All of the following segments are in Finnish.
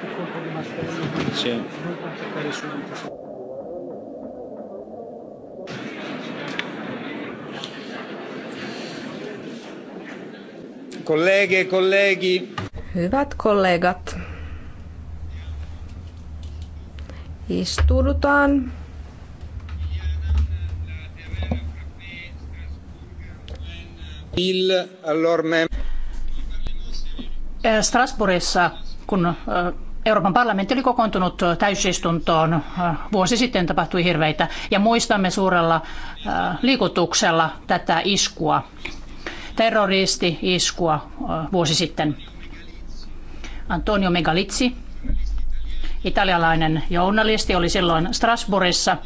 colpo di martello sì. può attaccare subito. kollegi. E Hyvät kollegat, istuudutaan. Il, allora, Strasbourgissa, kun Euroopan parlamentti oli kokoontunut täysistuntoon. Äh, vuosi sitten tapahtui hirveitä ja muistamme suurella äh, liikutuksella tätä iskua, terroristi-iskua äh, vuosi sitten. Antonio Megalizzi, italialainen journalisti, oli silloin Strasbourgissa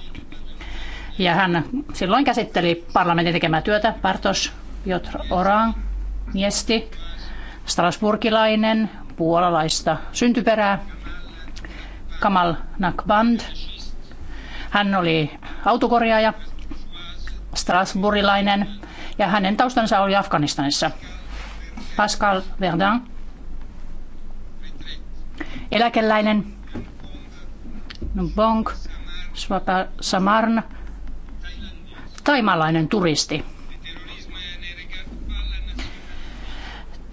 ja hän silloin käsitteli parlamentin tekemää työtä. Bartosz Piotr Oran, miesti, strasburgilainen, puolalaista syntyperää, Kamal Nakband. Hän oli autokorjaaja, strasburilainen ja hänen taustansa oli Afganistanissa. Pascal Verdun, eläkeläinen, Bong Samarn, taimalainen turisti.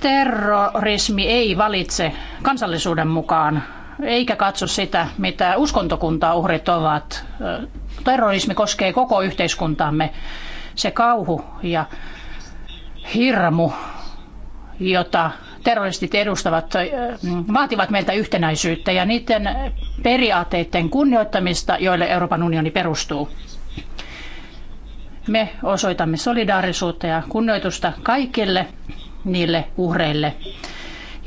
Terrorismi ei valitse kansallisuuden mukaan eikä katso sitä, mitä uskontokuntaa uhrit ovat. Terrorismi koskee koko yhteiskuntaamme. Se kauhu ja hirmu, jota terroristit edustavat, vaativat meiltä yhtenäisyyttä ja niiden periaatteiden kunnioittamista, joille Euroopan unioni perustuu. Me osoitamme solidaarisuutta ja kunnioitusta kaikille niille uhreille,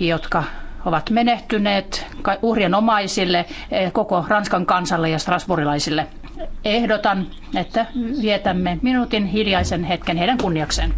jotka ovat menehtyneet, uhrien omaisille, eh, koko Ranskan kansalle ja strasburilaisille. Ehdotan, että vietämme minuutin hiljaisen hetken heidän kunniakseen.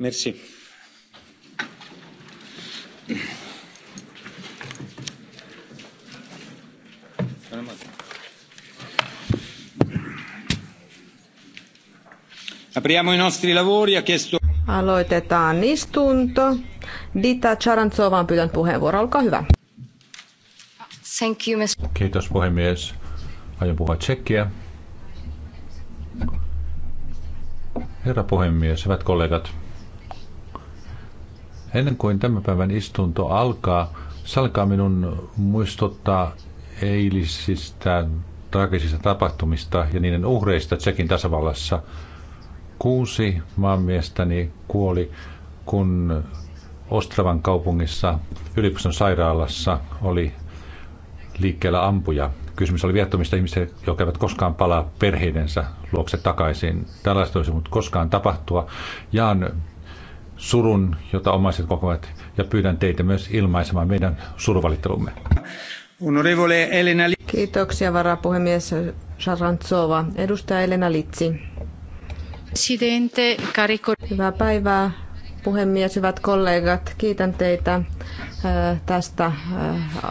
Merci. Apriamo i nostri lavori. Ha chiesto... Aloitetaan istunto. Dita Charantsova on pyytänyt puheenvuoroa. Olkaa hyvä. Thank you, Mr. Kiitos puhemies. Aion puhua tsekkiä. Herra puhemies, hyvät kollegat, Ennen kuin tämän päivän istunto alkaa, salkaa minun muistuttaa eilisistä traagisista tapahtumista ja niiden uhreista Tsekin tasavallassa. Kuusi maanmiestäni kuoli, kun Ostravan kaupungissa yliopiston sairaalassa oli liikkeellä ampuja. Kysymys oli viettomista ihmisistä, jotka eivät koskaan palaa perheidensä luokse takaisin. Tällaista olisi mutta koskaan tapahtua. Jaan surun, jota omaiset kokevat, ja pyydän teitä myös ilmaisemaan meidän suruvalittelumme. Honorevole Kiitoksia varapuhemies Sarantsova. Edustaja Elena Litsi. Hyvää päivää, puhemies, hyvät kollegat. Kiitän teitä äh, tästä äh,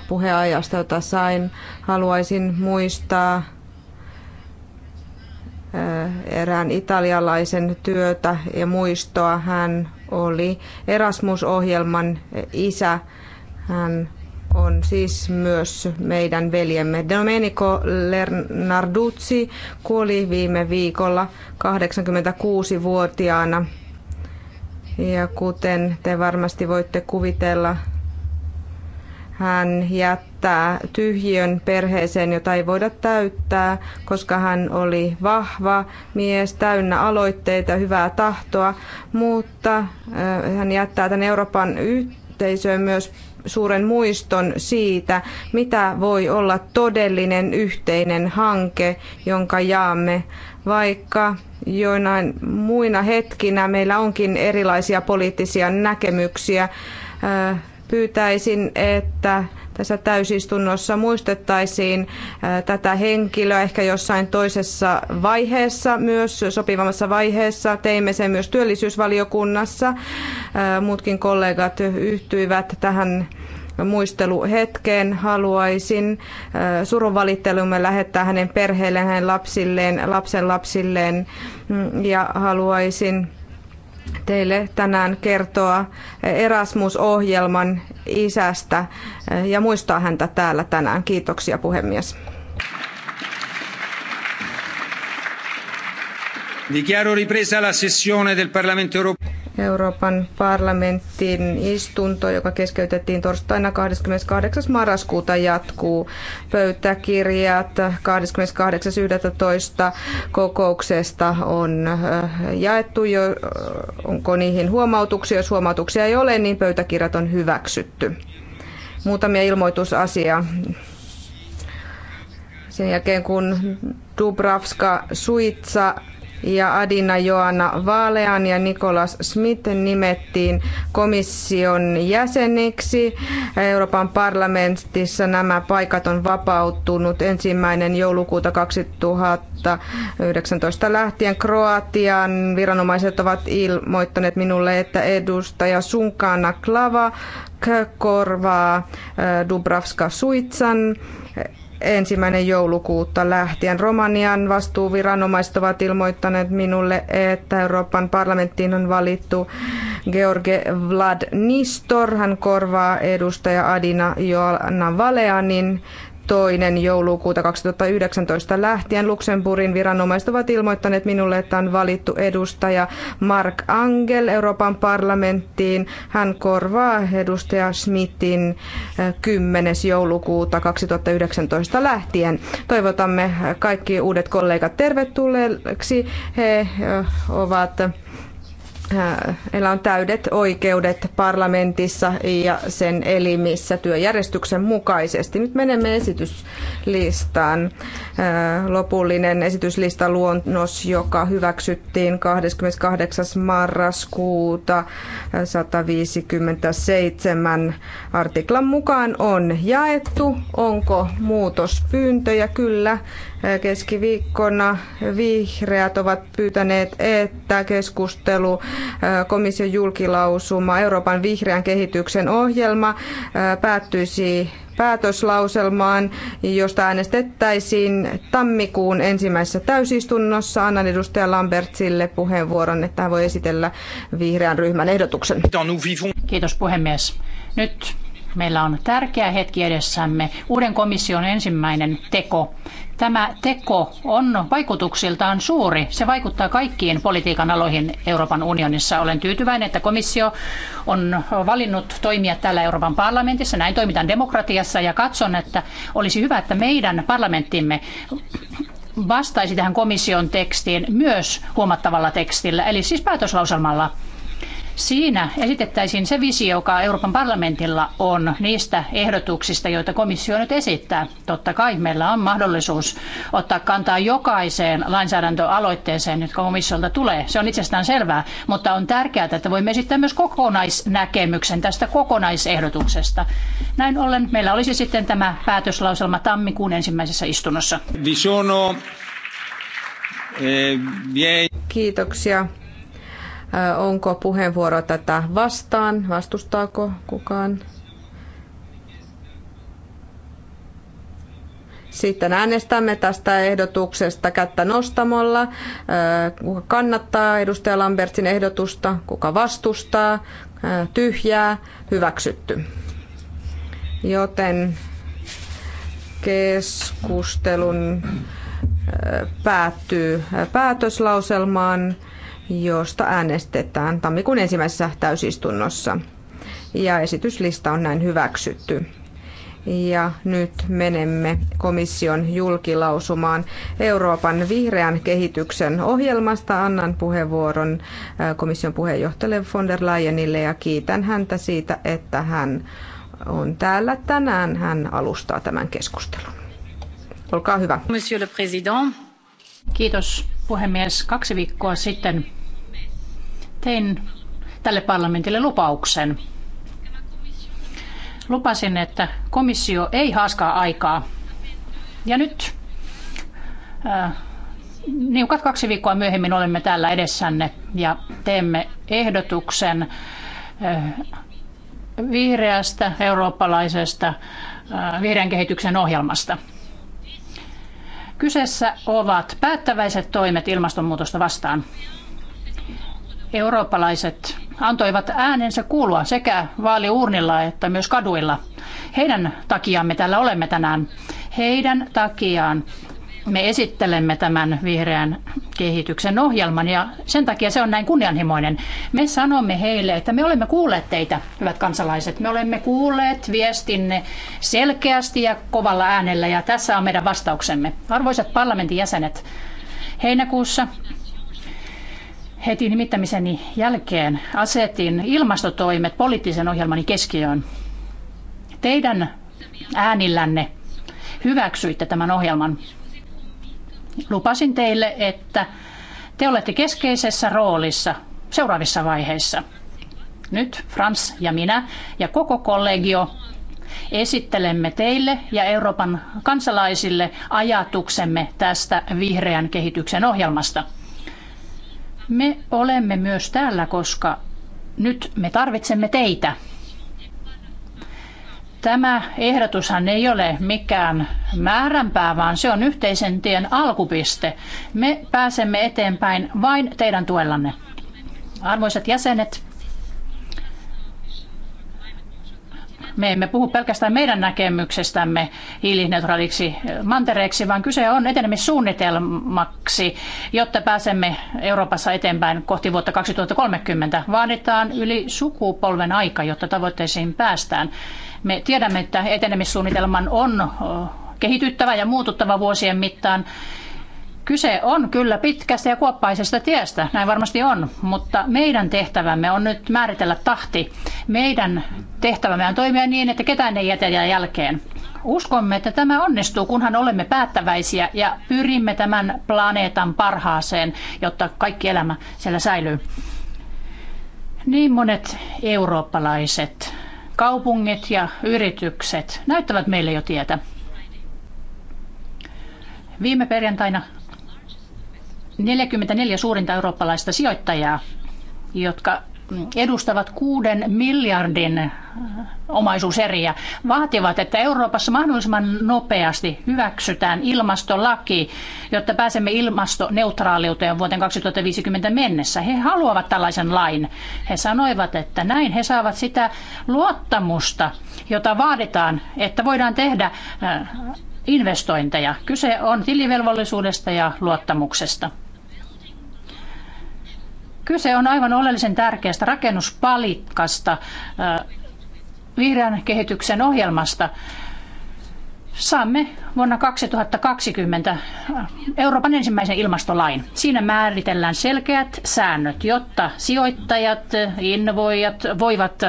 puheajasta, jota sain. Haluaisin muistaa erään italialaisen työtä ja muistoa. Hän oli Erasmus-ohjelman isä. Hän on siis myös meidän veljemme. Domenico Lernarduzzi kuoli viime viikolla 86-vuotiaana. Ja kuten te varmasti voitte kuvitella, hän jättää tyhjön perheeseen, jota ei voida täyttää, koska hän oli vahva mies, täynnä aloitteita, hyvää tahtoa, mutta hän jättää tämän Euroopan yhteisöön myös suuren muiston siitä, mitä voi olla todellinen yhteinen hanke, jonka jaamme, vaikka joinain muina hetkinä meillä onkin erilaisia poliittisia näkemyksiä pyytäisin, että tässä täysistunnossa muistettaisiin äh, tätä henkilöä ehkä jossain toisessa vaiheessa, myös sopivammassa vaiheessa. Teimme sen myös työllisyysvaliokunnassa. Äh, muutkin kollegat yhtyivät tähän muisteluhetkeen. Haluaisin äh, surunvalittelumme lähettää hänen perheelleen, hänen lapsilleen, lapsen lapsilleen mm, ja haluaisin teille tänään kertoa Erasmus-ohjelman isästä ja muistaa häntä täällä tänään. Kiitoksia puhemies. Dichiaro ripresa la sessione del Parlamento europeo. Euroopan parlamentin istunto, joka keskeytettiin torstaina 28. marraskuuta, jatkuu. Pöytäkirjat 28.11. kokouksesta on äh, jaettu. Jo, äh, onko niihin huomautuksia? Jos huomautuksia ei ole, niin pöytäkirjat on hyväksytty. Muutamia ilmoitusasia. Sen jälkeen kun Dubravska Suitsa ja Adina Joana Vaalean ja Nikolas Smith nimettiin komission jäseniksi. Euroopan parlamentissa nämä paikat on vapautunut ensimmäinen joulukuuta 2019 lähtien. Kroatian viranomaiset ovat ilmoittaneet minulle, että edustaja Sunkana Klava korvaa eh, Dubravska Suitsan ensimmäinen joulukuuta lähtien. Romanian vastuuviranomaiset ovat ilmoittaneet minulle, että Euroopan parlamenttiin on valittu George Vlad Nistor. Hän korvaa edustaja Adina Joana Valeanin toinen joulukuuta 2019 lähtien Luxemburgin viranomaiset ovat ilmoittaneet minulle, että on valittu edustaja Mark Angel Euroopan parlamenttiin. Hän korvaa edustaja Smithin 10. Eh, joulukuuta 2019 lähtien. Toivotamme kaikki uudet kollegat tervetulleeksi. He eh, ovat Äh, Heillä on täydet oikeudet parlamentissa ja sen elimissä työjärjestyksen mukaisesti. Nyt menemme esityslistaan. Äh, lopullinen esityslistaluonnos, joka hyväksyttiin 28. marraskuuta 157 artiklan mukaan on jaettu. Onko muutospyyntöjä? Kyllä keskiviikkona vihreät ovat pyytäneet, että keskustelu komission julkilausuma Euroopan vihreän kehityksen ohjelma päättyisi päätöslauselmaan, josta äänestettäisiin tammikuun ensimmäisessä täysistunnossa. Annan edustaja Lambertsille puheenvuoron, että hän voi esitellä vihreän ryhmän ehdotuksen. Kiitos puhemies. Nyt meillä on tärkeä hetki edessämme. Uuden komission ensimmäinen teko. Tämä teko on vaikutuksiltaan suuri. Se vaikuttaa kaikkiin politiikan aloihin Euroopan unionissa. Olen tyytyväinen, että komissio on valinnut toimia täällä Euroopan parlamentissa. Näin toimitaan demokratiassa ja katson, että olisi hyvä, että meidän parlamenttimme vastaisi tähän komission tekstiin myös huomattavalla tekstillä, eli siis päätöslauselmalla. Siinä esitettäisiin se visio, joka Euroopan parlamentilla on niistä ehdotuksista, joita komissio nyt esittää. Totta kai meillä on mahdollisuus ottaa kantaa jokaiseen lainsäädäntöaloitteeseen, jotka komissiolta tulee. Se on itsestään selvää, mutta on tärkeää, että voimme esittää myös kokonaisnäkemyksen tästä kokonaisehdotuksesta. Näin ollen meillä olisi sitten tämä päätöslauselma tammikuun ensimmäisessä istunnossa. Eh, Kiitoksia. Onko puheenvuoro tätä vastaan? Vastustaako kukaan? Sitten äänestämme tästä ehdotuksesta kättä nostamalla. Kuka kannattaa edustaja Lambertsin ehdotusta? Kuka vastustaa? Tyhjää? Hyväksytty. Joten keskustelun päättyy päätöslauselmaan josta äänestetään tammikuun ensimmäisessä täysistunnossa. Ja esityslista on näin hyväksytty. Ja nyt menemme komission julkilausumaan Euroopan vihreän kehityksen ohjelmasta. Annan puheenvuoron äh, komission puheenjohtajalle von der Leyenille ja kiitän häntä siitä, että hän on täällä tänään. Hän alustaa tämän keskustelun. Olkaa hyvä. Monsieur le Président. Kiitos puhemies. Kaksi viikkoa sitten tein tälle parlamentille lupauksen. Lupasin, että komissio ei haaskaa aikaa. Ja nyt äh, niukat kaksi viikkoa myöhemmin olemme täällä edessänne ja teemme ehdotuksen äh, vihreästä eurooppalaisesta äh, vihreän kehityksen ohjelmasta. Kyseessä ovat päättäväiset toimet ilmastonmuutosta vastaan eurooppalaiset antoivat äänensä kuulua sekä vaaliuurnilla että myös kaduilla. Heidän takiaan me täällä olemme tänään. Heidän takiaan me esittelemme tämän vihreän kehityksen ohjelman ja sen takia se on näin kunnianhimoinen. Me sanomme heille, että me olemme kuulleet teitä, hyvät kansalaiset. Me olemme kuulleet viestinne selkeästi ja kovalla äänellä ja tässä on meidän vastauksemme. Arvoisat parlamentin jäsenet, heinäkuussa heti nimittämiseni jälkeen asetin ilmastotoimet poliittisen ohjelmani keskiöön. Teidän äänillänne hyväksyitte tämän ohjelman. Lupasin teille, että te olette keskeisessä roolissa seuraavissa vaiheissa. Nyt Frans ja minä ja koko kollegio esittelemme teille ja Euroopan kansalaisille ajatuksemme tästä vihreän kehityksen ohjelmasta – me olemme myös täällä, koska nyt me tarvitsemme teitä. Tämä ehdotushan ei ole mikään määränpää, vaan se on yhteisen tien alkupiste. Me pääsemme eteenpäin vain teidän tuellanne. Arvoisat jäsenet, Me emme puhu pelkästään meidän näkemyksestämme hiilineutraaliksi mantereeksi, vaan kyse on etenemissuunnitelmaksi, jotta pääsemme Euroopassa eteenpäin kohti vuotta 2030. Vaaditaan yli sukupolven aika, jotta tavoitteisiin päästään. Me tiedämme, että etenemissuunnitelman on kehityttävä ja muututtava vuosien mittaan Kyse on kyllä pitkästä ja kuoppaisesta tiestä, näin varmasti on, mutta meidän tehtävämme on nyt määritellä tahti. Meidän tehtävämme on toimia niin, että ketään ei jätetä jälkeen. Uskomme, että tämä onnistuu, kunhan olemme päättäväisiä ja pyrimme tämän planeetan parhaaseen, jotta kaikki elämä siellä säilyy. Niin monet eurooppalaiset kaupungit ja yritykset näyttävät meille jo tietä. Viime perjantaina 44 suurinta eurooppalaista sijoittajaa, jotka edustavat kuuden miljardin äh, omaisuuseriä, vaativat, että Euroopassa mahdollisimman nopeasti hyväksytään ilmastolaki, jotta pääsemme ilmastoneutraaliuteen vuoteen 2050 mennessä. He haluavat tällaisen lain. He sanoivat, että näin he saavat sitä luottamusta, jota vaaditaan, että voidaan tehdä äh, investointeja. Kyse on tilivelvollisuudesta ja luottamuksesta. Kyse on aivan oleellisen tärkeästä rakennuspalikasta vihreän kehityksen ohjelmasta. Saamme vuonna 2020 Euroopan ensimmäisen ilmastolain. Siinä määritellään selkeät säännöt, jotta sijoittajat, innovoijat voivat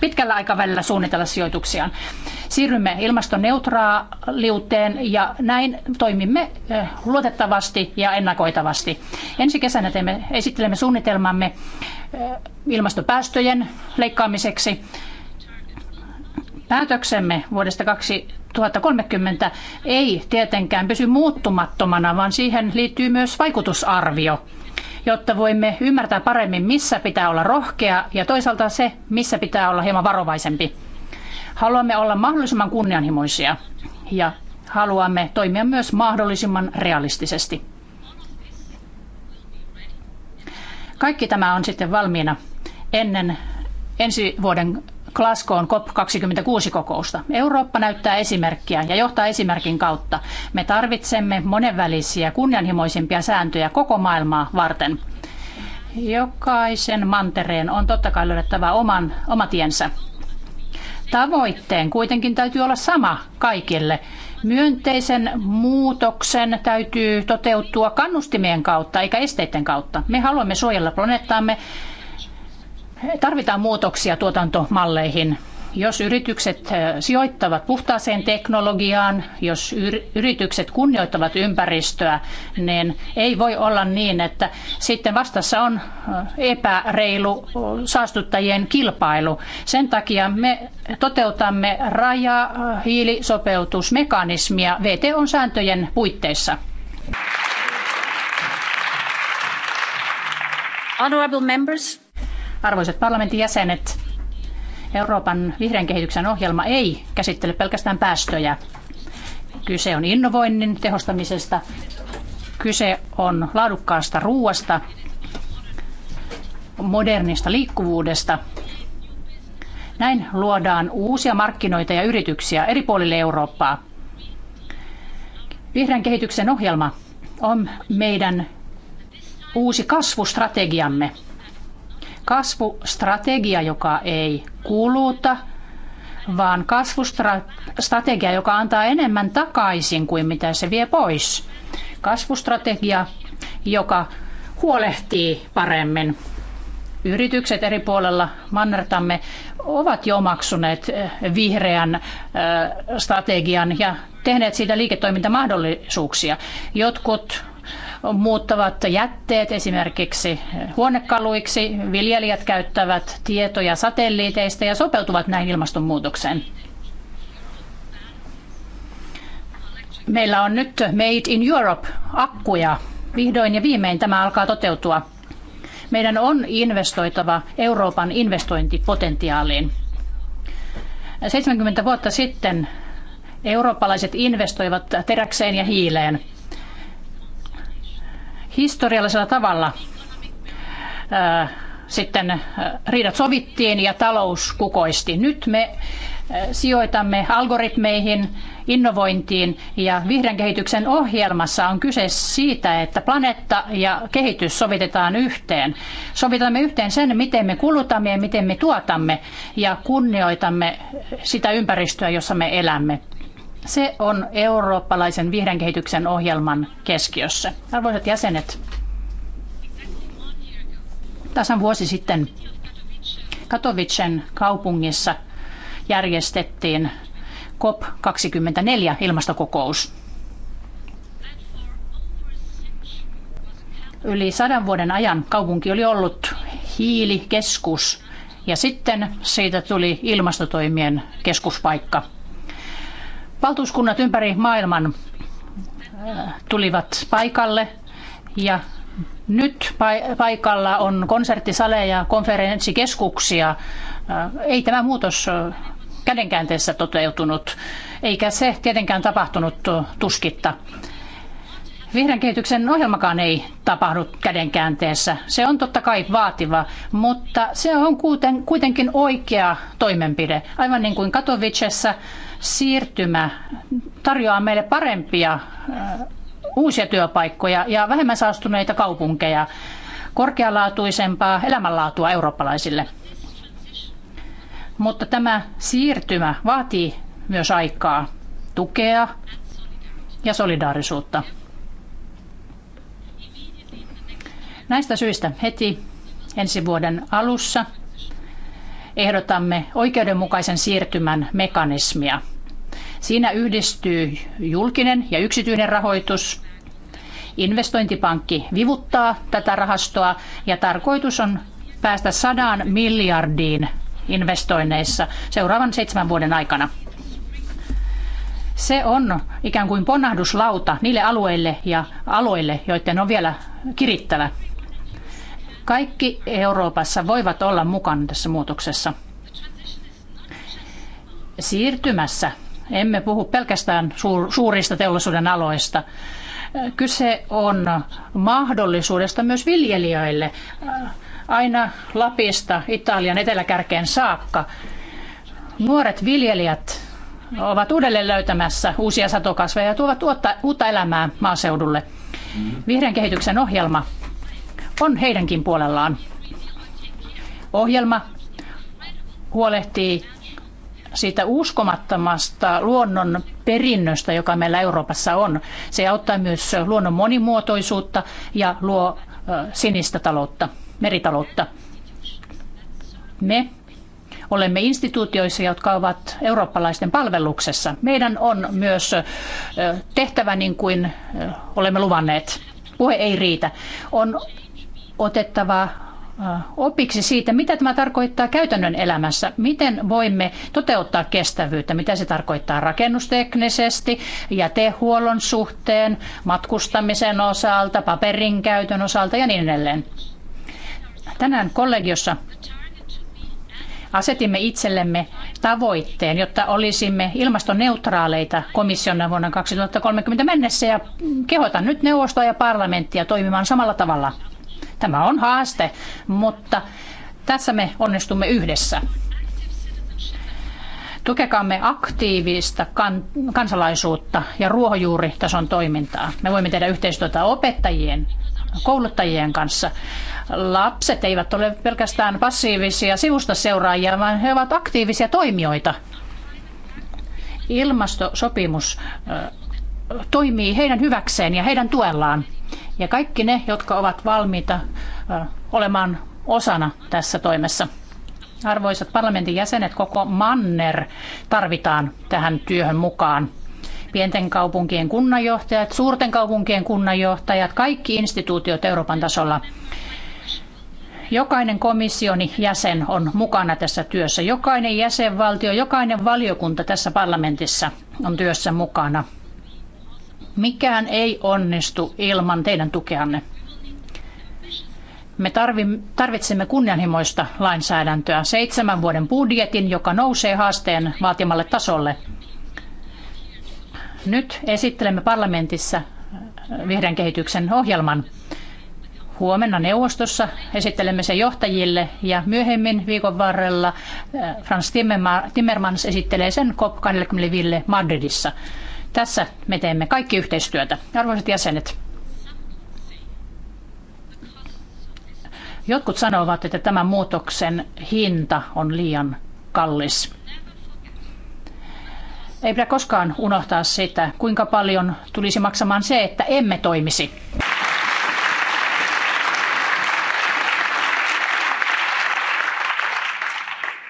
pitkällä aikavälillä suunnitella sijoituksiaan. Siirrymme ilmastoneutraaliuteen ja näin toimimme luotettavasti ja ennakoitavasti. Ensi kesänä teemme, esittelemme suunnitelmamme ilmastopäästöjen leikkaamiseksi. Päätöksemme vuodesta 2030 ei tietenkään pysy muuttumattomana, vaan siihen liittyy myös vaikutusarvio jotta voimme ymmärtää paremmin, missä pitää olla rohkea ja toisaalta se, missä pitää olla hieman varovaisempi. Haluamme olla mahdollisimman kunnianhimoisia ja haluamme toimia myös mahdollisimman realistisesti. Kaikki tämä on sitten valmiina ennen ensi vuoden Glasgown COP26-kokousta. Eurooppa näyttää esimerkkiä ja johtaa esimerkin kautta. Me tarvitsemme monenvälisiä kunnianhimoisimpia sääntöjä koko maailmaa varten. Jokaisen mantereen on totta kai löydettävä oman, oma tiensä. Tavoitteen kuitenkin täytyy olla sama kaikille. Myönteisen muutoksen täytyy toteutua kannustimien kautta eikä esteiden kautta. Me haluamme suojella planeettaamme tarvitaan muutoksia tuotantomalleihin. Jos yritykset sijoittavat puhtaaseen teknologiaan, jos yritykset kunnioittavat ympäristöä, niin ei voi olla niin, että sitten vastassa on epäreilu saastuttajien kilpailu. Sen takia me toteutamme raja hiilisopeutusmekanismia VTOn sääntöjen puitteissa. Honorable members, Arvoisat parlamentin jäsenet, Euroopan vihreän kehityksen ohjelma ei käsittele pelkästään päästöjä. Kyse on innovoinnin tehostamisesta, kyse on laadukkaasta ruuasta, modernista liikkuvuudesta. Näin luodaan uusia markkinoita ja yrityksiä eri puolille Eurooppaa. Vihreän kehityksen ohjelma on meidän uusi kasvustrategiamme – kasvustrategia, joka ei kuluta, vaan kasvustrategia, joka antaa enemmän takaisin kuin mitä se vie pois. Kasvustrategia, joka huolehtii paremmin. Yritykset eri puolella mannertamme ovat jo omaksuneet eh, vihreän eh, strategian ja tehneet siitä liiketoimintamahdollisuuksia. Jotkut muuttavat jätteet esimerkiksi huonekaluiksi. Viljelijät käyttävät tietoja satelliiteista ja sopeutuvat näin ilmastonmuutokseen. Meillä on nyt Made in Europe-akkuja. Vihdoin ja viimein tämä alkaa toteutua. Meidän on investoitava Euroopan investointipotentiaaliin. 70 vuotta sitten eurooppalaiset investoivat teräkseen ja hiileen – historiallisella tavalla sitten riidat sovittiin ja talous kukoisti. Nyt me sijoitamme algoritmeihin, innovointiin ja vihreän kehityksen ohjelmassa on kyse siitä, että planeetta ja kehitys sovitetaan yhteen. Sovitamme yhteen sen, miten me kulutamme ja miten me tuotamme ja kunnioitamme sitä ympäristöä, jossa me elämme. Se on eurooppalaisen vihreän kehityksen ohjelman keskiössä. Arvoisat jäsenet, tasan vuosi sitten Katowicen kaupungissa järjestettiin COP24 ilmastokokous. Yli sadan vuoden ajan kaupunki oli ollut hiilikeskus ja sitten siitä tuli ilmastotoimien keskuspaikka. Valtuuskunnat ympäri maailman äh, tulivat paikalle ja nyt paikalla on konserttisaleja, konferenssikeskuksia. Äh, ei tämä muutos äh, kädenkäänteessä toteutunut, eikä se tietenkään tapahtunut tuskitta. Vihreän kehityksen ohjelmakaan ei tapahdu kädenkäänteessä. Se on totta kai vaativa, mutta se on kuitenkin oikea toimenpide. Aivan niin kuin Katowicessa siirtymä tarjoaa meille parempia uusia työpaikkoja ja vähemmän saastuneita kaupunkeja, korkealaatuisempaa elämänlaatua eurooppalaisille. Mutta tämä siirtymä vaatii myös aikaa, tukea ja solidaarisuutta. Näistä syistä heti ensi vuoden alussa – ehdotamme oikeudenmukaisen siirtymän mekanismia. Siinä yhdistyy julkinen ja yksityinen rahoitus. Investointipankki vivuttaa tätä rahastoa ja tarkoitus on päästä sadaan miljardiin investoinneissa seuraavan seitsemän vuoden aikana. Se on ikään kuin ponnahduslauta niille alueille ja aloille, joiden on vielä kirittävä. Kaikki Euroopassa voivat olla mukana tässä muutoksessa. Siirtymässä emme puhu pelkästään suurista teollisuuden aloista. Kyse on mahdollisuudesta myös viljelijöille aina Lapista Italian eteläkärkeen saakka. Nuoret viljelijät ovat uudelleen löytämässä uusia satokasveja ja tuovat uutta, uutta elämää maaseudulle. Mm-hmm. Vihreän kehityksen ohjelma on heidänkin puolellaan. Ohjelma huolehtii siitä uskomattomasta luonnon perinnöstä, joka meillä Euroopassa on. Se auttaa myös luonnon monimuotoisuutta ja luo sinistä taloutta, meritaloutta. Me olemme instituutioissa, jotka ovat eurooppalaisten palveluksessa. Meidän on myös tehtävä niin kuin olemme luvanneet. Puhe ei riitä. On otettava opiksi siitä, mitä tämä tarkoittaa käytännön elämässä. Miten voimme toteuttaa kestävyyttä, mitä se tarkoittaa rakennusteknisesti, jätehuollon suhteen, matkustamisen osalta, paperin käytön osalta ja niin edelleen. Tänään kollegiossa asetimme itsellemme tavoitteen, jotta olisimme ilmastoneutraaleita komissiona vuonna 2030 mennessä ja kehotan nyt neuvostoa ja parlamenttia toimimaan samalla tavalla. Tämä on haaste, mutta tässä me onnistumme yhdessä. Tukekaamme aktiivista kan- kansalaisuutta ja ruohonjuuritason toimintaa. Me voimme tehdä yhteistyötä opettajien, kouluttajien kanssa. Lapset eivät ole pelkästään passiivisia sivustaseuraajia, vaan he ovat aktiivisia toimijoita. Ilmastosopimus toimii heidän hyväkseen ja heidän tuellaan. Ja kaikki ne, jotka ovat valmiita olemaan osana tässä toimessa. Arvoisat parlamentin jäsenet, koko manner tarvitaan tähän työhön mukaan. Pienten kaupunkien kunnanjohtajat, suurten kaupunkien kunnanjohtajat, kaikki instituutiot Euroopan tasolla. Jokainen komissioni jäsen on mukana tässä työssä. Jokainen jäsenvaltio, jokainen valiokunta tässä parlamentissa on työssä mukana. Mikään ei onnistu ilman teidän tukeanne. Me tarvitsemme kunnianhimoista lainsäädäntöä, seitsemän vuoden budjetin, joka nousee haasteen vaatimalle tasolle. Nyt esittelemme parlamentissa äh, vihreän kehityksen ohjelman. Huomenna neuvostossa esittelemme sen johtajille ja myöhemmin viikon varrella äh, Frans Timmermans esittelee sen COP25 Madridissa. Tässä me teemme kaikki yhteistyötä. Arvoisat jäsenet, jotkut sanovat, että tämän muutoksen hinta on liian kallis. Ei pidä koskaan unohtaa sitä, kuinka paljon tulisi maksamaan se, että emme toimisi.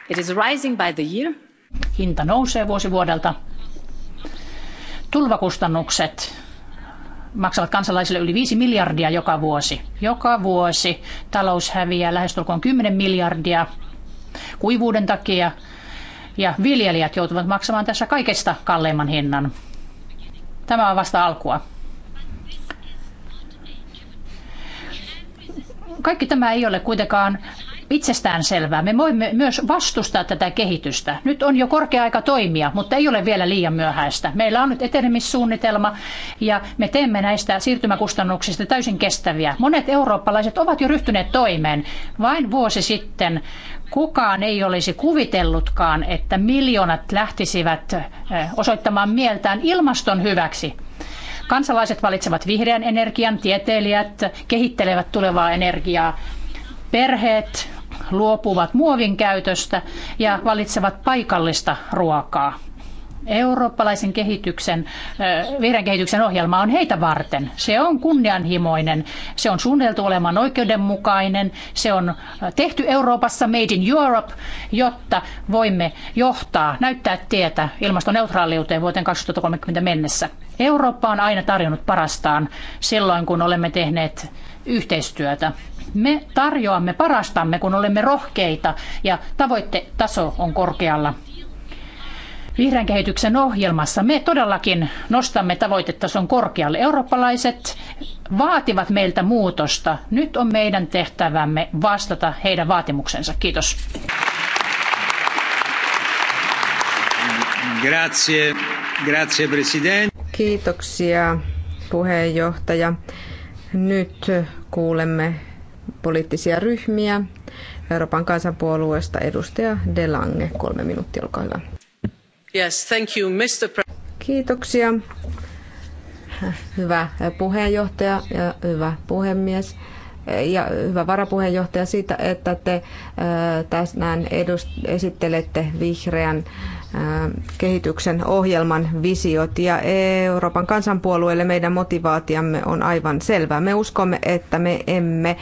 It is rising by the year. Hinta nousee vuosi vuodelta. Tulvakustannukset maksavat kansalaisille yli 5 miljardia joka vuosi. Joka vuosi talous häviää lähestulkoon 10 miljardia kuivuuden takia ja viljelijät joutuvat maksamaan tässä kaikesta kalleimman hinnan. Tämä on vasta alkua. Kaikki tämä ei ole kuitenkaan itsestään selvää. Me voimme myös vastustaa tätä kehitystä. Nyt on jo korkea aika toimia, mutta ei ole vielä liian myöhäistä. Meillä on nyt etenemissuunnitelma ja me teemme näistä siirtymäkustannuksista täysin kestäviä. Monet eurooppalaiset ovat jo ryhtyneet toimeen. Vain vuosi sitten kukaan ei olisi kuvitellutkaan, että miljoonat lähtisivät osoittamaan mieltään ilmaston hyväksi. Kansalaiset valitsevat vihreän energian, tieteilijät kehittelevät tulevaa energiaa. Perheet luopuvat muovin käytöstä ja valitsevat paikallista ruokaa. Eurooppalaisen kehityksen, vihreän kehityksen ohjelma on heitä varten. Se on kunnianhimoinen, se on suunniteltu olemaan oikeudenmukainen, se on tehty Euroopassa, made in Europe, jotta voimme johtaa, näyttää tietä ilmastoneutraaliuteen vuoteen 2030 mennessä. Eurooppa on aina tarjonnut parastaan silloin, kun olemme tehneet yhteistyötä. Me tarjoamme parastamme, kun olemme rohkeita ja tavoitetaso on korkealla. Vihreän kehityksen ohjelmassa me todellakin nostamme tavoitetason korkealle. Eurooppalaiset vaativat meiltä muutosta. Nyt on meidän tehtävämme vastata heidän vaatimuksensa. Kiitos. Grazie, grazie president. Kiitoksia puheenjohtaja. Nyt kuulemme poliittisia ryhmiä. Euroopan kansanpuolueesta edustaja De Lange, kolme minuuttia, olkaa hyvä. Yes, thank you, Mr. Pre- Kiitoksia. Hyvä puheenjohtaja ja hyvä puhemies ja hyvä varapuheenjohtaja siitä, että te äh, tänään esittelette vihreän äh, kehityksen ohjelman visiot ja Euroopan kansanpuolueelle meidän motivaatiamme on aivan selvä. Me uskomme, että me emme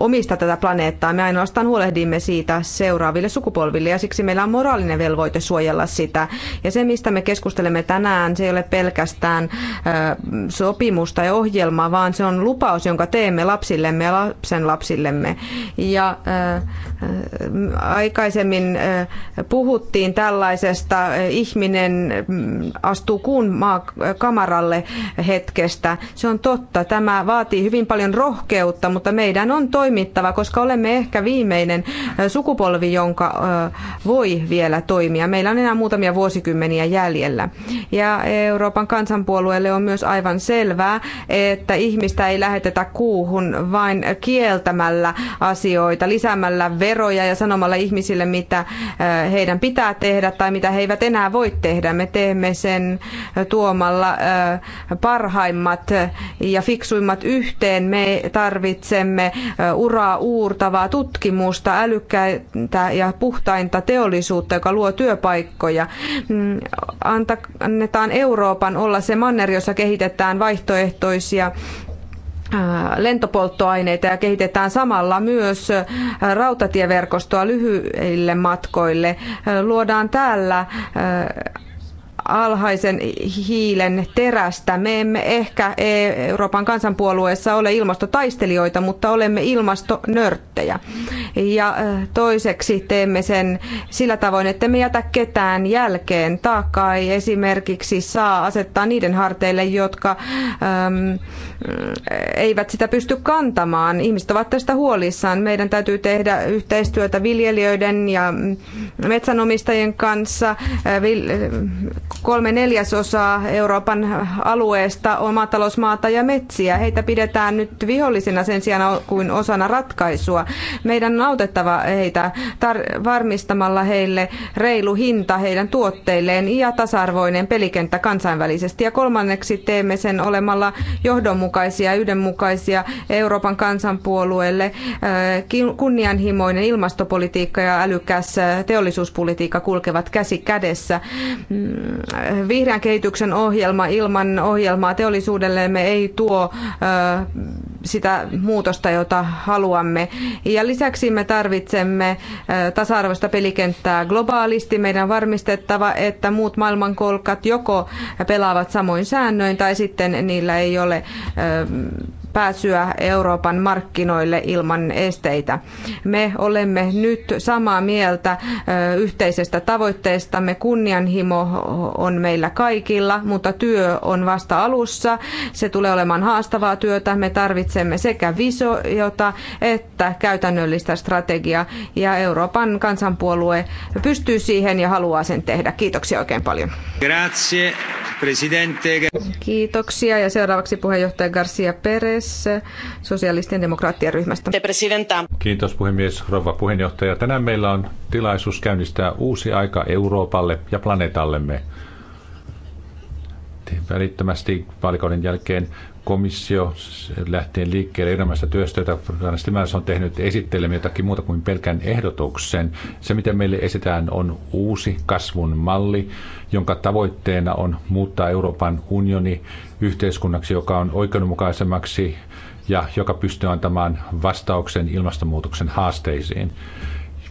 omista tätä planeettaa, me ainoastaan huolehdimme siitä seuraaville sukupolville ja siksi meillä on moraalinen velvoite suojella sitä. Ja se, mistä me keskustelemme tänään, se ei ole pelkästään sopimusta ja ohjelmaa, vaan se on lupaus, jonka teemme lapsillemme ja lapsen lapsillemme. Ja aikaisemmin puhuttiin tällaisesta ihminen mm, astuu kuun maa kamaralle hetkestä. Se on totta. Tämä vaatii hyvin paljon rohkeutta, mutta meidän on toimittava toimittava, koska olemme ehkä viimeinen sukupolvi, jonka voi vielä toimia. Meillä on enää muutamia vuosikymmeniä jäljellä. Ja Euroopan kansanpuolueelle on myös aivan selvää, että ihmistä ei lähetetä kuuhun vain kieltämällä asioita, lisäämällä veroja ja sanomalla ihmisille, mitä heidän pitää tehdä tai mitä he eivät enää voi tehdä. Me teemme sen tuomalla parhaimmat ja fiksuimmat yhteen. Me tarvitsemme uraa uurtavaa tutkimusta, älykkäitä ja puhtainta teollisuutta, joka luo työpaikkoja. Mm, annetaan Euroopan olla se manner, jossa kehitetään vaihtoehtoisia äh, lentopolttoaineita ja kehitetään samalla myös äh, rautatieverkostoa lyhyille matkoille. Äh, luodaan täällä alhaisen hiilen terästä. Me emme ehkä Euroopan kansanpuolueessa ole ilmastotaistelijoita, mutta olemme ilmastonörttejä. Ja äh, toiseksi teemme sen sillä tavoin, että me jätä ketään jälkeen. Taakka ei esimerkiksi saa asettaa niiden harteille, jotka äm, äh, eivät sitä pysty kantamaan. Ihmiset ovat tästä huolissaan. Meidän täytyy tehdä yhteistyötä viljelijöiden ja mm, metsänomistajien kanssa, äh, kolme neljäsosaa Euroopan alueesta on maatalousmaata ja metsiä. Heitä pidetään nyt vihollisina sen sijaan kuin osana ratkaisua. Meidän on autettava heitä varmistamalla heille reilu hinta heidän tuotteilleen ja tasa-arvoinen pelikenttä kansainvälisesti. Ja kolmanneksi teemme sen olemalla johdonmukaisia ja yhdenmukaisia Euroopan kansanpuolueelle äh, kunnianhimoinen ilmastopolitiikka ja älykäs teollisuuspolitiikka kulkevat käsi kädessä mm vihreän kehityksen ohjelma ilman ohjelmaa teollisuudellemme ei tuo sitä muutosta, jota haluamme. Ja lisäksi me tarvitsemme tasa-arvoista pelikenttää globaalisti. Meidän on varmistettava, että muut maailmankolkat joko pelaavat samoin säännöin tai sitten niillä ei ole pääsyä Euroopan markkinoille ilman esteitä. Me olemme nyt samaa mieltä yhteisestä tavoitteestamme. Kunnianhimo on meillä kaikilla, mutta työ on vasta alussa. Se tulee olemaan haastavaa työtä. Me tarvitsemme sekä visiota että käytännöllistä strategiaa ja Euroopan kansanpuolue pystyy siihen ja haluaa sen tehdä. Kiitoksia oikein paljon. Grazie, presidente. Kiitoksia ja seuraavaksi puheenjohtaja Garcia Perez. Rodriguez siis, eh, sosiaalisten demokraattien ryhmästä. Kiitos puhemies, rouva puheenjohtaja. Tänään meillä on tilaisuus käynnistää uusi aika Euroopalle ja planeetallemme. Välittömästi vaalikauden jälkeen komissio lähtien liikkeelle erilaisesta työstä, jota Timmermans on tehnyt, esittelemme jotakin muuta kuin pelkän ehdotuksen. Se, mitä meille esitään, on uusi kasvun malli, jonka tavoitteena on muuttaa Euroopan unioni yhteiskunnaksi, joka on oikeudenmukaisemmaksi ja joka pystyy antamaan vastauksen ilmastonmuutoksen haasteisiin.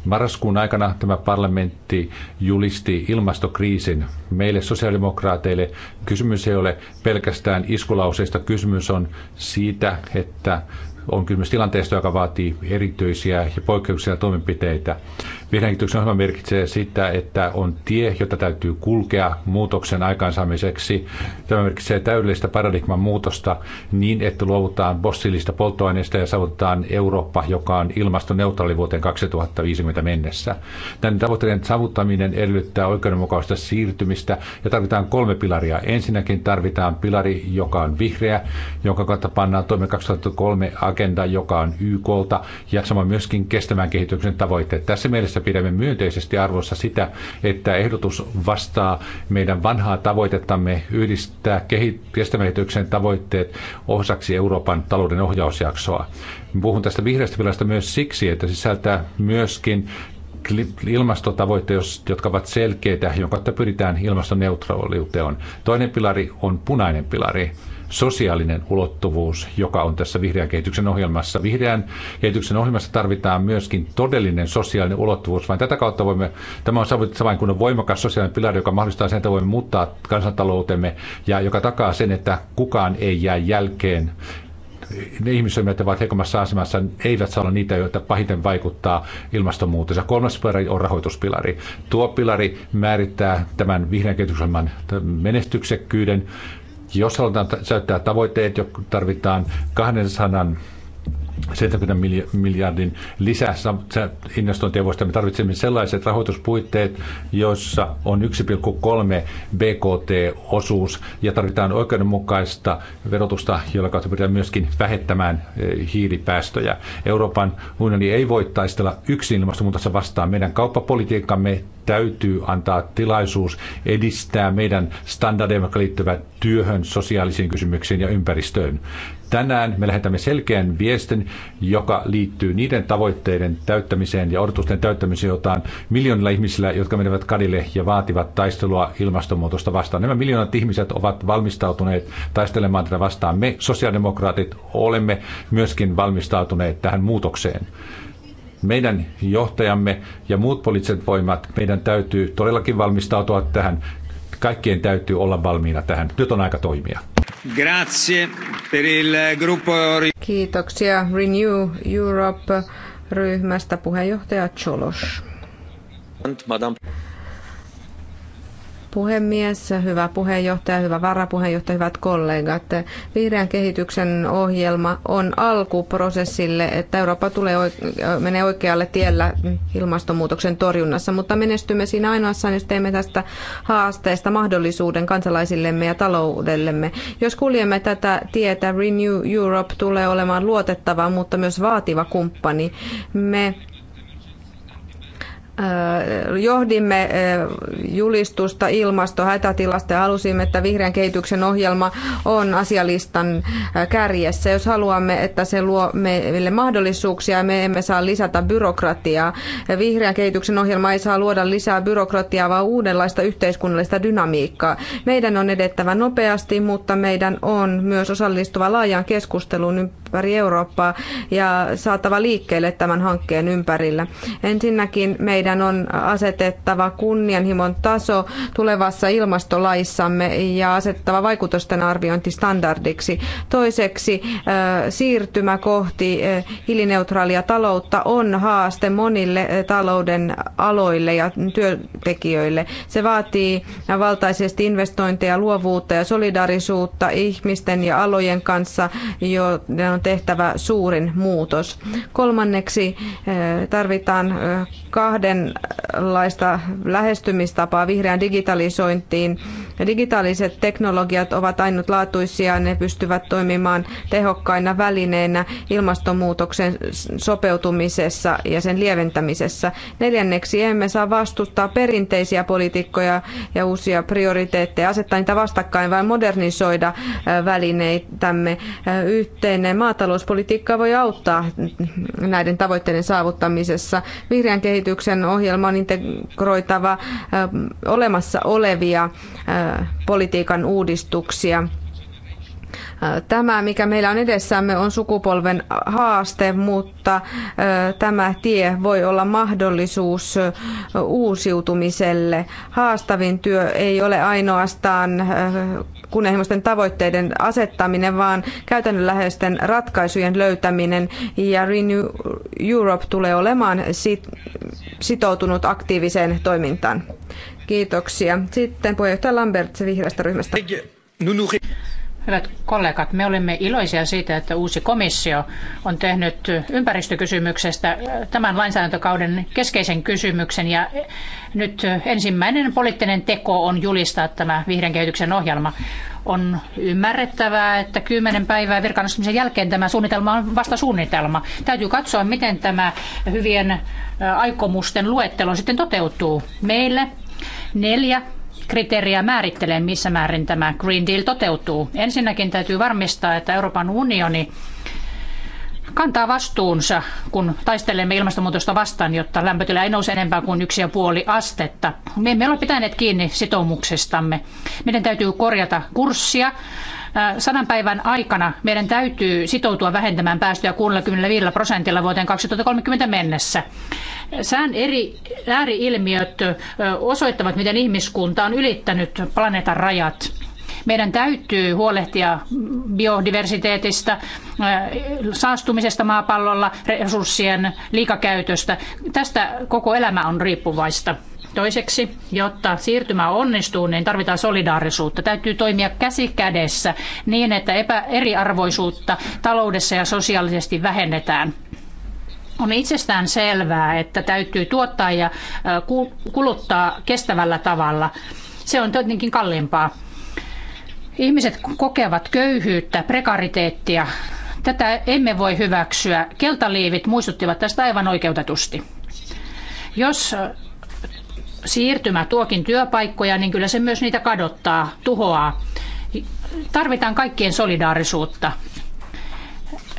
Marraskuun aikana tämä parlamentti julisti ilmastokriisin. Meille sosiaalidemokraateille kysymys ei ole pelkästään iskulauseista, kysymys on siitä, että on kysymys tilanteesta, joka vaatii erityisiä ja poikkeuksellisia toimenpiteitä. Vihreän ohjelma merkitsee sitä, että on tie, jota täytyy kulkea muutoksen aikaansaamiseksi. Tämä merkitsee täydellistä paradigman muutosta niin, että luovutaan fossiilista polttoaineista ja saavutetaan Eurooppa, joka on ilmastoneutraali vuoteen 2050 mennessä. Tämän tavoitteiden saavuttaminen edellyttää oikeudenmukaista siirtymistä ja tarvitaan kolme pilaria. Ensinnäkin tarvitaan pilari, joka on vihreä, jonka kautta pannaan toimeen 2003 agenda, joka on YKlta, ja samoin myöskin kestävän kehityksen tavoitteet. Tässä mielessä pidämme myönteisesti arvossa sitä, että ehdotus vastaa meidän vanhaa tavoitettamme yhdistää kestävän kehityksen tavoitteet osaksi Euroopan talouden ohjausjaksoa. Puhun tästä vihreästä pilasta myös siksi, että sisältää myöskin ilmastotavoitteet, jotka ovat selkeitä, jonka pyritään ilmastoneutraaliuteen. Toinen pilari on punainen pilari sosiaalinen ulottuvuus, joka on tässä vihreän kehityksen ohjelmassa. Vihreän kehityksen ohjelmassa tarvitaan myöskin todellinen sosiaalinen ulottuvuus. Vain tätä kautta voimme, tämä on saavutettava vain kun on voimakas sosiaalinen pilari, joka mahdollistaa sen, että voimme muuttaa kansantaloutemme ja joka takaa sen, että kukaan ei jää jälkeen ne ihmisryhmät ovat heikommassa asemassa, eivät saa olla niitä, joita pahiten vaikuttaa ilmastonmuutos. Ja kolmas pilari on rahoituspilari. Tuo pilari määrittää tämän vihreän kehitysohjelman menestyksekkyyden jos halutaan säyttää tavoitteet, tarvitaan 200 70 miljardin lisässä investointeja Me tarvitsemme sellaiset rahoituspuitteet, joissa on 1,3 BKT-osuus ja tarvitaan oikeudenmukaista verotusta, jolla kautta pyritään myöskin vähettämään eh, hiilipäästöjä. Euroopan unioni ei voi taistella yksin ilmastonmuutosta vastaan. Meidän kauppapolitiikkamme täytyy antaa tilaisuus edistää meidän standardeja, jotka liittyvät työhön, sosiaalisiin kysymyksiin ja ympäristöön. Tänään me lähetämme selkeän viestin, joka liittyy niiden tavoitteiden täyttämiseen ja odotusten täyttämiseen, jota on miljoonilla ihmisillä, jotka menevät kadille ja vaativat taistelua ilmastonmuutosta vastaan. Nämä miljoonat ihmiset ovat valmistautuneet taistelemaan tätä vastaan. Me sosiaalidemokraatit olemme myöskin valmistautuneet tähän muutokseen meidän johtajamme ja muut poliittiset voimat, meidän täytyy todellakin valmistautua tähän. Kaikkien täytyy olla valmiina tähän. Nyt on aika toimia. Grazie per il gruppo... Kiitoksia Renew Europe ryhmästä puheenjohtaja Cholos. Madame puhemies, hyvä puheenjohtaja, hyvä varapuheenjohtaja, hyvät kollegat. Vihreän kehityksen ohjelma on alku prosessille, että Eurooppa tulee, menee oikealle tiellä ilmastonmuutoksen torjunnassa, mutta menestymme siinä ainoassaan, jos teemme tästä haasteesta mahdollisuuden kansalaisillemme ja taloudellemme. Jos kuljemme tätä tietä, Renew Europe tulee olemaan luotettava, mutta myös vaativa kumppani. Me johdimme julistusta ilmastohätätilasta ja halusimme, että vihreän kehityksen ohjelma on asialistan kärjessä. Jos haluamme, että se luo meille mahdollisuuksia, me emme saa lisätä byrokratiaa. Vihreän kehityksen ohjelma ei saa luoda lisää byrokratiaa, vaan uudenlaista yhteiskunnallista dynamiikkaa. Meidän on edettävä nopeasti, mutta meidän on myös osallistuva laajaan keskusteluun ympäri Eurooppaa ja saatava liikkeelle tämän hankkeen ympärillä. Ensinnäkin meidän meidän on asetettava kunnianhimon taso tulevassa ilmastolaissamme ja asettava vaikutusten standardiksi. Toiseksi siirtymä kohti hiilineutraalia taloutta on haaste monille talouden aloille ja työntekijöille. Se vaatii valtaisesti investointeja, luovuutta ja solidaarisuutta ihmisten ja alojen kanssa, joiden on tehtävä suurin muutos. Kolmanneksi tarvitaan kahden uudenlaista lähestymistapaa vihreään digitalisointiin. Digitaaliset teknologiat ovat ainutlaatuisia, ne pystyvät toimimaan tehokkaina välineinä ilmastonmuutoksen sopeutumisessa ja sen lieventämisessä. Neljänneksi emme saa vastustaa perinteisiä politiikkoja ja uusia prioriteetteja, asettaa niitä vastakkain, vaan modernisoida välineitämme. Yhteinen maatalouspolitiikka voi auttaa näiden tavoitteiden saavuttamisessa. Vihreän kehityksen ohjelma ohjelmaan integroitava olemassa olevia politiikan uudistuksia Tämä, mikä meillä on edessämme, on sukupolven haaste, mutta tämä tie voi olla mahdollisuus uusiutumiselle. Haastavin työ ei ole ainoastaan kunnianhimoisten tavoitteiden asettaminen, vaan käytännönläheisten ratkaisujen löytäminen. Ja Renew Europe tulee olemaan sitoutunut aktiiviseen toimintaan. Kiitoksia. Sitten puheenjohtaja Lambert vihreästä ryhmästä. Hyvät kollegat, me olemme iloisia siitä, että uusi komissio on tehnyt ympäristökysymyksestä tämän lainsäädäntökauden keskeisen kysymyksen ja nyt ensimmäinen poliittinen teko on julistaa tämä vihreän kehityksen ohjelma. On ymmärrettävää, että kymmenen päivää virkanastumisen jälkeen tämä suunnitelma on vasta suunnitelma. Täytyy katsoa, miten tämä hyvien aikomusten luettelo sitten toteutuu. Meille neljä kriteeriä määrittelee, missä määrin tämä Green Deal toteutuu. Ensinnäkin täytyy varmistaa, että Euroopan unioni kantaa vastuunsa, kun taistelemme ilmastonmuutosta vastaan, jotta lämpötila ei nouse enempää kuin yksi ja puoli astetta. Me emme ole pitäneet kiinni sitoumuksestamme. Meidän täytyy korjata kurssia sadan päivän aikana meidän täytyy sitoutua vähentämään päästöjä 65 prosentilla vuoteen 2030 mennessä. Sään eri ääriilmiöt osoittavat, miten ihmiskunta on ylittänyt planeetan rajat. Meidän täytyy huolehtia biodiversiteetistä, saastumisesta maapallolla, resurssien liikakäytöstä. Tästä koko elämä on riippuvaista. Toiseksi, jotta siirtymä onnistuu, niin tarvitaan solidaarisuutta. Täytyy toimia käsi kädessä niin, että epä- eriarvoisuutta taloudessa ja sosiaalisesti vähennetään. On itsestään selvää, että täytyy tuottaa ja kuluttaa kestävällä tavalla. Se on tietenkin kalliimpaa. Ihmiset kokevat köyhyyttä, prekariteettia. Tätä emme voi hyväksyä. Keltaliivit muistuttivat tästä aivan oikeutetusti. Jos siirtymä tuokin työpaikkoja, niin kyllä se myös niitä kadottaa, tuhoaa. Tarvitaan kaikkien solidaarisuutta.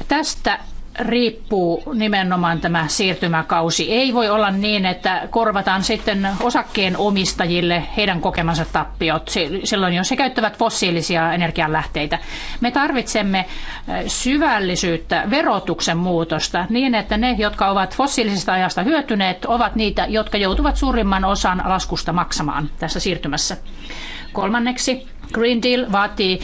Tästä riippuu nimenomaan tämä siirtymäkausi. Ei voi olla niin, että korvataan sitten osakkeen omistajille heidän kokemansa tappiot silloin, jos he käyttävät fossiilisia energianlähteitä. Me tarvitsemme äh, syvällisyyttä, verotuksen muutosta niin, että ne, jotka ovat fossiilisesta ajasta hyötyneet, ovat niitä, jotka joutuvat suurimman osan laskusta maksamaan tässä siirtymässä. Kolmanneksi, Green Deal vaatii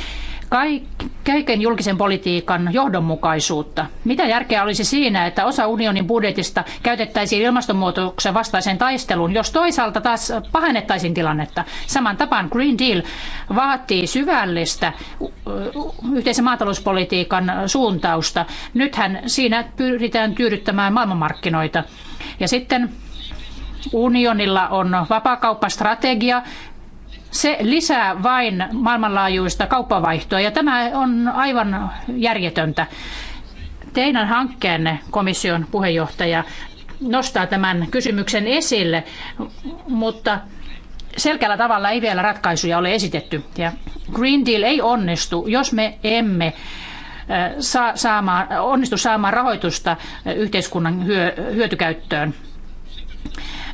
kaiken julkisen politiikan johdonmukaisuutta. Mitä järkeä olisi siinä, että osa unionin budjetista käytettäisiin ilmastonmuutoksen vastaiseen taisteluun, jos toisaalta taas pahennettaisiin tilannetta? Saman tapaan Green Deal vaatii syvällistä yhteisen maatalouspolitiikan suuntausta. Nythän siinä pyritään tyydyttämään maailmanmarkkinoita. Ja sitten unionilla on vapaakauppastrategia, se lisää vain maailmanlaajuista kauppavaihtoa ja tämä on aivan järjetöntä. Teidän hankkeenne, komission puheenjohtaja, nostaa tämän kysymyksen esille, mutta selkeällä tavalla ei vielä ratkaisuja ole esitetty. Ja Green Deal ei onnistu, jos me emme äh, saa saamaan, onnistu saamaan rahoitusta yhteiskunnan hyötykäyttöön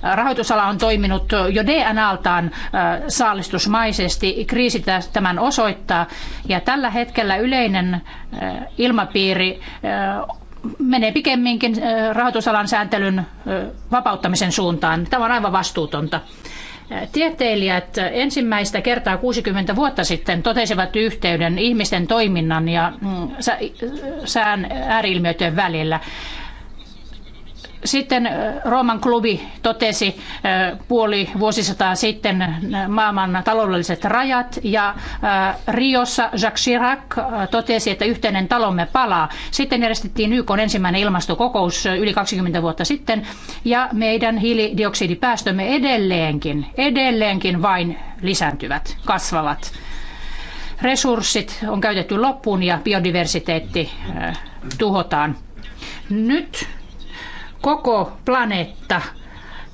rahoitusala on toiminut jo DNAltaan äh, saalistusmaisesti. Kriisi tämän osoittaa. Ja tällä hetkellä yleinen äh, ilmapiiri äh, menee pikemminkin rahoitusalan sääntelyn vapauttamisen suuntaan. Tämä on aivan vastuutonta. Tieteilijät ensimmäistä kertaa 60 vuotta sitten totesivat yhteyden ihmisten toiminnan ja mm, sään ääriilmiöiden välillä. Sitten Rooman klubi totesi puoli vuosisataa sitten maailman taloudelliset rajat ja Riossa Jacques Chirac totesi, että yhteinen talomme palaa. Sitten järjestettiin YK ensimmäinen ilmastokokous yli 20 vuotta sitten ja meidän hiilidioksidipäästömme edelleenkin, edelleenkin vain lisääntyvät, kasvavat. Resurssit on käytetty loppuun ja biodiversiteetti tuhotaan. Nyt koko planeetta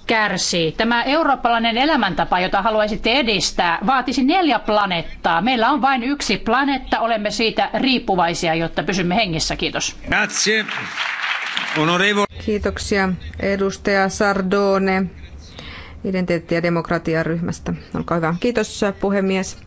kärsii. Tämä eurooppalainen elämäntapa, jota haluaisitte edistää, vaatisi neljä planeettaa. Meillä on vain yksi planeetta, olemme siitä riippuvaisia, jotta pysymme hengissä. Kiitos. Kiitoksia edustaja Sardone identiteetti- ja demokratiaryhmästä. Olkaa hyvä. Kiitos puhemies.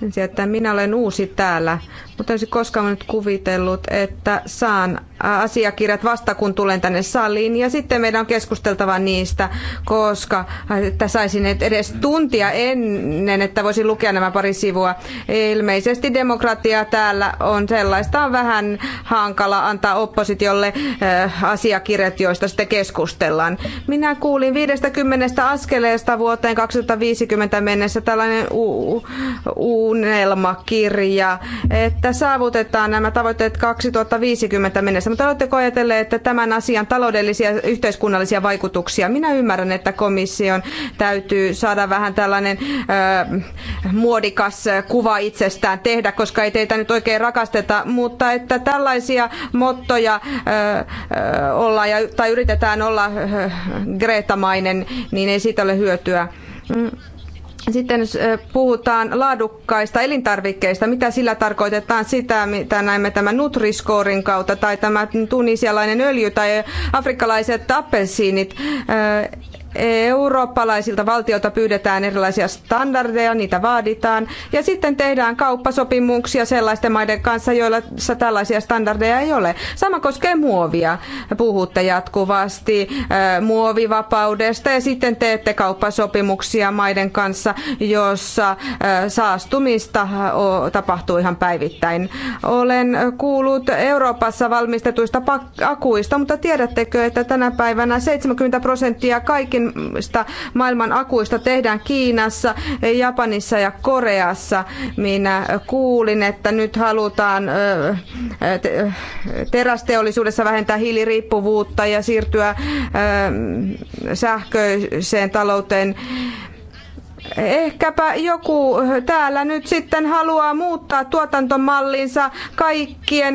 Sen sijaan, minä olen uusi täällä, mutta olisi koskaan nyt kuvitellut, että saan asiakirjat vasta kun tulen tänne saliin ja sitten meidän on keskusteltava niistä, koska että saisin edes tuntia ennen, että voisin lukea nämä pari sivua. Ilmeisesti demokratia täällä on sellaista on vähän hankala antaa oppositiolle asiakirjat, joista sitten keskustellaan. Minä kuulin 50 askeleesta vuoteen 2050 mennessä tällainen u- unelmakirja, että että saavutetaan nämä tavoitteet 2050 mennessä. Mutta oletteko ajatelleet, että tämän asian taloudellisia ja yhteiskunnallisia vaikutuksia? Minä ymmärrän, että komission täytyy saada vähän tällainen ö, muodikas kuva itsestään tehdä, koska ei teitä nyt oikein rakasteta, mutta että tällaisia mottoja ö, ollaan ja, tai yritetään olla ö, Greta-mainen, niin ei siitä ole hyötyä. Mm. Sitten puhutaan laadukkaista elintarvikkeista. Mitä sillä tarkoitetaan sitä, mitä näemme tämän Nutriscorin kautta, tai tämä tunisialainen öljy tai afrikkalaiset appelsiinit eurooppalaisilta valtioilta pyydetään erilaisia standardeja, niitä vaaditaan, ja sitten tehdään kauppasopimuksia sellaisten maiden kanssa, joilla tällaisia standardeja ei ole. Sama koskee muovia. Puhutte jatkuvasti äh, muovivapaudesta ja sitten teette kauppasopimuksia maiden kanssa, jossa äh, saastumista tapahtuu ihan päivittäin. Olen kuullut Euroopassa valmistetuista akuista, mutta tiedättekö, että tänä päivänä 70 prosenttia kaikista kaikista maailman akuista tehdään Kiinassa, Japanissa ja Koreassa. Minä kuulin, että nyt halutaan terästeollisuudessa vähentää hiiliriippuvuutta ja siirtyä sähköiseen talouteen. Ehkäpä joku täällä nyt sitten haluaa muuttaa tuotantomallinsa kaikkien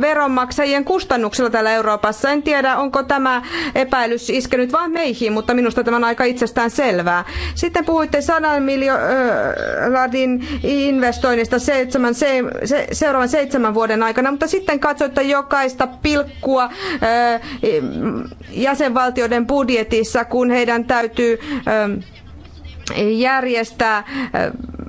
veronmaksajien kustannuksella täällä Euroopassa. En tiedä, onko tämä epäilys iskenyt vain meihin, mutta minusta tämä on aika itsestään selvää. Sitten puhuitte 100 miljardin investoinnista seitsemän, se, se, seuraavan seitsemän vuoden aikana, mutta sitten katsoitte jokaista pilkkua jäsenvaltioiden budjetissa, kun heidän täytyy järjestää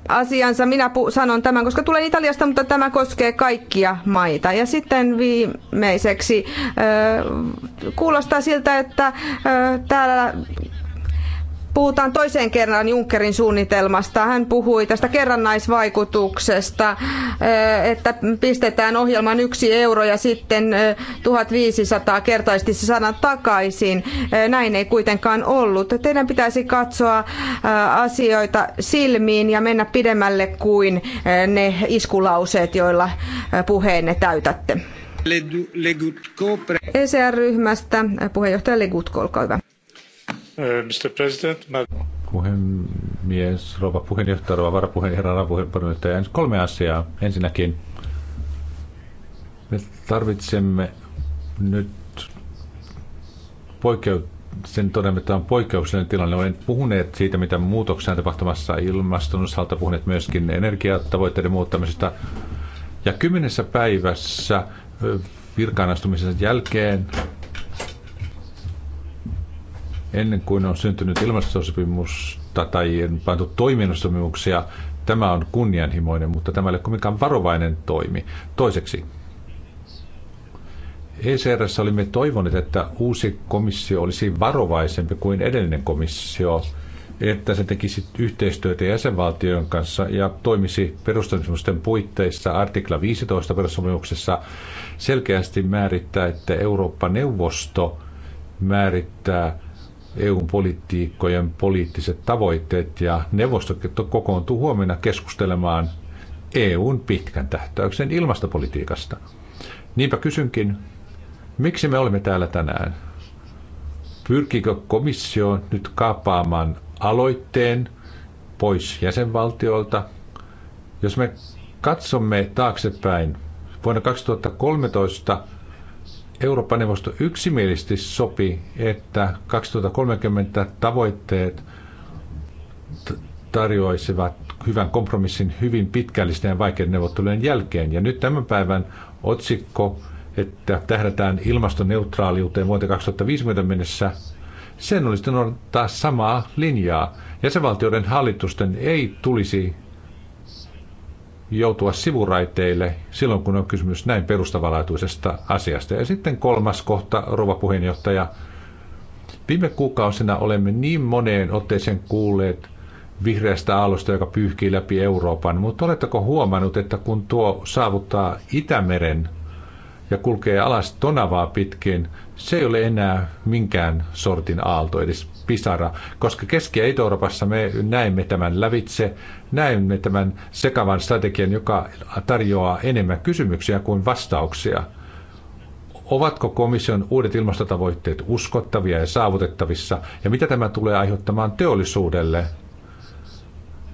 asiansa. Minä sanon tämän, koska tulen Italiasta, mutta tämä koskee kaikkia maita. Ja sitten viimeiseksi kuulostaa siltä, että täällä puhutaan toiseen kerran Junckerin suunnitelmasta. Hän puhui tästä kerrannaisvaikutuksesta, eh, että pistetään ohjelman yksi euro ja sitten 1500 eh, kertaisesti se saadaan takaisin. Eh, näin ei kuitenkaan ollut. Teidän pitäisi katsoa asioita silmiin ja mennä pidemmälle kuin ne iskulauseet, joilla puheenne täytätte. ECR-ryhmästä e puheenjohtaja Legutko, olkaa hyvä. Uh, Mr. President, mä... Puhemies, rouva puheenjohtaja, rouva varapuheenjohtaja, varapuheenjohtaja. Kolme asiaa. Ensinnäkin me tarvitsemme nyt poikkeut, sen todemme, että on poikkeuksellinen tilanne. Olen puhuneet siitä, mitä muutoksia on tapahtumassa ilmaston osalta, puhuneet myöskin energiatavoitteiden muuttamisesta. Ja kymmenessä päivässä virkaanastumisen jälkeen ennen kuin on syntynyt ilmastosopimusta tai on pantu toiminnostosopimuksia, tämä on kunnianhimoinen, mutta tämä ei ole kuitenkaan varovainen toimi. Toiseksi, ECRS olimme toivoneet, että uusi komissio olisi varovaisempi kuin edellinen komissio, että se tekisi yhteistyötä jäsenvaltioiden kanssa ja toimisi perustamisen puitteissa artikla 15 perussopimuksessa selkeästi määrittää, että Eurooppa-neuvosto määrittää EUn politiikkojen poliittiset tavoitteet ja neuvosto kokoontuu huomenna keskustelemaan EUn pitkän tähtäyksen ilmastopolitiikasta. Niinpä kysynkin, miksi me olemme täällä tänään? Pyrkikö komissio nyt kaapaamaan aloitteen pois jäsenvaltioilta? Jos me katsomme taaksepäin, vuonna 2013 Eurooppa-neuvosto yksimielisesti sopi, että 2030 tavoitteet tarjoaisivat hyvän kompromissin hyvin pitkällisten ja vaikeiden neuvottelujen jälkeen. Ja nyt tämän päivän otsikko, että tähdätään ilmastoneutraaliuteen vuoteen 2050 mennessä, sen olisi noudattaa samaa linjaa. Jäsenvaltioiden hallitusten ei tulisi joutua sivuraiteille silloin, kun on kysymys näin perustavanlaatuisesta asiasta. Ja sitten kolmas kohta, rouva puheenjohtaja. Viime kuukausina olemme niin moneen otteeseen kuulleet vihreästä aallosta, joka pyyhkii läpi Euroopan, mutta oletteko huomannut, että kun tuo saavuttaa Itämeren, ja kulkee alas tonavaa pitkin, se ei ole enää minkään sortin aalto, edes pisara, koska Keski- ja Itä-Euroopassa me näemme tämän lävitse, näemme tämän sekavan strategian, joka tarjoaa enemmän kysymyksiä kuin vastauksia. Ovatko komission uudet ilmastotavoitteet uskottavia ja saavutettavissa, ja mitä tämä tulee aiheuttamaan teollisuudelle?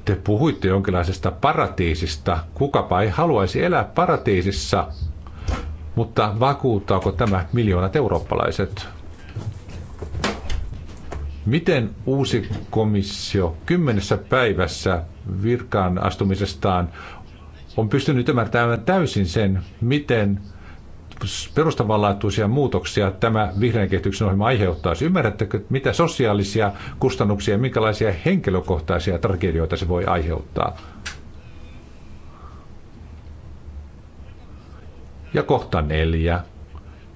Te puhuitte jonkinlaisesta paratiisista. Kukapa ei haluaisi elää paratiisissa, mutta vakuuttaako tämä miljoonat eurooppalaiset? Miten uusi komissio kymmenessä päivässä virkaan astumisestaan on pystynyt ymmärtämään täysin sen, miten perustavanlaatuisia muutoksia tämä vihreän kehityksen ohjelma aiheuttaisi. Ymmärrättekö, mitä sosiaalisia kustannuksia ja minkälaisia henkilökohtaisia tragedioita se voi aiheuttaa? ja kohta neljä,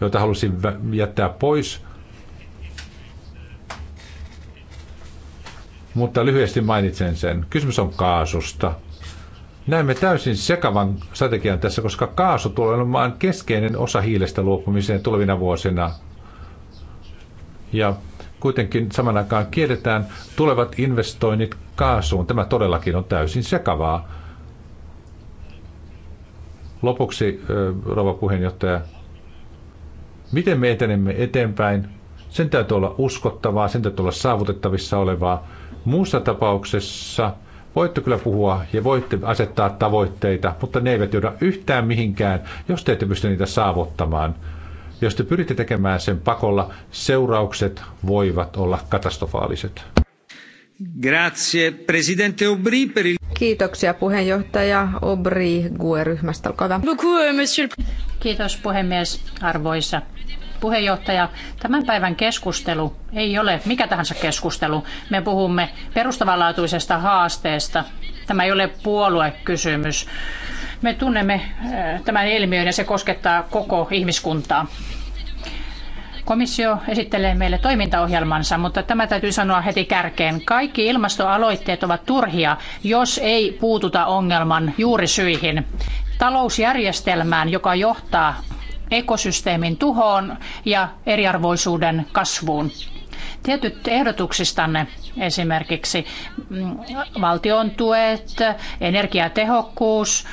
joita halusin jättää pois. Mutta lyhyesti mainitsen sen. Kysymys on kaasusta. Näemme täysin sekavan strategian tässä, koska kaasu tulee olemaan keskeinen osa hiilestä luopumiseen tulevina vuosina. Ja kuitenkin saman aikaan kielletään tulevat investoinnit kaasuun. Tämä todellakin on täysin sekavaa Lopuksi, rouva puheenjohtaja, miten me etenemme eteenpäin? Sen täytyy olla uskottavaa, sen täytyy olla saavutettavissa olevaa. Muussa tapauksessa voitte kyllä puhua ja voitte asettaa tavoitteita, mutta ne eivät joudu yhtään mihinkään, jos te ette pysty niitä saavuttamaan. Jos te pyritte tekemään sen pakolla, seuraukset voivat olla katastrofaaliset. Grazie, presidente Obri, per il... Kiitoksia puheenjohtaja Obri GUE-ryhmästä. Olkaa euh, Kiitos puhemies, arvoisa puheenjohtaja. Tämän päivän keskustelu ei ole mikä tahansa keskustelu. Me puhumme perustavanlaatuisesta haasteesta. Tämä ei ole puoluekysymys. Me tunnemme äh, tämän ilmiön ja se koskettaa koko ihmiskuntaa. Komissio esittelee meille toimintaohjelmansa, mutta tämä täytyy sanoa heti kärkeen. Kaikki ilmastoaloitteet ovat turhia, jos ei puututa ongelman juurisyihin. Talousjärjestelmään, joka johtaa ekosysteemin tuhoon ja eriarvoisuuden kasvuun. Tietyt ehdotuksistanne, esimerkiksi mm, valtion tuet, energiatehokkuus,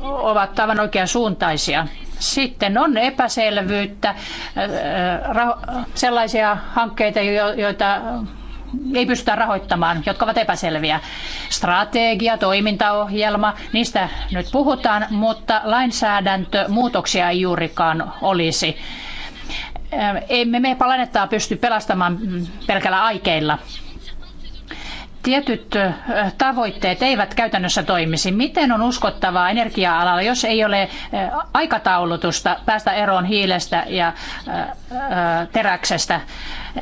ovat tavan oikean suuntaisia. Sitten on epäselvyyttä, sellaisia hankkeita, joita ei pystytä rahoittamaan, jotka ovat epäselviä. Strategia, toimintaohjelma, niistä nyt puhutaan, mutta lainsäädäntömuutoksia ei juurikaan olisi. Emme me planettaa pysty pelastamaan pelkällä aikeilla tietyt tavoitteet eivät käytännössä toimisi. Miten on uskottavaa energia-alalla, jos ei ole aikataulutusta päästä eroon hiilestä ja teräksestä?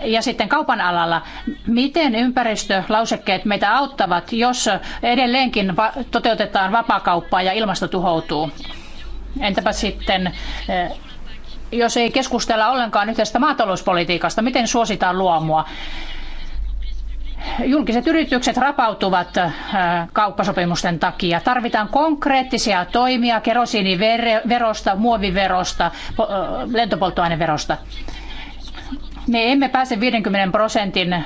Ja sitten kaupan alalla, miten ympäristölausekkeet meitä auttavat, jos edelleenkin toteutetaan vapaakauppaa ja ilmasto tuhoutuu? Entäpä sitten jos ei keskustella ollenkaan yhteisestä maatalouspolitiikasta, miten suositaan luomua? julkiset yritykset rapautuvat äh, kauppasopimusten takia. Tarvitaan konkreettisia toimia kerosiiniverosta, muoviverosta, äh, lentopolttoaineverosta me emme pääse 50 prosentin eh,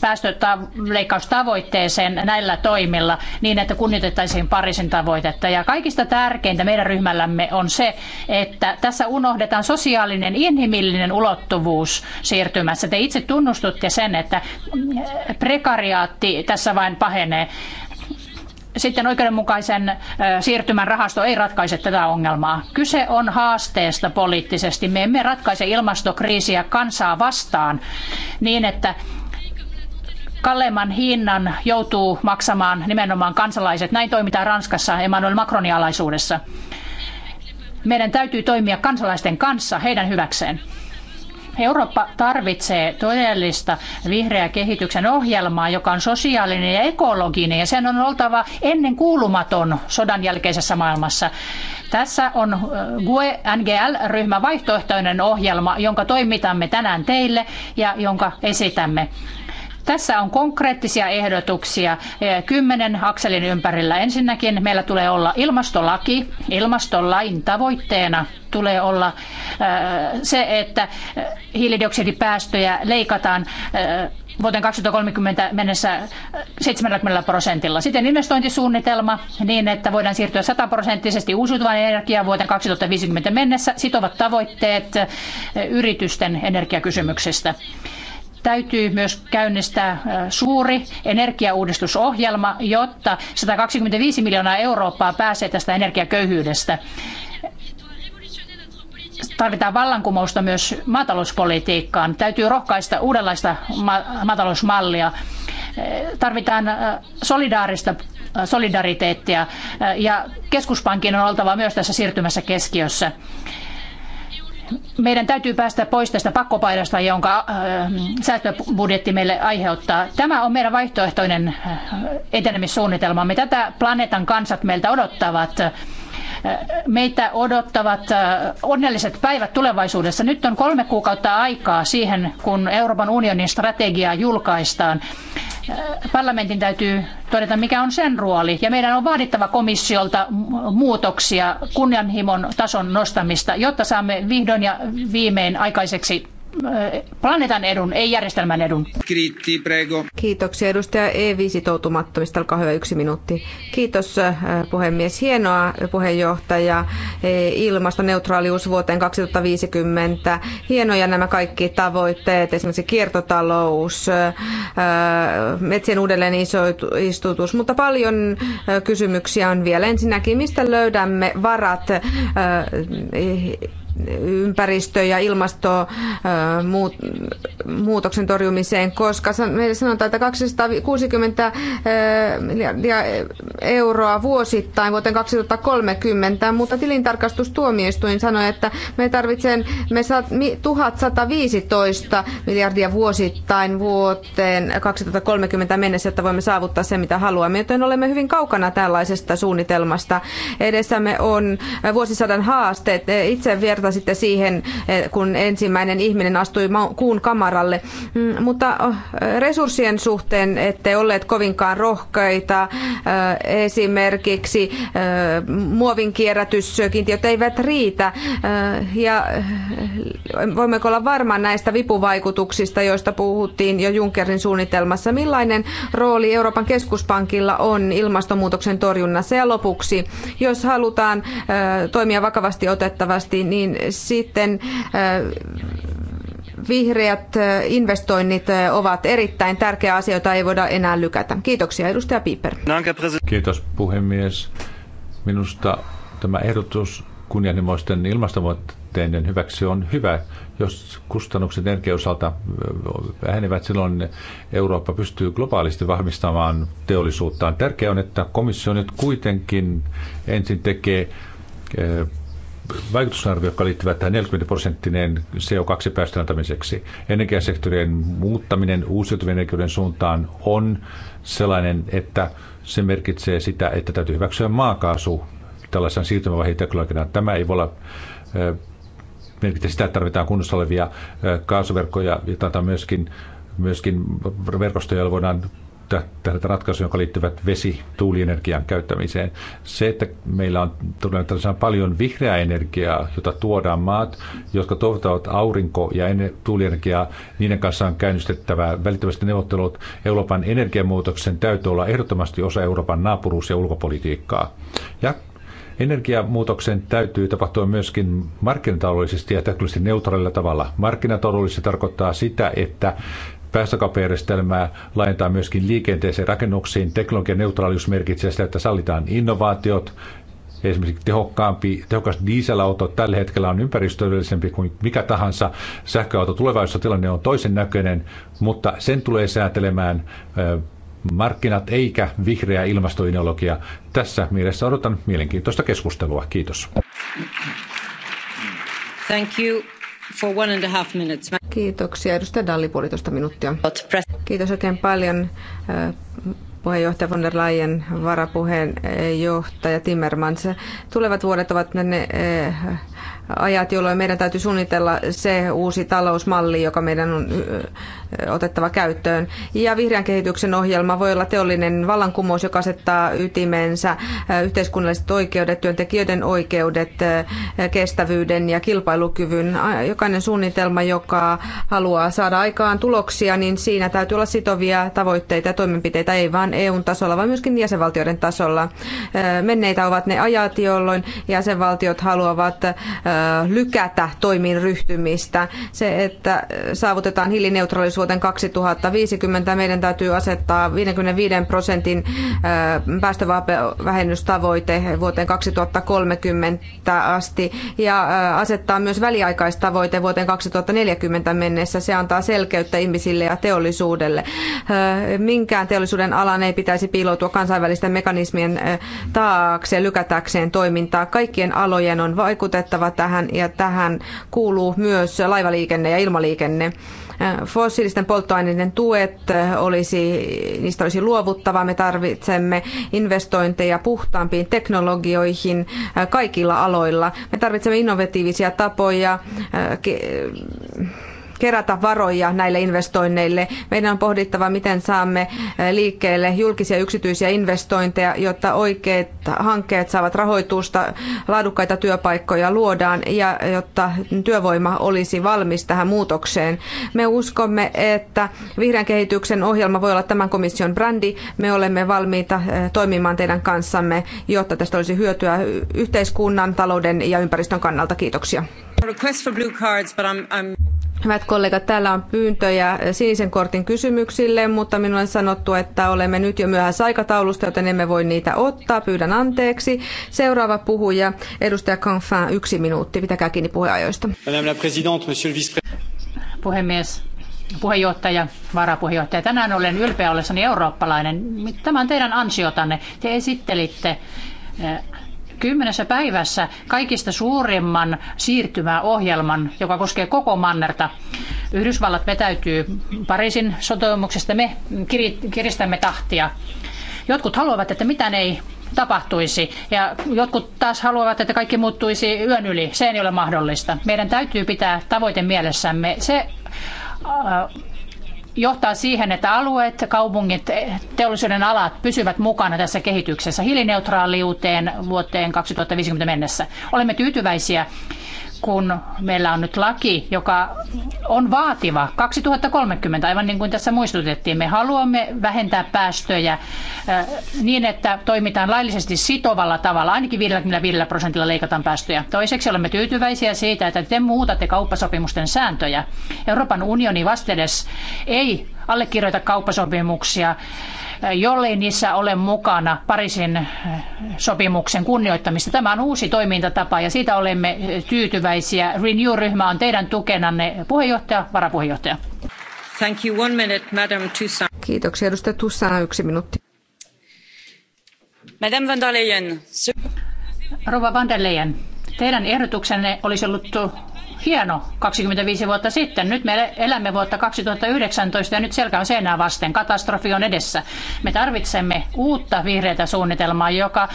päästöleikkaustavoitteeseen näillä toimilla niin, että kunnioitettaisiin Pariisin tavoitetta. Ja kaikista tärkeintä meidän ryhmällämme on se, että tässä unohdetaan sosiaalinen, inhimillinen ulottuvuus siirtymässä. Te itse tunnustutte sen, että eh, prekariaatti tässä vain pahenee sitten oikeudenmukaisen siirtymän rahasto ei ratkaise tätä ongelmaa. Kyse on haasteesta poliittisesti. Me emme ratkaise ilmastokriisiä kansaa vastaan niin, että kalleimman hinnan joutuu maksamaan nimenomaan kansalaiset. Näin toimitaan Ranskassa Emmanuel Macronin alaisuudessa. Meidän täytyy toimia kansalaisten kanssa heidän hyväkseen. Eurooppa tarvitsee todellista vihreää kehityksen ohjelmaa, joka on sosiaalinen ja ekologinen ja sen on oltava ennen kuulumaton sodan jälkeisessä maailmassa. Tässä on äh, GUE NGL-ryhmä vaihtoehtoinen ohjelma, jonka toimitamme tänään teille ja jonka esitämme. Tässä on konkreettisia ehdotuksia eh, kymmenen akselin ympärillä. Ensinnäkin meillä tulee olla ilmastolaki. Ilmastolain tavoitteena tulee olla eh, se, että eh, hiilidioksidipäästöjä leikataan vuoteen 2030 mennessä 70 prosentilla. Sitten investointisuunnitelma niin, että voidaan siirtyä 100 prosenttisesti uusiutuvaan energiaan vuoteen 2050 mennessä sitovat tavoitteet yritysten energiakysymyksestä. Täytyy myös käynnistää suuri energiauudistusohjelma, jotta 125 miljoonaa Eurooppaa pääsee tästä energiaköyhyydestä tarvitaan vallankumousta myös maatalouspolitiikkaan. Täytyy rohkaista uudenlaista maatalousmallia. Tarvitaan solidaarista solidariteettia ja keskuspankin on oltava myös tässä siirtymässä keskiössä meidän täytyy päästä pois tästä pakkopaidasta, jonka äh, säästöbudjetti meille aiheuttaa. Tämä on meidän vaihtoehtoinen äh, etenemissuunnitelmamme. Tätä planeetan kansat meiltä odottavat meitä odottavat äh, onnelliset päivät tulevaisuudessa. Nyt on kolme kuukautta aikaa siihen, kun Euroopan unionin strategiaa julkaistaan. Äh, parlamentin täytyy todeta, mikä on sen rooli. Ja meidän on vaadittava komissiolta muutoksia, kunnianhimon tason nostamista, jotta saamme vihdoin ja viimein aikaiseksi planeetan edun, ei järjestelmän edun. prego. Kiitoksia edustaja E5 sitoutumattomista. Olkaa hyvä yksi minuutti. Kiitos äh, puhemies. Hienoa puheenjohtaja. E, ilmastoneutraalius vuoteen 2050. Hienoja nämä kaikki tavoitteet, esimerkiksi kiertotalous, äh, metsien uudelleen istutus, mutta paljon äh, kysymyksiä on vielä. Ensinnäkin, mistä löydämme varat ympäristö- ja ilmastonmuutoksen torjumiseen, koska meille sanotaan, että 260 miljardia euroa vuosittain vuoteen 2030, mutta tilintarkastustuomioistuin sanoi, että me tarvitsemme 1115 miljardia vuosittain vuoteen 2030 mennessä, että voimme saavuttaa se, mitä haluamme, joten olemme hyvin kaukana tällaisesta suunnitelmasta. Edessämme on vuosisadan haasteet. Itse viertä sitten siihen, eh, kun ensimmäinen ihminen astui kuun kamaralle. Mm, mutta oh, resurssien suhteen ette olleet kovinkaan rohkeita. Eh, esimerkiksi eh, muovin kierrätyskiintiöt eivät riitä. Ja voimmeko olla varma näistä vipuvaikutuksista, joista puhuttiin jo Junckerin suunnitelmassa? Millainen rooli Euroopan keskuspankilla on ilmastonmuutoksen torjunnassa? Ja lopuksi, jos halutaan toimia vakavasti otettavasti, niin sitten äh, vihreät äh, investoinnit äh, ovat erittäin tärkeä asia, jota ei voida enää lykätä. Kiitoksia, edustaja Piper. Kiitos, puhemies. Minusta tämä ehdotus kunnianhimoisten ilmastovuotteiden hyväksi on hyvä. Jos kustannukset energiaosalta vähenevät, silloin Eurooppa pystyy globaalisti vahvistamaan teollisuuttaan. Tärkeää on, että komissio nyt kuitenkin ensin tekee vaikutusarvio, joka liittyvät tähän 40 prosenttinen CO2-päästön antamiseksi. Energiasektorien muuttaminen uusiutuvien energioiden suuntaan on sellainen, että se merkitsee sitä, että täytyy hyväksyä maakaasu tällaisen siirtymävaiheen teknologiana. Tämä ei voi olla merkitä sitä, että tarvitaan kunnossa olevia kaasuverkkoja ja myöskin myöskin verkostoja, joilla voidaan tähdätä ratkaisuja, jotka liittyvät vesi- tuulienergian käyttämiseen. Se, että meillä on todella paljon vihreää energiaa, jota tuodaan maat, jotka tuottavat aurinko- ja tuulienergiaa, niiden kanssa on käynnistettävä välittömästi neuvottelut. Euroopan energiamuutoksen täytyy olla ehdottomasti osa Euroopan naapuruus- ja ulkopolitiikkaa. Ja Energiamuutoksen täytyy tapahtua myöskin markkinataloudellisesti ja teknisesti neutraalilla tavalla. Markkinataloudellisesti tarkoittaa sitä, että päästökauppajärjestelmää laajentaa myöskin liikenteeseen rakennuksiin. Teknologian neutraalius merkitsee sitä, että sallitaan innovaatiot, esimerkiksi tehokkaampi, tehokas dieselauto tällä hetkellä on ympäristöllisempi kuin mikä tahansa. Sähköauto tulevaisuudessa tilanne on toisen näköinen, mutta sen tulee säätelemään markkinat eikä vihreä ilmastoideologia. Tässä mielessä odotan mielenkiintoista keskustelua. Kiitos. Thank you. For one and a half minutes. Kiitoksia. Edustaja Dalli, puolitoista minuuttia. Kiitos oikein paljon puheenjohtaja von der Leyen, varapuheenjohtaja Timmermans. Tulevat vuodet ovat ne ajat, jolloin meidän täytyy suunnitella se uusi talousmalli, joka meidän on otettava käyttöön. Ja vihreän kehityksen ohjelma voi olla teollinen vallankumous, joka asettaa ytimensä yhteiskunnalliset oikeudet, työntekijöiden oikeudet, kestävyyden ja kilpailukyvyn. Jokainen suunnitelma, joka haluaa saada aikaan tuloksia, niin siinä täytyy olla sitovia tavoitteita ja toimenpiteitä, ei vain EU-tasolla, vaan myöskin jäsenvaltioiden tasolla. Menneitä ovat ne ajat, jolloin jäsenvaltiot haluavat lykätä toimiin ryhtymistä. Se, että saavutetaan hiilineutraalisuus vuoteen 2050, meidän täytyy asettaa 55 prosentin päästövähennystavoite vuoteen 2030 asti ja asettaa myös väliaikaistavoite vuoteen 2040 mennessä. Se antaa selkeyttä ihmisille ja teollisuudelle. Minkään teollisuuden alan ei pitäisi piiloutua kansainvälisten mekanismien taakse lykätäkseen toimintaa. Kaikkien alojen on vaikutettava tähän tähän ja tähän kuuluu myös laivaliikenne ja ilmaliikenne. Äh, fossiilisten polttoaineiden tuet äh, olisi, niistä olisi luovuttava. Me tarvitsemme investointeja puhtaampiin teknologioihin äh, kaikilla aloilla. Me tarvitsemme innovatiivisia tapoja kerätä varoja näille investoinneille. Meidän on pohdittava, miten saamme eh, liikkeelle julkisia ja yksityisiä investointeja, jotta oikeat hankkeet saavat rahoitusta, laadukkaita työpaikkoja luodaan ja jotta työvoima olisi valmis tähän muutokseen. Me uskomme, että vihreän kehityksen ohjelma voi olla tämän komission brändi. Me olemme valmiita eh, toimimaan teidän kanssamme, jotta tästä olisi hyötyä yhteiskunnan, talouden ja ympäristön kannalta. Kiitoksia. Hyvät kollegat, täällä on pyyntöjä sinisen kortin kysymyksille, mutta minulle on sanottu, että olemme nyt jo myöhässä aikataulusta, joten emme voi niitä ottaa. Pyydän anteeksi. Seuraava puhuja, edustaja Canfin, yksi minuutti. Pitäkää kiinni puheajoista. Madame la présidente, monsieur le vice Puhemies, puheenjohtaja, varapuheenjohtaja. Tänään olen ylpeä ollessani eurooppalainen. Tämä on teidän ansiotanne. Te esittelitte kymmenessä päivässä kaikista suurimman siirtymäohjelman, joka koskee koko mannerta. Yhdysvallat vetäytyy Pariisin sotoimuksesta, me kiristämme tahtia. Jotkut haluavat, että mitään ei tapahtuisi. Ja jotkut taas haluavat, että kaikki muuttuisi yön yli. Se ei ole mahdollista. Meidän täytyy pitää tavoite mielessämme. Se äh, johtaa siihen, että alueet, kaupungit, teollisuuden alat pysyvät mukana tässä kehityksessä hiilineutraaliuteen vuoteen 2050 mennessä. Olemme tyytyväisiä kun meillä on nyt laki, joka on vaativa 2030, aivan niin kuin tässä muistutettiin. Me haluamme vähentää päästöjä äh, niin, että toimitaan laillisesti sitovalla tavalla. Ainakin 55 prosentilla leikataan päästöjä. Toiseksi olemme tyytyväisiä siitä, että te muutatte kauppasopimusten sääntöjä. Euroopan unioni vastedes ei allekirjoita kauppasopimuksia, jollei niissä ole mukana Pariisin sopimuksen kunnioittamista. Tämä on uusi toimintatapa ja siitä olemme tyytyväisiä. Renew-ryhmä on teidän tukenanne puheenjohtaja, varapuheenjohtaja. Thank you. One minute, Madam Kiitoksia, edustaja Toussaint. Yksi minuutti. Madame van der Leyen. Rouva van der Leyen, Teidän ehdotuksenne olisi ollut hieno 25 vuotta sitten. Nyt me elämme vuotta 2019 ja nyt selkä on seinää vasten. Katastrofi on edessä. Me tarvitsemme uutta vihreätä suunnitelmaa, joka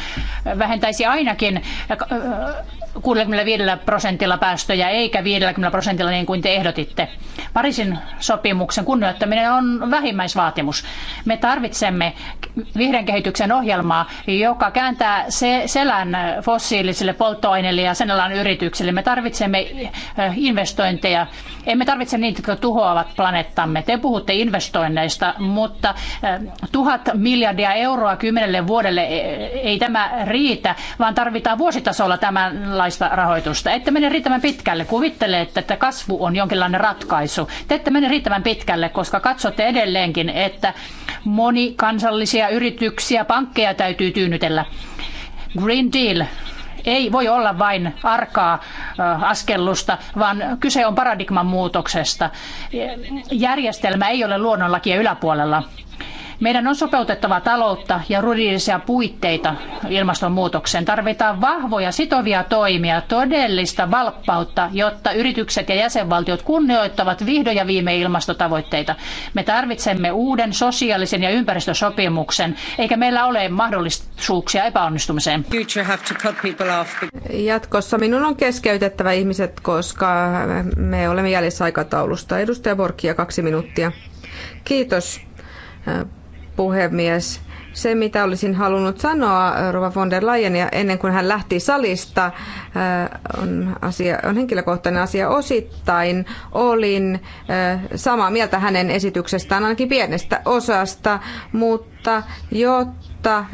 vähentäisi ainakin 65 prosentilla päästöjä eikä 50 prosentilla niin kuin te ehdotitte. Pariisin sopimuksen kunnioittaminen on vähimmäisvaatimus. Me tarvitsemme vihreän kehityksen ohjelmaa, joka kääntää selän fossiilisille polttoaineille ja sen alan yrityksille. Me tarvitsemme eh, investointeja. Emme tarvitse niitä, jotka tuhoavat planeettamme. Te puhutte investoinneista, mutta eh, tuhat miljardia euroa kymmenelle vuodelle eh, ei tämä riitä, vaan tarvitaan vuositasolla tämän vääränlaista rahoitusta. Ette mene riittävän pitkälle. Kuvittele, että kasvu on jonkinlainen ratkaisu. Te ette mene riittävän pitkälle, koska katsotte edelleenkin, että monikansallisia yrityksiä, pankkeja täytyy tyynytellä. Green Deal ei voi olla vain arkaa askellusta, vaan kyse on paradigman muutoksesta. Järjestelmä ei ole luonnonlakien yläpuolella meidän on sopeutettava taloutta ja juridisia puitteita ilmastonmuutokseen. Tarvitaan vahvoja sitovia toimia, todellista valppautta, jotta yritykset ja jäsenvaltiot kunnioittavat vihdoin ja viimein ilmastotavoitteita. Me tarvitsemme uuden sosiaalisen ja ympäristösopimuksen, eikä meillä ole mahdollisuuksia epäonnistumiseen. Jatkossa minun on keskeytettävä ihmiset, koska me olemme jäljessä aikataulusta. Edustaja Borkia, kaksi minuuttia. Kiitos puhemies. Se, mitä olisin halunnut sanoa Rova von der Leyen ennen kuin hän lähti salista, on, asia, on henkilökohtainen asia osittain. Olin samaa mieltä hänen esityksestään, ainakin pienestä osasta, mutta jotta jotta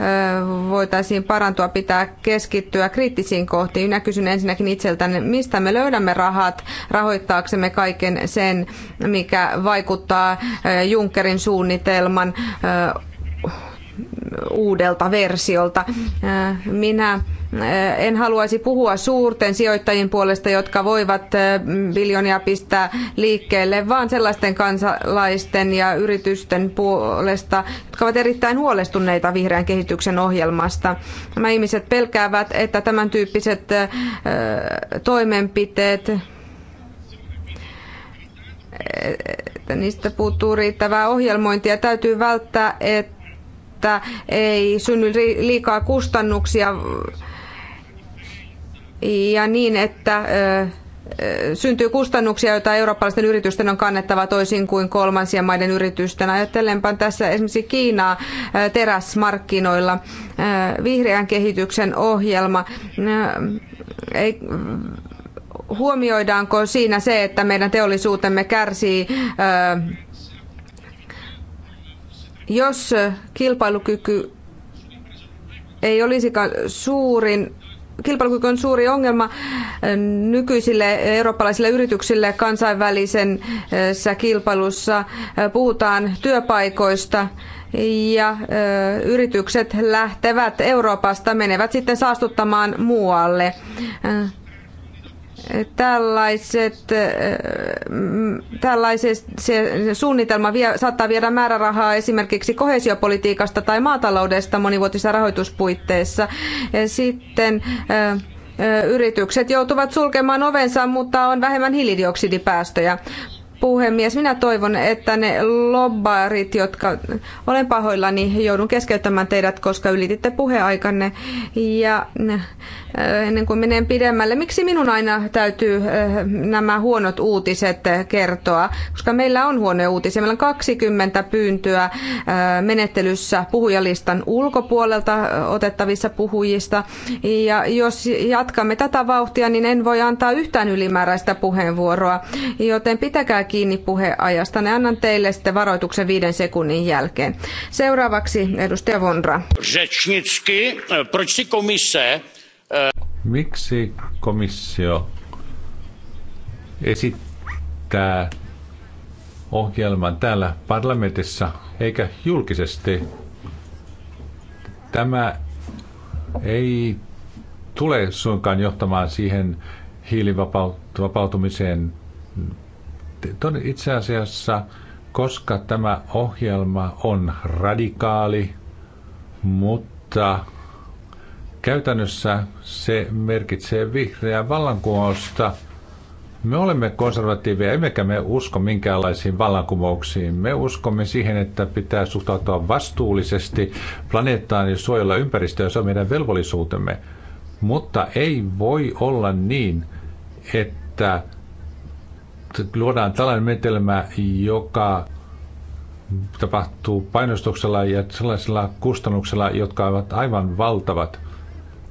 voitaisiin parantua, pitää keskittyä kriittisiin kohtiin. Minä kysyn ensinnäkin itseltäni, mistä me löydämme rahat rahoittaaksemme kaiken sen, mikä vaikuttaa Junckerin suunnitelman uudelta versiolta. Minä eh, en haluaisi puhua suurten sijoittajien puolesta, jotka voivat eh, biljonia pistää liikkeelle, vaan sellaisten kansalaisten ja yritysten puolesta, jotka ovat erittäin huolestuneita vihreän kehityksen ohjelmasta. Nämä ihmiset pelkäävät, että tämän tyyppiset eh, toimenpiteet että niistä puuttuu riittävää ohjelmointia. Täytyy välttää, että että ei synny liikaa kustannuksia ja niin, että syntyy kustannuksia, joita eurooppalaisten yritysten on kannettava toisin kuin kolmansien maiden yritysten. Ajattelenpa tässä esimerkiksi Kiinaa teräsmarkkinoilla, vihreän kehityksen ohjelma. Ei, huomioidaanko siinä se, että meidän teollisuutemme kärsii jos kilpailukyky ei olisikaan suurin kilpailukyky on suuri ongelma nykyisille eurooppalaisille yrityksille kansainvälisessä kilpailussa. Puhutaan työpaikoista ja yritykset lähtevät Euroopasta, menevät sitten saastuttamaan muualle tällaiset, äh, tällaiset se suunnitelma vie, saattaa viedä määrärahaa esimerkiksi kohesiopolitiikasta tai maataloudesta monivuotisissa rahoituspuitteissa. Ja sitten äh, äh, yritykset joutuvat sulkemaan ovensa, mutta on vähemmän hiilidioksidipäästöjä puhemies, minä toivon, että ne lobbarit, jotka olen pahoillani, joudun keskeyttämään teidät, koska ylititte puheaikanne. Ja äh, ennen kuin menen pidemmälle, miksi minun aina täytyy äh, nämä huonot uutiset kertoa? Koska meillä on huono uutisia. Meillä on 20 pyyntöä äh, menettelyssä puhujalistan ulkopuolelta otettavissa puhujista. Ja jos jatkamme tätä vauhtia, niin en voi antaa yhtään ylimääräistä puheenvuoroa. Joten pitäkää kiinni puheajasta. Ne annan teille sitten varoituksen viiden sekunnin jälkeen. Seuraavaksi edustaja Vonra. Eh, Miksi komissio esittää ohjelman täällä parlamentissa eikä julkisesti? Tämä ei tule suinkaan johtamaan siihen hiilivapautumiseen itse asiassa, koska tämä ohjelma on radikaali, mutta käytännössä se merkitsee vihreää vallankumousta. Me olemme konservatiiveja, emmekä me usko minkäänlaisiin vallankumouksiin. Me uskomme siihen, että pitää suhtautua vastuullisesti planeettaan ja suojella ympäristöä. Se on meidän velvollisuutemme. Mutta ei voi olla niin, että luodaan tällainen menetelmä, joka tapahtuu painostuksella ja sellaisilla kustannuksilla, jotka ovat aivan valtavat.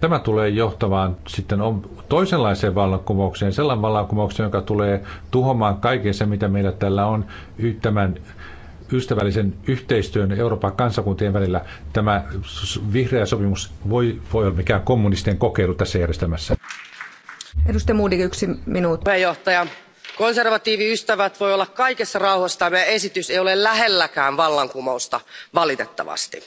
Tämä tulee johtamaan sitten toisenlaiseen vallankumoukseen, sellainen vallankumoukseen, joka tulee tuhomaan kaiken se, mitä meillä tällä on tämän ystävällisen yhteistyön Euroopan kansakuntien välillä. Tämä vihreä sopimus voi, voi olla mikään kommunistien kokeilu tässä järjestelmässä. Edustaja Muudik, yksi minuutti. Pääjohtaja, konservatiiviystävät voi olla kaikessa rauhassa tämä esitys ei ole lähelläkään vallankumousta valitettavasti.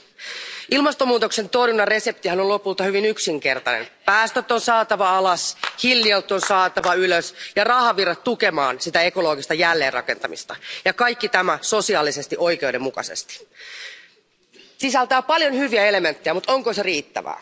ilmastonmuutoksen torjunnan reseptihän on lopulta hyvin yksinkertainen päästöt on saatava alas hiilinielut on saatava ylös ja rahavirrat tukemaan sitä ekologista jälleenrakentamista ja kaikki tämä sosiaalisesti oikeudenmukaisesti. sisältää paljon hyviä elementtejä mutta onko se riittävää?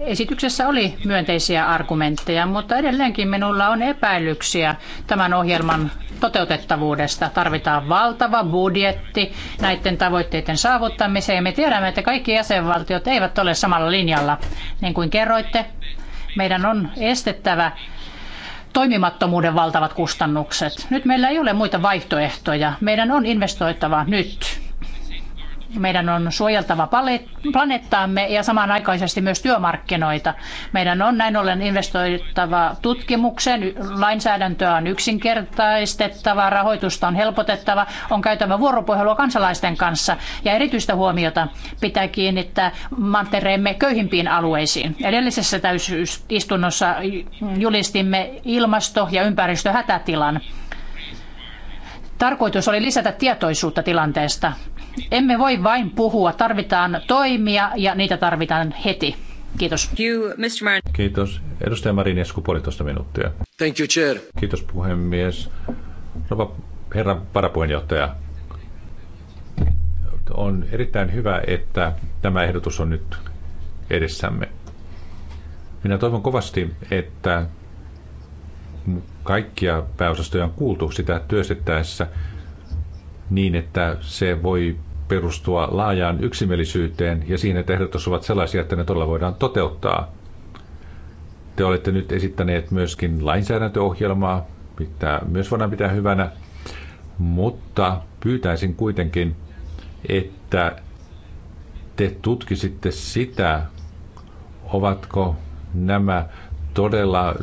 Esityksessä oli myönteisiä argumentteja, mutta edelleenkin minulla on epäilyksiä tämän ohjelman toteutettavuudesta. Tarvitaan valtava budjetti näiden tavoitteiden saavuttamiseen. Me tiedämme, että kaikki jäsenvaltiot eivät ole samalla linjalla. Niin kuin kerroitte, meidän on estettävä toimimattomuuden valtavat kustannukset. Nyt meillä ei ole muita vaihtoehtoja. Meidän on investoitava nyt. Meidän on suojeltava planeettaamme ja samanaikaisesti myös työmarkkinoita. Meidän on näin ollen investoitava tutkimukseen, lainsäädäntöä on yksinkertaistettava, rahoitusta on helpotettava, on käytävä vuoropuhelua kansalaisten kanssa ja erityistä huomiota pitää kiinnittää mantereemme köyhimpiin alueisiin. Edellisessä täysistunnossa julistimme ilmasto- ja ympäristöhätätilan. Tarkoitus oli lisätä tietoisuutta tilanteesta. Emme voi vain puhua, tarvitaan toimia ja niitä tarvitaan heti. Kiitos. Kiitos. Edustaja Marinescu, puolitoista minuuttia. Thank you, chair. Kiitos puhemies. Rova, herra varapuheenjohtaja, on erittäin hyvä, että tämä ehdotus on nyt edessämme. Minä toivon kovasti, että kaikkia pääosastoja on kuultu sitä työstettäessä niin, että se voi perustua laajaan yksimielisyyteen ja siihen, että ehdotus ovat sellaisia, että ne todella voidaan toteuttaa. Te olette nyt esittäneet myöskin lainsäädäntöohjelmaa, mitä myös voidaan pitää hyvänä, mutta pyytäisin kuitenkin, että te tutkisitte sitä, ovatko nämä todella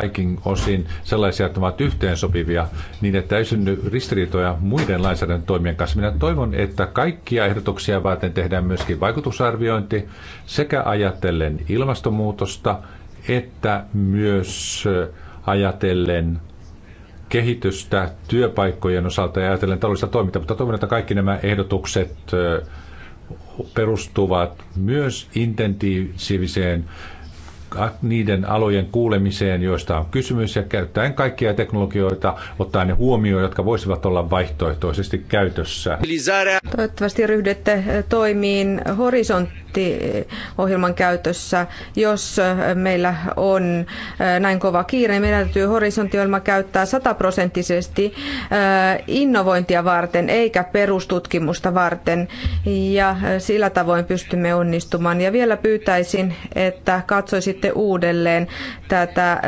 kaikin osin sellaisia, että ovat yhteensopivia, niin että ei synny ristiriitoja muiden toimien kanssa. Minä toivon, että kaikkia ehdotuksia varten tehdään myöskin vaikutusarviointi sekä ajatellen ilmastonmuutosta että myös ajatellen kehitystä työpaikkojen osalta ja ajatellen taloudellista toimintaa, mutta toivon, että kaikki nämä ehdotukset perustuvat myös intensiiviseen niiden alojen kuulemiseen, joista on kysymys, ja käyttäen kaikkia teknologioita, ottaen ne huomioon, jotka voisivat olla vaihtoehtoisesti käytössä. Toivottavasti ryhdytte toimiin horisonttiohjelman käytössä, jos meillä on äh, näin kova kiire. Niin meidän täytyy horisonttiohjelma käyttää sataprosenttisesti äh, innovointia varten, eikä perustutkimusta varten, ja äh, sillä tavoin pystymme onnistumaan. Ja vielä pyytäisin, että katsoisit sitten uudelleen tätä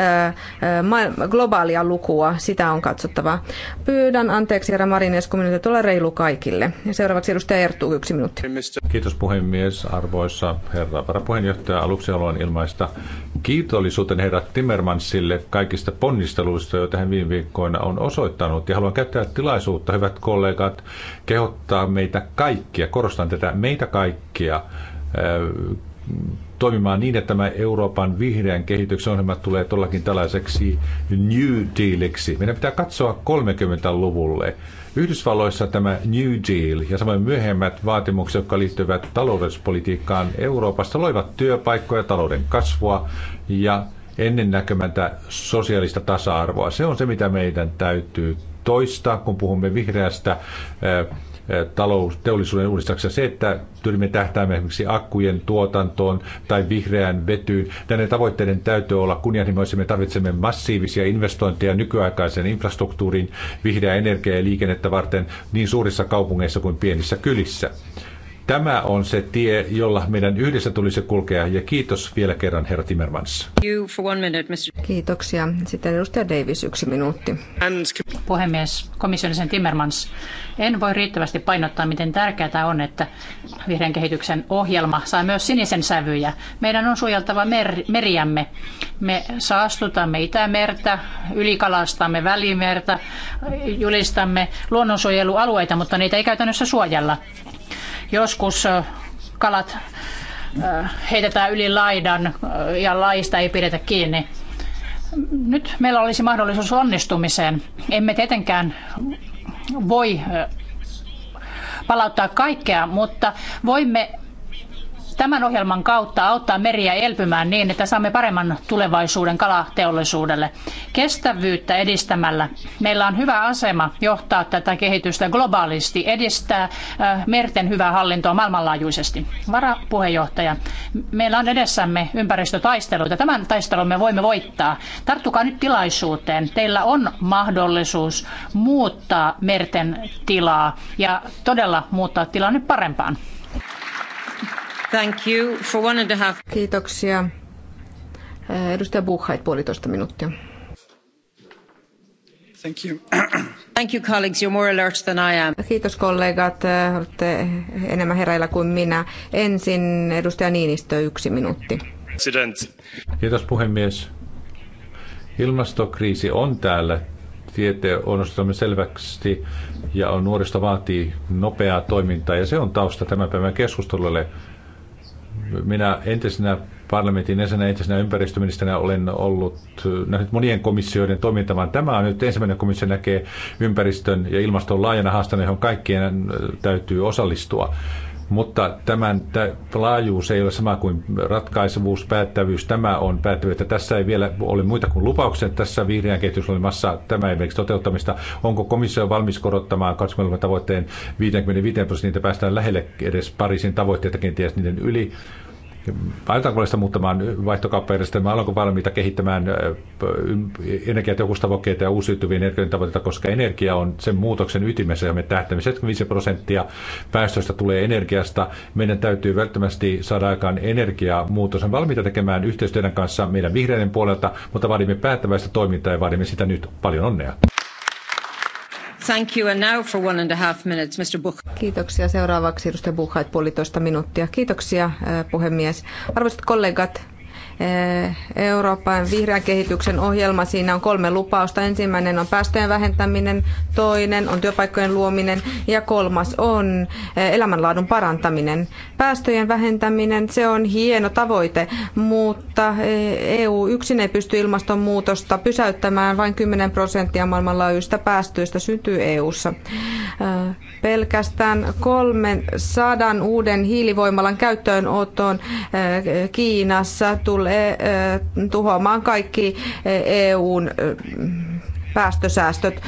globaalia lukua. Sitä on katsottava. Pyydän anteeksi, herra Marines, kun minuutit ole reilu kaikille. Ja seuraavaksi edustaja Erttu, yksi minuutti. Kiitos puhemies, arvoisa herra varapuheenjohtaja. Aluksi haluan ilmaista kiitollisuuteni herra Timmermansille kaikista ponnisteluista, joita hän viime viikkoina on osoittanut. Ja haluan käyttää tilaisuutta, hyvät kollegat, kehottaa meitä kaikkia, korostan tätä, meitä kaikkia, toimimaan niin, että tämä Euroopan vihreän kehityksen ohjelma tulee todellakin tällaiseksi New Dealiksi. Meidän pitää katsoa 30-luvulle. Yhdysvalloissa tämä New Deal ja samoin myöhemmät vaatimukset, jotka liittyvät talouspolitiikkaan Euroopassa, loivat työpaikkoja, talouden kasvua ja ennennäkömäntä sosiaalista tasa-arvoa. Se on se, mitä meidän täytyy toistaa, kun puhumme vihreästä Eh, talous, teollisuuden uudistuksessa. Se, että pyrimme tähtäämään esimerkiksi akkujen tuotantoon tai vihreään vetyyn, tänne tavoitteiden täytyy olla kunnianhimoisia. Me tarvitsemme massiivisia investointeja nykyaikaisen infrastruktuurin, vihreää energiaa ja liikennettä varten niin suurissa kaupungeissa kuin pienissä kylissä. Tämä on se tie, jolla meidän yhdessä tulisi kulkea, ja kiitos vielä kerran, herra Timmermans. Kiitoksia. Sitten edustaja Davis, yksi minuutti. Puhemies, komissionisen Timmermans, en voi riittävästi painottaa, miten tärkeää on, että vihreän kehityksen ohjelma saa myös sinisen sävyjä. Meidän on suojeltava mer- meriämme. Me saastutamme Itämertä, ylikalastamme Välimertä, julistamme luonnonsuojelualueita, mutta niitä ei käytännössä suojella. Joskus kalat heitetään yli laidan ja laista ei pidetä kiinni. Nyt meillä olisi mahdollisuus onnistumiseen. Emme tietenkään voi palauttaa kaikkea, mutta voimme tämän ohjelman kautta auttaa meriä elpymään niin, että saamme paremman tulevaisuuden kalateollisuudelle. Kestävyyttä edistämällä meillä on hyvä asema johtaa tätä kehitystä globaalisti, edistää äh, merten hyvää hallintoa maailmanlaajuisesti. Varapuheenjohtaja, meillä on edessämme ympäristötaisteluita. Tämän taistelun me voimme voittaa. Tarttukaa nyt tilaisuuteen. Teillä on mahdollisuus muuttaa merten tilaa ja todella muuttaa tilanne parempaan. Thank you for one and a half. Kiitoksia. Eh, edustaja Buchheit, puolitoista minuuttia. Thank you. Thank you, colleagues. You're more alert than I am. Kiitos kollegat, eh, olette enemmän hereillä kuin minä. Ensin edustaja Niinistö, yksi minuutti. President. Kiitos puhemies. Ilmastokriisi on täällä. Tiete on osoittanut selväksi ja on nuorista vaatii nopeaa toimintaa ja se on tausta tämän päivän keskustelulle minä entisenä parlamentin ensinnä entisenä ympäristöministerinä olen ollut nähnyt monien komissioiden toimintavan. Tämä on nyt ensimmäinen komissio näkee ympäristön ja ilmaston laajana haastana, johon kaikkien täytyy osallistua. Mutta tämän laajuus ei ole sama kuin ratkaisevuus, päättävyys. Tämä on päättävyyttä. Tässä ei vielä ole muita kuin lupauksia. Tässä vihreän massa tämä ei merkitse toteuttamista. Onko komissio valmis korottamaan 20 tavoitteen 55 prosenttia, päästään lähelle edes Pariisin tavoitteita, kenties niiden yli? Aletaanko sitä muuttamaan vaihtokauppajärjestelmää? Ollaanko valmiita kehittämään energiatehokustavoitteita ja uusiutuvien energian tavoitteita, koska energia on sen muutoksen ytimessä, ja me tähtäämme 75 prosenttia päästöistä tulee energiasta. Meidän täytyy välttämättä saada aikaan energiamuutos. On valmiita tekemään yhteistyön kanssa meidän vihreiden puolelta, mutta vaadimme päättäväistä toimintaa ja vaadimme sitä nyt. Paljon onnea! Thank you. And now for one and a half minutes, Mr. Buch. Kiitoksia. Seuraavaksi edustaja Buchheit puolitoista minuuttia. Kiitoksia eh, puhemies. Arvoisat kollegat, Eh, Euroopan vihreän kehityksen ohjelma. Siinä on kolme lupausta. Ensimmäinen on päästöjen vähentäminen, toinen on työpaikkojen luominen ja kolmas on eh, elämänlaadun parantaminen. Päästöjen vähentäminen, se on hieno tavoite, mutta EU eh, e yksin ei pysty ilmastonmuutosta pysäyttämään. Vain 10 prosenttia maailmanlaajuisista päästöistä syntyy EUssa. Pelkästään 300 uuden hiilivoimalan käyttöönottoon Kiinassa tulee tulee tuhoamaan kaikki EUn päästösäästöt.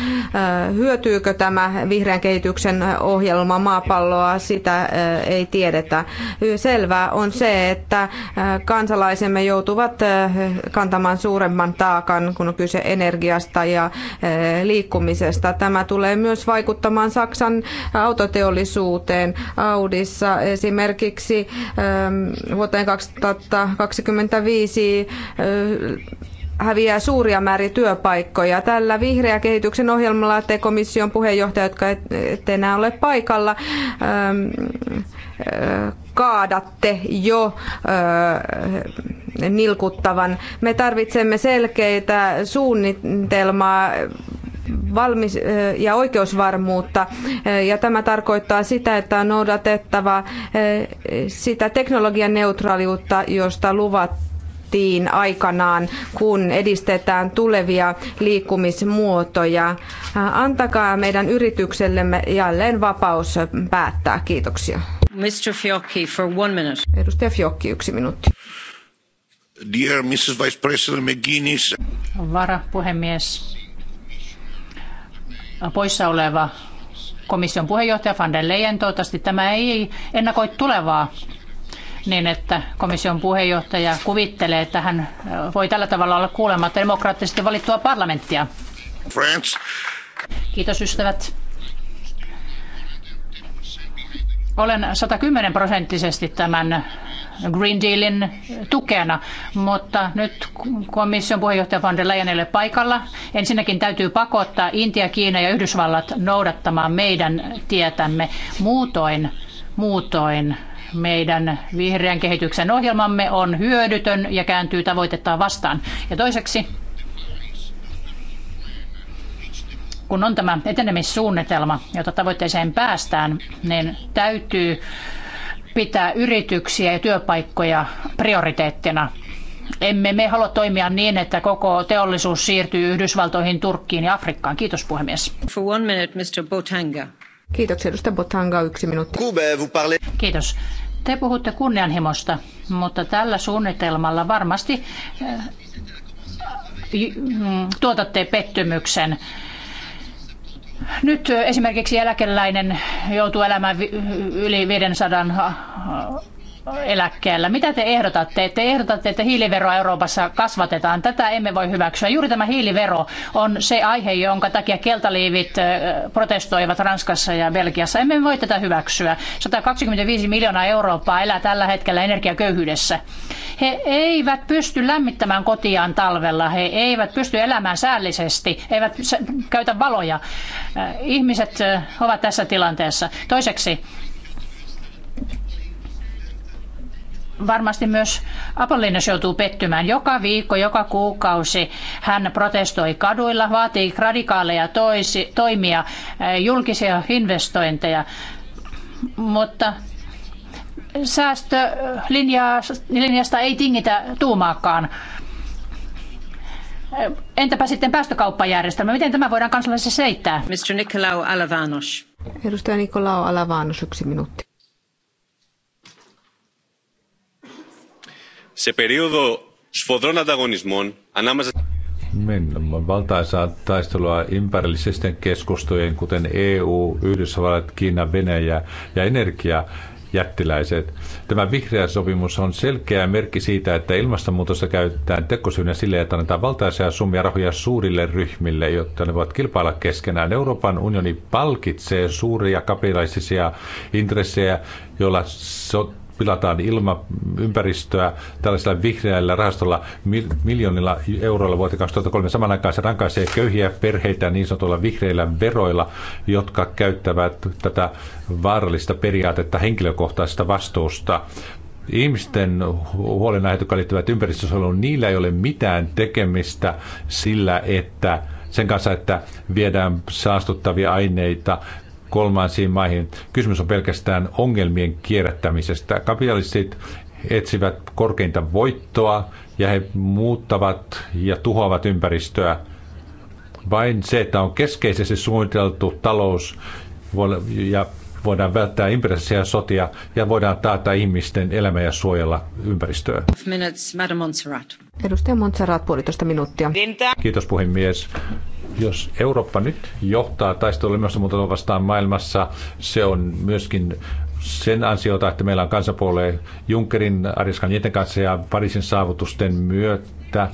Hyötyykö tämä vihreän kehityksen ohjelma maapalloa, sitä ei tiedetä. Selvää on se, että kansalaisemme joutuvat kantamaan suuremman taakan, kun on kyse energiasta ja liikkumisesta. Tämä tulee myös vaikuttamaan Saksan autoteollisuuteen. Audissa esimerkiksi vuoteen 2025 häviää suuria määriä työpaikkoja. Tällä vihreä kehityksen ohjelmalla te komission puheenjohtaja, jotka ette enää ole paikalla, ähm, äh, kaadatte jo äh, nilkuttavan. Me tarvitsemme selkeitä suunnitelmaa valmis- äh, ja oikeusvarmuutta. Ja tämä tarkoittaa sitä, että on noudatettava sitä teknologian neutraaliutta, josta luvat tehtiin aikanaan, kun edistetään tulevia liikkumismuotoja. Antakaa meidän yrityksellemme jälleen vapaus päättää. Kiitoksia. Mr. Fiocchi for one minute. Edustaja Fiocchi, yksi minuutti. Dear Mrs. Vice President McGuinness. Varapuhemies. Poissa oleva komission puheenjohtaja van der Leyen, toivottavasti tämä ei ennakoi tulevaa niin, että komission puheenjohtaja kuvittelee, että hän voi tällä tavalla olla kuulematta demokraattisesti valittua parlamenttia. France. Kiitos ystävät. Olen 110 prosenttisesti tämän Green Dealin tukena, mutta nyt komission puheenjohtaja van der Leyen ei ole paikalla. Ensinnäkin täytyy pakottaa Intia, Kiina ja Yhdysvallat noudattamaan meidän tietämme. Muutoin, muutoin meidän vihreän kehityksen ohjelmamme on hyödytön ja kääntyy tavoitettaan vastaan. Ja toiseksi, kun on tämä etenemissuunnitelma, jota tavoitteeseen päästään, niin täytyy pitää yrityksiä ja työpaikkoja prioriteettina. Emme me halua toimia niin, että koko teollisuus siirtyy Yhdysvaltoihin, Turkkiin ja Afrikkaan. Kiitos puhemies. For one minute, Mr. Kiitoksia, edustaja Botanga, yksi minuutti. Kiitos. Te puhutte kunnianhimosta, mutta tällä suunnitelmalla varmasti eh, mm, tuotatte pettymyksen. Nyt esimerkiksi eläkeläinen joutuu elämään yli 500 eläkkeellä. Mitä te ehdotatte? Te ehdotatte, että hiiliveroa Euroopassa kasvatetaan. Tätä emme voi hyväksyä. Juuri tämä hiilivero on se aihe, jonka takia keltaliivit protestoivat Ranskassa ja Belgiassa. Emme voi tätä hyväksyä. 125 miljoonaa Eurooppaa elää tällä hetkellä energiaköyhyydessä. He eivät pysty lämmittämään kotiaan talvella. He eivät pysty elämään säällisesti. He eivät käytä valoja. Ihmiset ovat tässä tilanteessa. Toiseksi varmasti myös Apollinas joutuu pettymään. Joka viikko, joka kuukausi hän protestoi kaduilla, vaatii radikaaleja toisi, toimia, eh, julkisia investointeja. Mutta säästölinjasta ei tingitä tuumaakaan. Eh, entäpä sitten päästökauppajärjestelmä? Miten tämä voidaan kansalaisissa seittää? Mr. Nikolaou Alavanos. Edustaja Nikolaou Alavanos, yksi minuutti. se periodo σφοδρών ανταγωνισμών ανάμεσα valtaisaa taistelua ympärillisten keskustojen, kuten EU, Yhdysvallat, Kiina, Venäjä ja energia jättiläiset. Tämä vihreä sopimus on selkeä merkki siitä, että ilmastonmuutosta käytetään tekosyynä sille, että annetaan valtaisia summia rahoja suurille ryhmille, jotta ne voivat kilpailla keskenään. Euroopan unioni palkitsee suuria kapitalistisia intressejä, joilla so- pilataan ilma, ympäristöä tällaisella vihreällä rahastolla miljoonilla euroilla vuoteen 2003. Saman aikaan se rankaisee köyhiä perheitä niin sanotulla vihreillä veroilla, jotka käyttävät tätä vaarallista periaatetta henkilökohtaisesta vastuusta ihmisten huolenaiheet, jotka liittyvät ympäristösuojeluun, niillä ei ole mitään tekemistä sillä, että sen kanssa, että viedään saastuttavia aineita kolmansiin maihin. Kysymys on pelkästään ongelmien kierrättämisestä. Kapitalistit etsivät korkeinta voittoa ja he muuttavat ja tuhoavat ympäristöä. Vain se, että on keskeisesti suunniteltu talous ja voidaan välttää ja sotia ja voidaan taata ihmisten elämä ja suojella ympäristöä. Madam Edustaja Montserrat, puolitoista minuuttia. Kiitos puhemies jos Eurooppa nyt johtaa taistelua ilmastonmuutosta vastaan maailmassa, se on myöskin sen ansiota, että meillä on kansapuoleen Junckerin, Ariskan Jeten kanssa ja Pariisin saavutusten myötä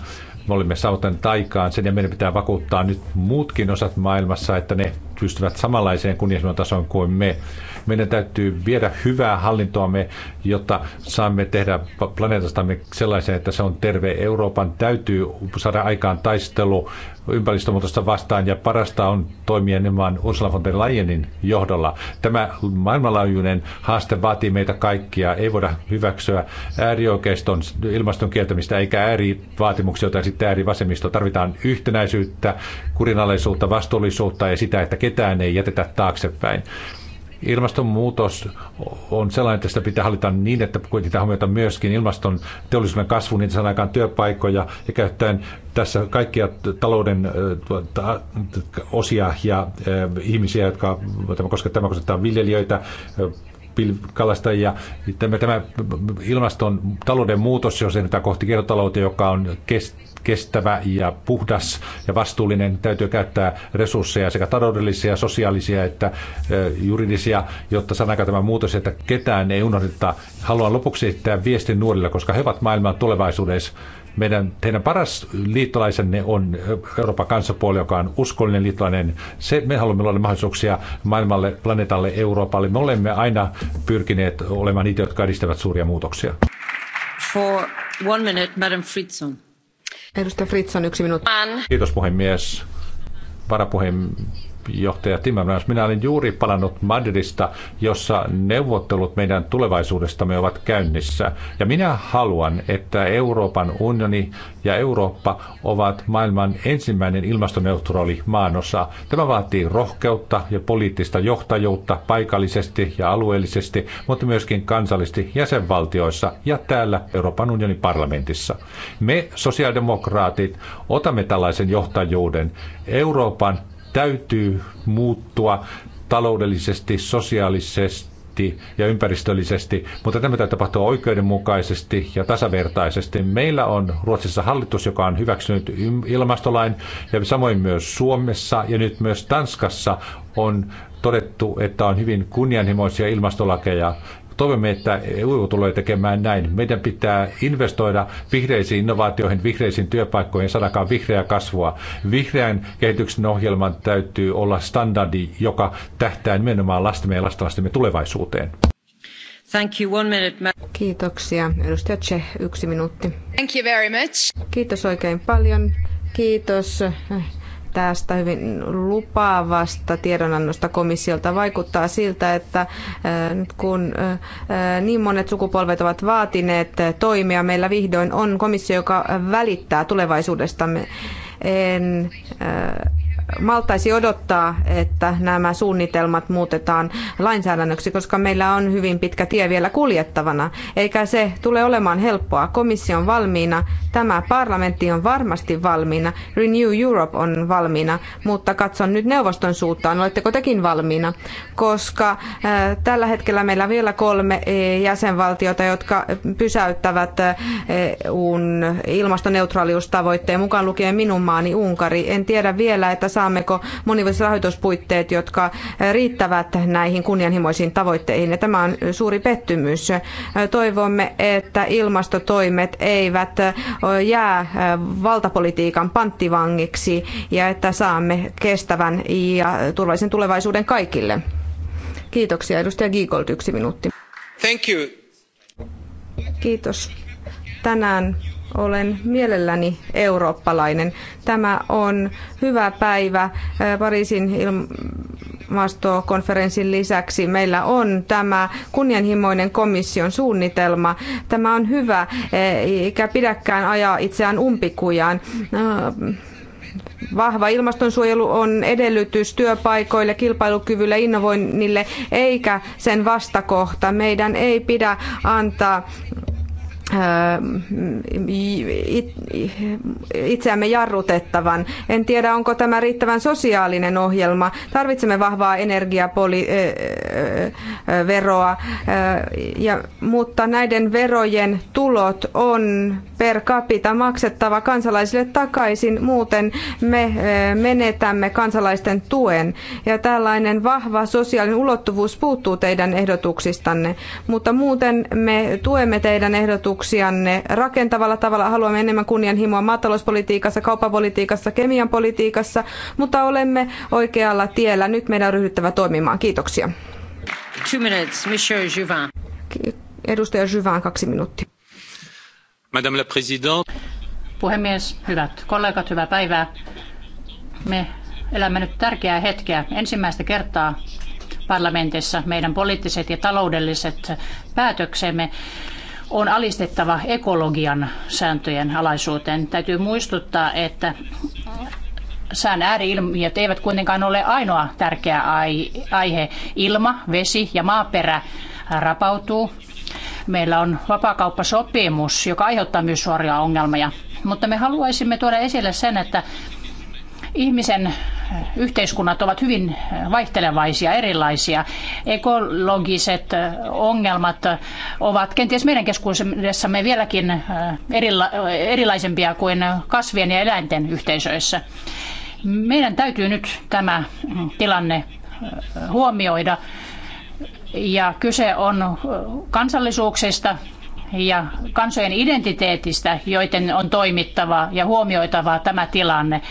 me olemme saavuttaneet aikaan sen ja meidän pitää vakuuttaa nyt muutkin osat maailmassa, että ne pystyvät samanlaiseen kunnianhimon tasoon kuin me. Meidän täytyy viedä hyvää hallintoamme, jotta saamme tehdä planeetastamme sellaisen, että se on terve. Euroopan täytyy saada aikaan taistelu ympäristömuutosta vastaan ja parasta on toimia nimenomaan Ursula von der Leyenin johdolla. Tämä maailmanlaajuinen haaste vaatii meitä kaikkia. Ei voida hyväksyä äärioikeiston ilmaston kieltämistä eikä äärivaatimuksia tai sitten äärivasemmistoa. Tarvitaan yhtenäisyyttä, kurinalaisuutta, vastuullisuutta ja sitä, että ketään ketään ei jätetä taaksepäin. Ilmastonmuutos on sellainen, että sitä pitää hallita niin, että kuitenkin huomiota myöskin ilmaston teollisuuden kasvu niin saadaan aikaan työpaikkoja ja käyttäen tässä kaikkia talouden tuota, osia ja ihmisiä, jotka tämä koskettaa, tämä koskettaa viljelijöitä, kalastajia. Tämä, tämä ilmaston talouden muutos, jos ehditään kohti kiertotaloutta, joka on kestävä kestävä ja puhdas ja vastuullinen. Täytyy käyttää resursseja sekä taloudellisia, sosiaalisia että juridisia, jotta sanakaan tämä muutos, että ketään ei unohdeta. Haluan lopuksi esittää viestin nuorille, koska he ovat maailman tulevaisuudessa meidän, teidän paras liittolaisenne on Euroopan kansapuoli, joka on uskollinen liittolainen. Se, me haluamme luoda mahdollisuuksia maailmalle, planeetalle, Euroopalle. Me olemme aina pyrkineet olemaan niitä, jotka edistävät suuria muutoksia. For one minute, Madam Fritzson. Edustaja Fritz on yksi minuutti. Kiitos puhemies. Varapuhemies johtaja Timmermans. Minä olen juuri palannut Madridista, jossa neuvottelut meidän tulevaisuudestamme ovat käynnissä. Ja minä haluan, että Euroopan unioni ja Eurooppa ovat maailman ensimmäinen ilmastoneutraali maanosa. Tämä vaatii rohkeutta ja poliittista johtajuutta paikallisesti ja alueellisesti, mutta myöskin kansallisesti jäsenvaltioissa ja täällä Euroopan unionin parlamentissa. Me sosiaalidemokraatit otamme tällaisen johtajuuden Euroopan täytyy muuttua taloudellisesti, sosiaalisesti ja ympäristöllisesti, mutta tämä täytyy tapahtua oikeudenmukaisesti ja tasavertaisesti. Meillä on Ruotsissa hallitus, joka on hyväksynyt ilmastolain ja samoin myös Suomessa ja nyt myös Tanskassa on todettu, että on hyvin kunnianhimoisia ilmastolakeja Toivomme, että EU tulee tekemään näin. Meidän pitää investoida vihreisiin innovaatioihin, vihreisiin työpaikkoihin, sadakaan vihreää kasvua. Vihreän kehityksen ohjelman täytyy olla standardi, joka tähtää nimenomaan lastemme ja lastenlastemme tulevaisuuteen. Thank you. One minute. Kiitoksia. Edustaja Che, yksi minuutti. Thank you very much. Kiitos oikein paljon. Kiitos tästä hyvin lupaavasta tiedonannosta komissiolta. Vaikuttaa siltä, että nyt kun niin monet sukupolvet ovat vaatineet toimia, meillä vihdoin on komissio, joka välittää tulevaisuudestamme. En äh, maltaisi odottaa, että nämä suunnitelmat muutetaan lainsäädännöksi, koska meillä on hyvin pitkä tie vielä kuljettavana, eikä se tule olemaan helppoa. Komissio on valmiina, tämä parlamentti on varmasti valmiina, Renew Europe on valmiina, mutta katson nyt neuvoston suuntaan, oletteko tekin valmiina, koska äh, tällä hetkellä meillä on vielä kolme äh, jäsenvaltiota, jotka pysäyttävät äh, EUn ilmastoneutraaliustavoitteen mukaan lukien minun maani Unkari. En tiedä vielä, että saa saammeko monivuotiset rahoituspuitteet, jotka riittävät näihin kunnianhimoisiin tavoitteihin. Ja tämä on suuri pettymys. Toivomme, että ilmastotoimet eivät jää valtapolitiikan panttivangiksi ja että saamme kestävän ja turvallisen tulevaisuuden kaikille. Kiitoksia. Edustaja Giegold, yksi minuutti. Thank you. Kiitos Tänään olen mielelläni eurooppalainen. Tämä on hyvä päivä eh, Pariisin ilmastokonferenssin lisäksi. Meillä on tämä kunnianhimoinen komission suunnitelma. Tämä on hyvä, eh, eikä pidäkään ajaa itseään umpikujaan. Eh, vahva ilmastonsuojelu on edellytys työpaikoille, kilpailukyvylle, innovoinnille, eikä sen vastakohta. Meidän ei pidä antaa itseämme jarrutettavan. En tiedä, onko tämä riittävän sosiaalinen ohjelma. Tarvitsemme vahvaa energiaveroa, ja, mutta näiden verojen tulot on per capita maksettava kansalaisille takaisin, muuten me menetämme kansalaisten tuen. Ja tällainen vahva sosiaalinen ulottuvuus puuttuu teidän ehdotuksistanne, mutta muuten me tuemme teidän ehdotuksistanne ehdotuksianne rakentavalla tavalla. Haluamme enemmän kunnianhimoa maatalouspolitiikassa, kaupapolitiikassa, kemian politiikassa, mutta olemme oikealla tiellä. Nyt meidän on ryhdyttävä toimimaan. Kiitoksia. Two minutes, Monsieur Juvin. Edustaja Juvin, kaksi minuuttia. Madame la Présidente. Puhemies, hyvät kollegat, hyvää päivää. Me elämme nyt tärkeää hetkeä. Ensimmäistä kertaa parlamentissa meidän poliittiset ja taloudelliset päätöksemme on alistettava ekologian sääntöjen alaisuuteen. Täytyy muistuttaa, että sään ääriilmiöt eivät kuitenkaan ole ainoa tärkeä aihe. Ilma, vesi ja maaperä rapautuu. Meillä on vapaakauppasopimus, joka aiheuttaa myös suoria ongelmia. Mutta me haluaisimme tuoda esille sen, että ihmisen yhteiskunnat ovat hyvin äh, vaihtelevaisia, erilaisia. Ekologiset äh, ongelmat ovat kenties meidän keskuudessamme vieläkin äh, erila- erilaisempia kuin kasvien ja eläinten yhteisöissä. Meidän täytyy nyt tämä mm, tilanne huomioida ja kyse on kansallisuuksista, ja kansojen identiteetistä, joiden on toimittava ja huomioitava tämä tilanne.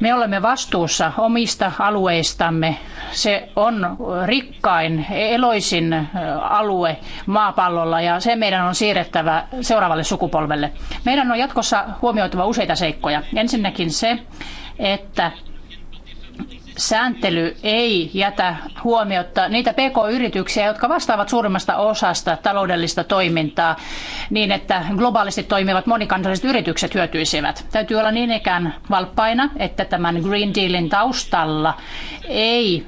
Me olemme vastuussa omista alueistamme. Se on rikkain, eloisin alue maapallolla ja se meidän on siirrettävä seuraavalle sukupolvelle. Meidän on jatkossa huomioitava useita seikkoja. Ensinnäkin se, että sääntely ei jätä huomiota niitä pk-yrityksiä, jotka vastaavat suurimmasta osasta taloudellista toimintaa niin, että globaalisti toimivat monikansalliset yritykset hyötyisivät. Täytyy olla niin ikään valppaina, että tämän Green Dealin taustalla ei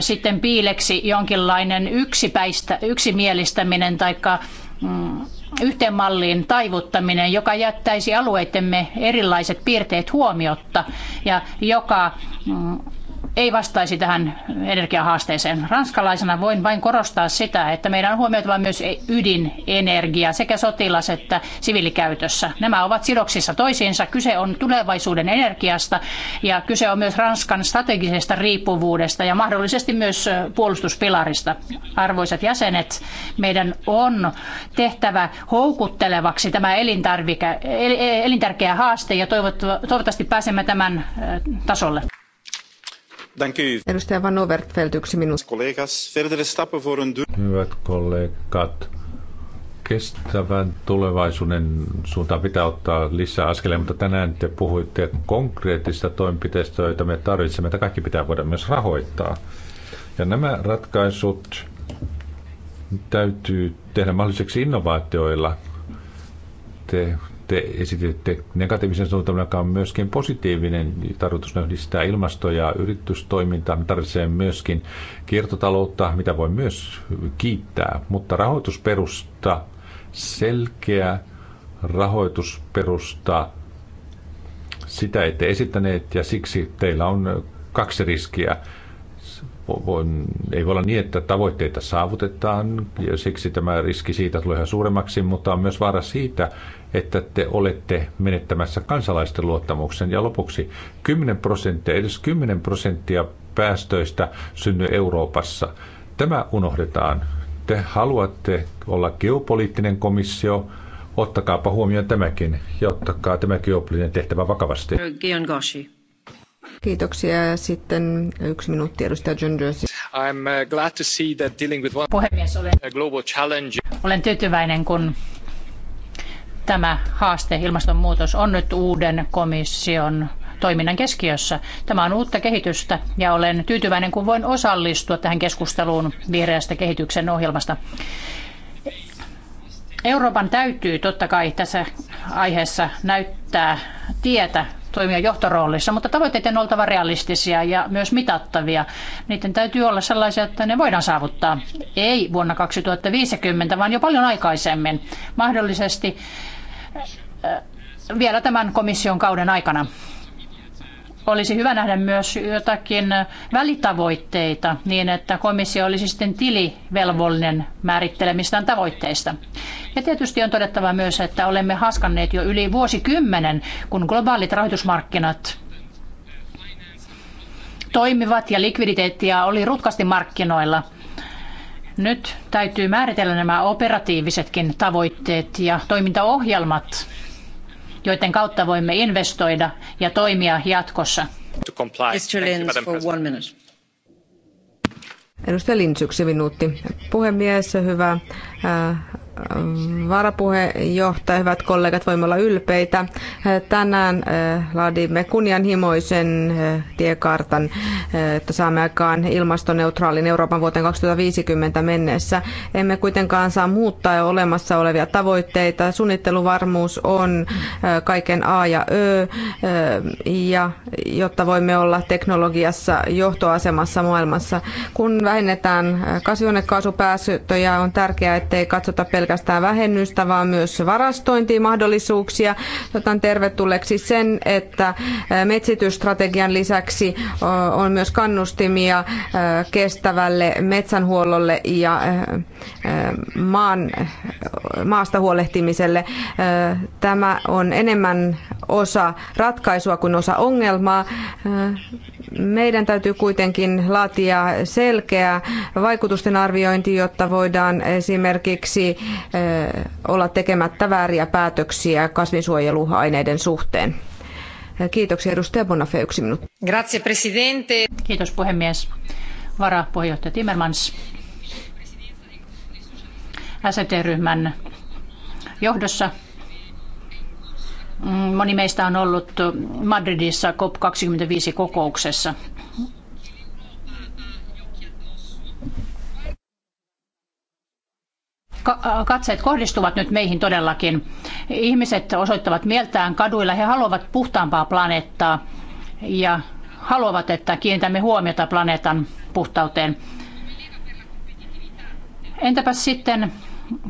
sitten piileksi jonkinlainen yksipäistä, yksimielistäminen tai mm, yhteen malliin taivuttaminen, joka jättäisi alueitemme erilaiset piirteet huomiotta ja joka mm, ei vastaisi tähän energiahaasteeseen. Ranskalaisena voin vain korostaa sitä, että meidän on huomioitava myös ydinenergia sekä sotilas- että siviilikäytössä. Nämä ovat sidoksissa toisiinsa. Kyse on tulevaisuuden energiasta ja kyse on myös Ranskan strategisesta riippuvuudesta ja mahdollisesti myös puolustuspilarista. Arvoisat jäsenet, meidän on tehtävä houkuttelevaksi tämä elintärkeä haaste ja toivottavasti pääsemme tämän tasolle. Dank u. Edustaja Van Overtveld, yksi minuutti. Hyvät kollegat, kestävän tulevaisuuden suuntaan pitää ottaa lisää askelia, mutta tänään te puhuitte konkreettista toimenpiteistä, joita me tarvitsemme, että kaikki pitää voida myös rahoittaa. Ja nämä ratkaisut täytyy tehdä mahdolliseksi innovaatioilla. Te te esititte negatiivisen suunnitelman, joka on myöskin positiivinen. Tarkoitus yhdistää ilmasto- ja yritystoimintaa. Me tarvitsee myöskin kiertotaloutta, mitä voi myös kiittää. Mutta rahoitusperusta, selkeä rahoitusperusta, sitä ette esittäneet ja siksi teillä on kaksi riskiä ei voi olla niin, että tavoitteita saavutetaan ja siksi tämä riski siitä tulee ihan suuremmaksi, mutta on myös vaara siitä, että te olette menettämässä kansalaisten luottamuksen. Ja lopuksi 10 prosenttia, edes 10 prosenttia päästöistä synny Euroopassa. Tämä unohdetaan. Te haluatte olla geopoliittinen komissio, ottakaapa huomioon tämäkin ja ottakaa tämä geopoliittinen tehtävä vakavasti. Kiitoksia. Ja sitten yksi minuutti edustaja John Jersey. I'm uh, glad to see that dealing with one Puhemies, olen, global challenge. olen tyytyväinen, kun Tämä haaste, ilmastonmuutos, on nyt uuden komission toiminnan keskiössä. Tämä on uutta kehitystä ja olen tyytyväinen, kun voin osallistua tähän keskusteluun vihreästä kehityksen ohjelmasta. Euroopan täytyy totta kai tässä aiheessa näyttää tietä toimia johtoroolissa, mutta tavoitteiden on oltava realistisia ja myös mitattavia. Niiden täytyy olla sellaisia, että ne voidaan saavuttaa. Ei vuonna 2050, vaan jo paljon aikaisemmin. Mahdollisesti äh, vielä tämän komission kauden aikana olisi hyvä nähdä myös jotakin välitavoitteita niin, että komissio olisi sitten tilivelvollinen määrittelemistään tavoitteista. Ja tietysti on todettava myös, että olemme haskanneet jo yli vuosikymmenen, kun globaalit rahoitusmarkkinat toimivat ja likviditeettiä oli rutkasti markkinoilla. Nyt täytyy määritellä nämä operatiivisetkin tavoitteet ja toimintaohjelmat joiden kautta voimme investoida ja toimia jatkossa. Edustaja Lins, minuutti. Puhemies, hyvä äh, varapuheenjohtaja, hyvät kollegat, voimme olla ylpeitä. Tänään eh, laadimme kunnianhimoisen eh, tiekartan, eh, että saamme aikaan ilmastoneutraalin Euroopan vuoteen 2050 mennessä. Emme kuitenkaan saa muuttaa jo olemassa olevia tavoitteita. Suunnitteluvarmuus on kaiken A ja Ö, ja jotta voimme olla teknologiassa johtoasemassa maailmassa. Kun vähennetään kasvihuonekaasupäästöjä, on tärkeää, ettei katsota pelkästään pelkästään vähennystä, vaan myös varastointimahdollisuuksia. Otan tervetulleeksi sen, että eh, metsitysstrategian lisäksi eh, on myös kannustimia eh, kestävälle metsänhuollolle ja maan, maasta huolehtimiselle. Tämä on enemmän osa ratkaisua kuin osa ongelmaa. Meidän täytyy kuitenkin laatia selkeä vaikutusten arviointi, jotta voidaan esimerkiksi olla tekemättä vääriä päätöksiä kasvinsuojeluaineiden suhteen. Kiitoksia edustaja Bonafé, yksi minuutti. Grazie presidente. Kiitos puhemies. Varapuheenjohtaja Timmermans. ST-ryhmän johdossa mm, Moni meistä on ollut Madridissa COP25-kokouksessa. Äh, katseet kohdistuvat nyt meihin todellakin. Ihmiset osoittavat mieltään kaduilla, he haluavat puhtaampaa planeettaa ja haluavat, että kiinnitämme huomiota planeetan puhtauteen. Entäpä sitten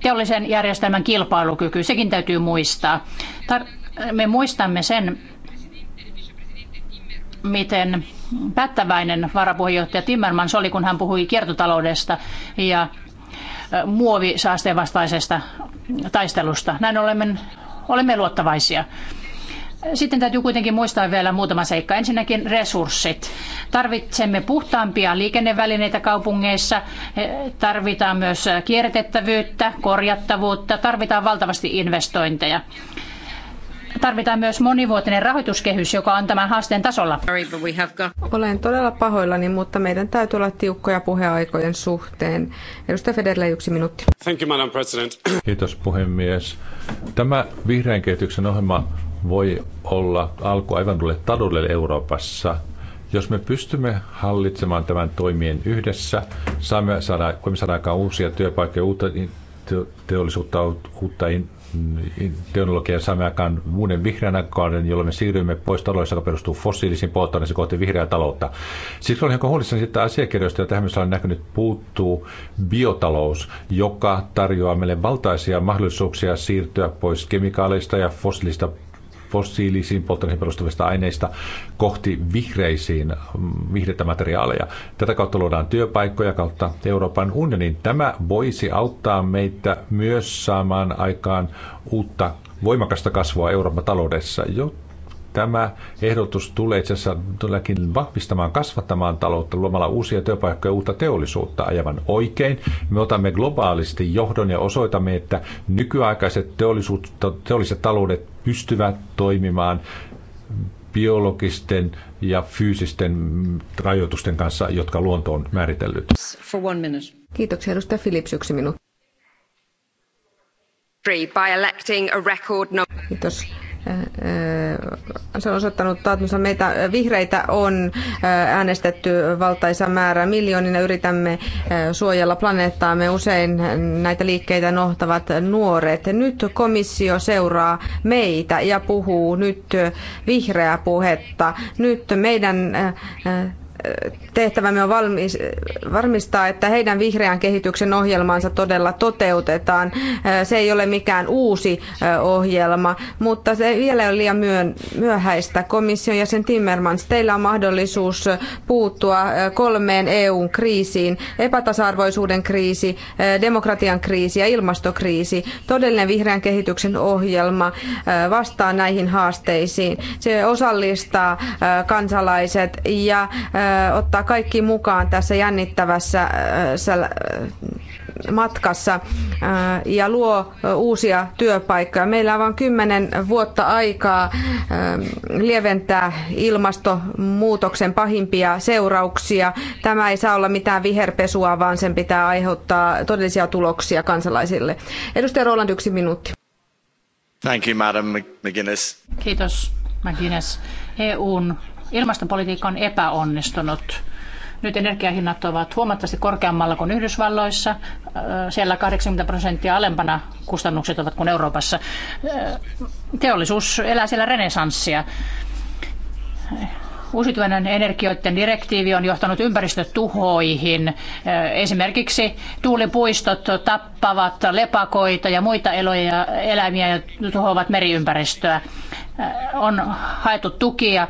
teollisen järjestelmän kilpailukyky, sekin täytyy muistaa. Tar- me muistamme sen, miten päättäväinen varapuheenjohtaja Timmermans oli, kun hän puhui kiertotaloudesta ja muovisaasteen vastaisesta taistelusta. Näin olemme, olemme luottavaisia. Sitten täytyy kuitenkin muistaa vielä muutama seikka. Ensinnäkin resurssit. Tarvitsemme puhtaampia liikennevälineitä kaupungeissa, tarvitaan myös kierrätettävyyttä, korjattavuutta, tarvitaan valtavasti investointeja. Tarvitaan myös monivuotinen rahoituskehys, joka on tämän haasteen tasolla. Olen todella pahoillani, mutta meidän täytyy olla tiukkoja puheaikojen suhteen. Edustaja Federle yksi minuutti. Thank you, Madam President. Kiitos puhemies. Tämä vihreän kehityksen ohjelma voi olla alku aivan tulle tadulle Euroopassa. Jos me pystymme hallitsemaan tämän toimien yhdessä, saamme saada, voimme saada aikaan uusia työpaikkoja, uutta teollisuutta, uutta teknologian saamme aikaan uuden vihreän aikakauden, jolloin me siirrymme pois taloudesta, joka perustuu fossiilisiin polttoaineisiin kohti vihreää taloutta. Siksi olen huolissani siitä asiakirjoista, ja tähän on näkynyt, puuttuu biotalous, joka tarjoaa meille valtaisia mahdollisuuksia siirtyä pois kemikaaleista ja fossiilista fossiilisiin polttoaineisiin perustuvista aineista kohti vihreisiin, mm, vihreitä materiaaleja. Tätä kautta luodaan työpaikkoja kautta Euroopan unionin. Tämä voisi auttaa meitä myös saamaan aikaan uutta voimakasta kasvua Euroopan taloudessa, jotta Tämä ehdotus tulee itse asiassa vahvistamaan, kasvattamaan taloutta luomalla uusia työpaikkoja ja uutta teollisuutta aivan oikein. Me otamme globaalisti johdon ja osoitamme, että nykyaikaiset teolliset taloudet pystyvät toimimaan biologisten ja fyysisten rajoitusten kanssa, jotka luonto on määritellyt. For one minute. Kiitoksia edustaja Philips, yksi minuutti. By electing a record number. No- Kiitos se on osoittanut taatunsa meitä vihreitä on äänestetty valtaisa määrä miljoonina. Yritämme suojella planeettaamme. Usein näitä liikkeitä nohtavat nuoret. Nyt komissio seuraa meitä ja puhuu nyt vihreää puhetta. Nyt meidän tehtävämme on valmis, varmistaa, että heidän vihreän kehityksen ohjelmansa todella toteutetaan. Se ei ole mikään uusi ohjelma, mutta se vielä on liian myöhäistä. Komission jäsen Timmermans, teillä on mahdollisuus puuttua kolmeen EUn kriisiin. Epätasa-arvoisuuden kriisi, demokratian kriisi ja ilmastokriisi. Todellinen vihreän kehityksen ohjelma vastaa näihin haasteisiin. Se osallistaa kansalaiset ja ottaa kaikki mukaan tässä jännittävässä matkassa ja luo uusia työpaikkoja. Meillä on vain kymmenen vuotta aikaa lieventää ilmastonmuutoksen pahimpia seurauksia. Tämä ei saa olla mitään viherpesua, vaan sen pitää aiheuttaa todellisia tuloksia kansalaisille. Edustaja Roland, yksi minuutti. Thank you, Madam McGuinness. Kiitos, McGuinness. EUn ilmastopolitiikka on epäonnistunut. Nyt energiahinnat ovat huomattavasti korkeammalla kuin Yhdysvalloissa. Siellä 80 prosenttia alempana kustannukset ovat kuin Euroopassa. Teollisuus elää siellä renesanssia uusiutuvien energioiden direktiivi on johtanut ympäristötuhoihin. Esimerkiksi tuulipuistot tappavat lepakoita ja muita eloja, eläimiä ja tuhoavat meriympäristöä. On haettu tukia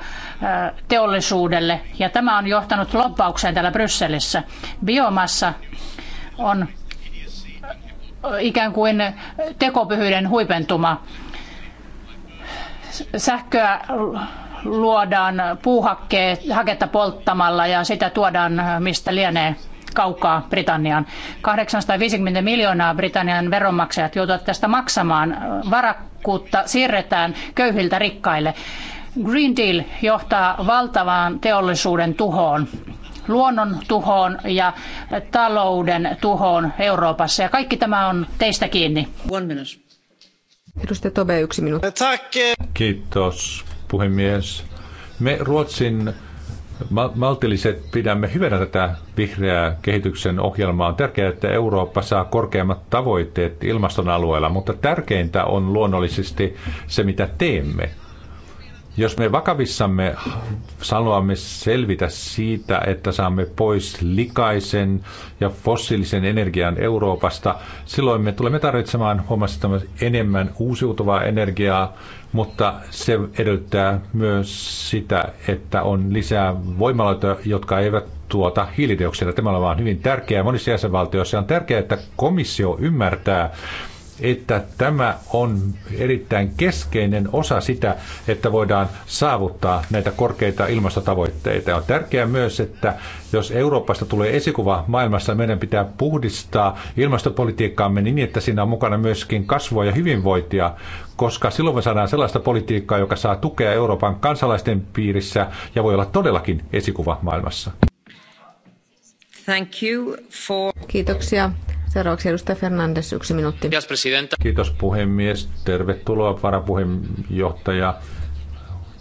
teollisuudelle ja tämä on johtanut lobbaukseen täällä Brysselissä. Biomassa on ikään kuin tekopyhyyden huipentuma sähköä luodaan puuhaketta polttamalla ja sitä tuodaan mistä lienee kaukaa Britanniaan. 850 miljoonaa Britannian veronmaksajat joutuvat tästä maksamaan. Varakkuutta siirretään köyhiltä rikkaille. Green Deal johtaa valtavaan teollisuuden tuhoon luonnon tuhoon ja talouden tuhoon Euroopassa. Ja kaikki tämä on teistä kiinni. One minute. Edustaja Tobe, yksi minuutti. Kiitos puhemies. Me Ruotsin maltilliset pidämme hyvänä tätä vihreää kehityksen ohjelmaa. On tärkeää, että Eurooppa saa korkeammat tavoitteet ilmaston alueella, mutta tärkeintä on luonnollisesti se, mitä teemme. Jos me vakavissamme haluamme selvitä siitä, että saamme pois likaisen ja fossiilisen energian Euroopasta, silloin me tulemme tarvitsemaan huomattavasti enemmän uusiutuvaa energiaa, mutta se edellyttää myös sitä, että on lisää voimaloita, jotka eivät tuota hiilidioksidia. Tämä on hyvin tärkeää monissa jäsenvaltioissa. On tärkeää, että komissio ymmärtää, että tämä on erittäin keskeinen osa sitä, että voidaan saavuttaa näitä korkeita ilmastotavoitteita. on tärkeää myös, että jos Euroopasta tulee esikuva maailmassa, meidän pitää puhdistaa ilmastopolitiikkaamme niin, että siinä on mukana myöskin kasvua ja hyvinvointia, koska silloin me saadaan sellaista politiikkaa, joka saa tukea Euroopan kansalaisten piirissä ja voi olla todellakin esikuva maailmassa. Thank you for... Kiitoksia Seuraavaksi edustaja Fernandes, yksi minuutti. Kiitos puhemies. Tervetuloa varapuheenjohtaja.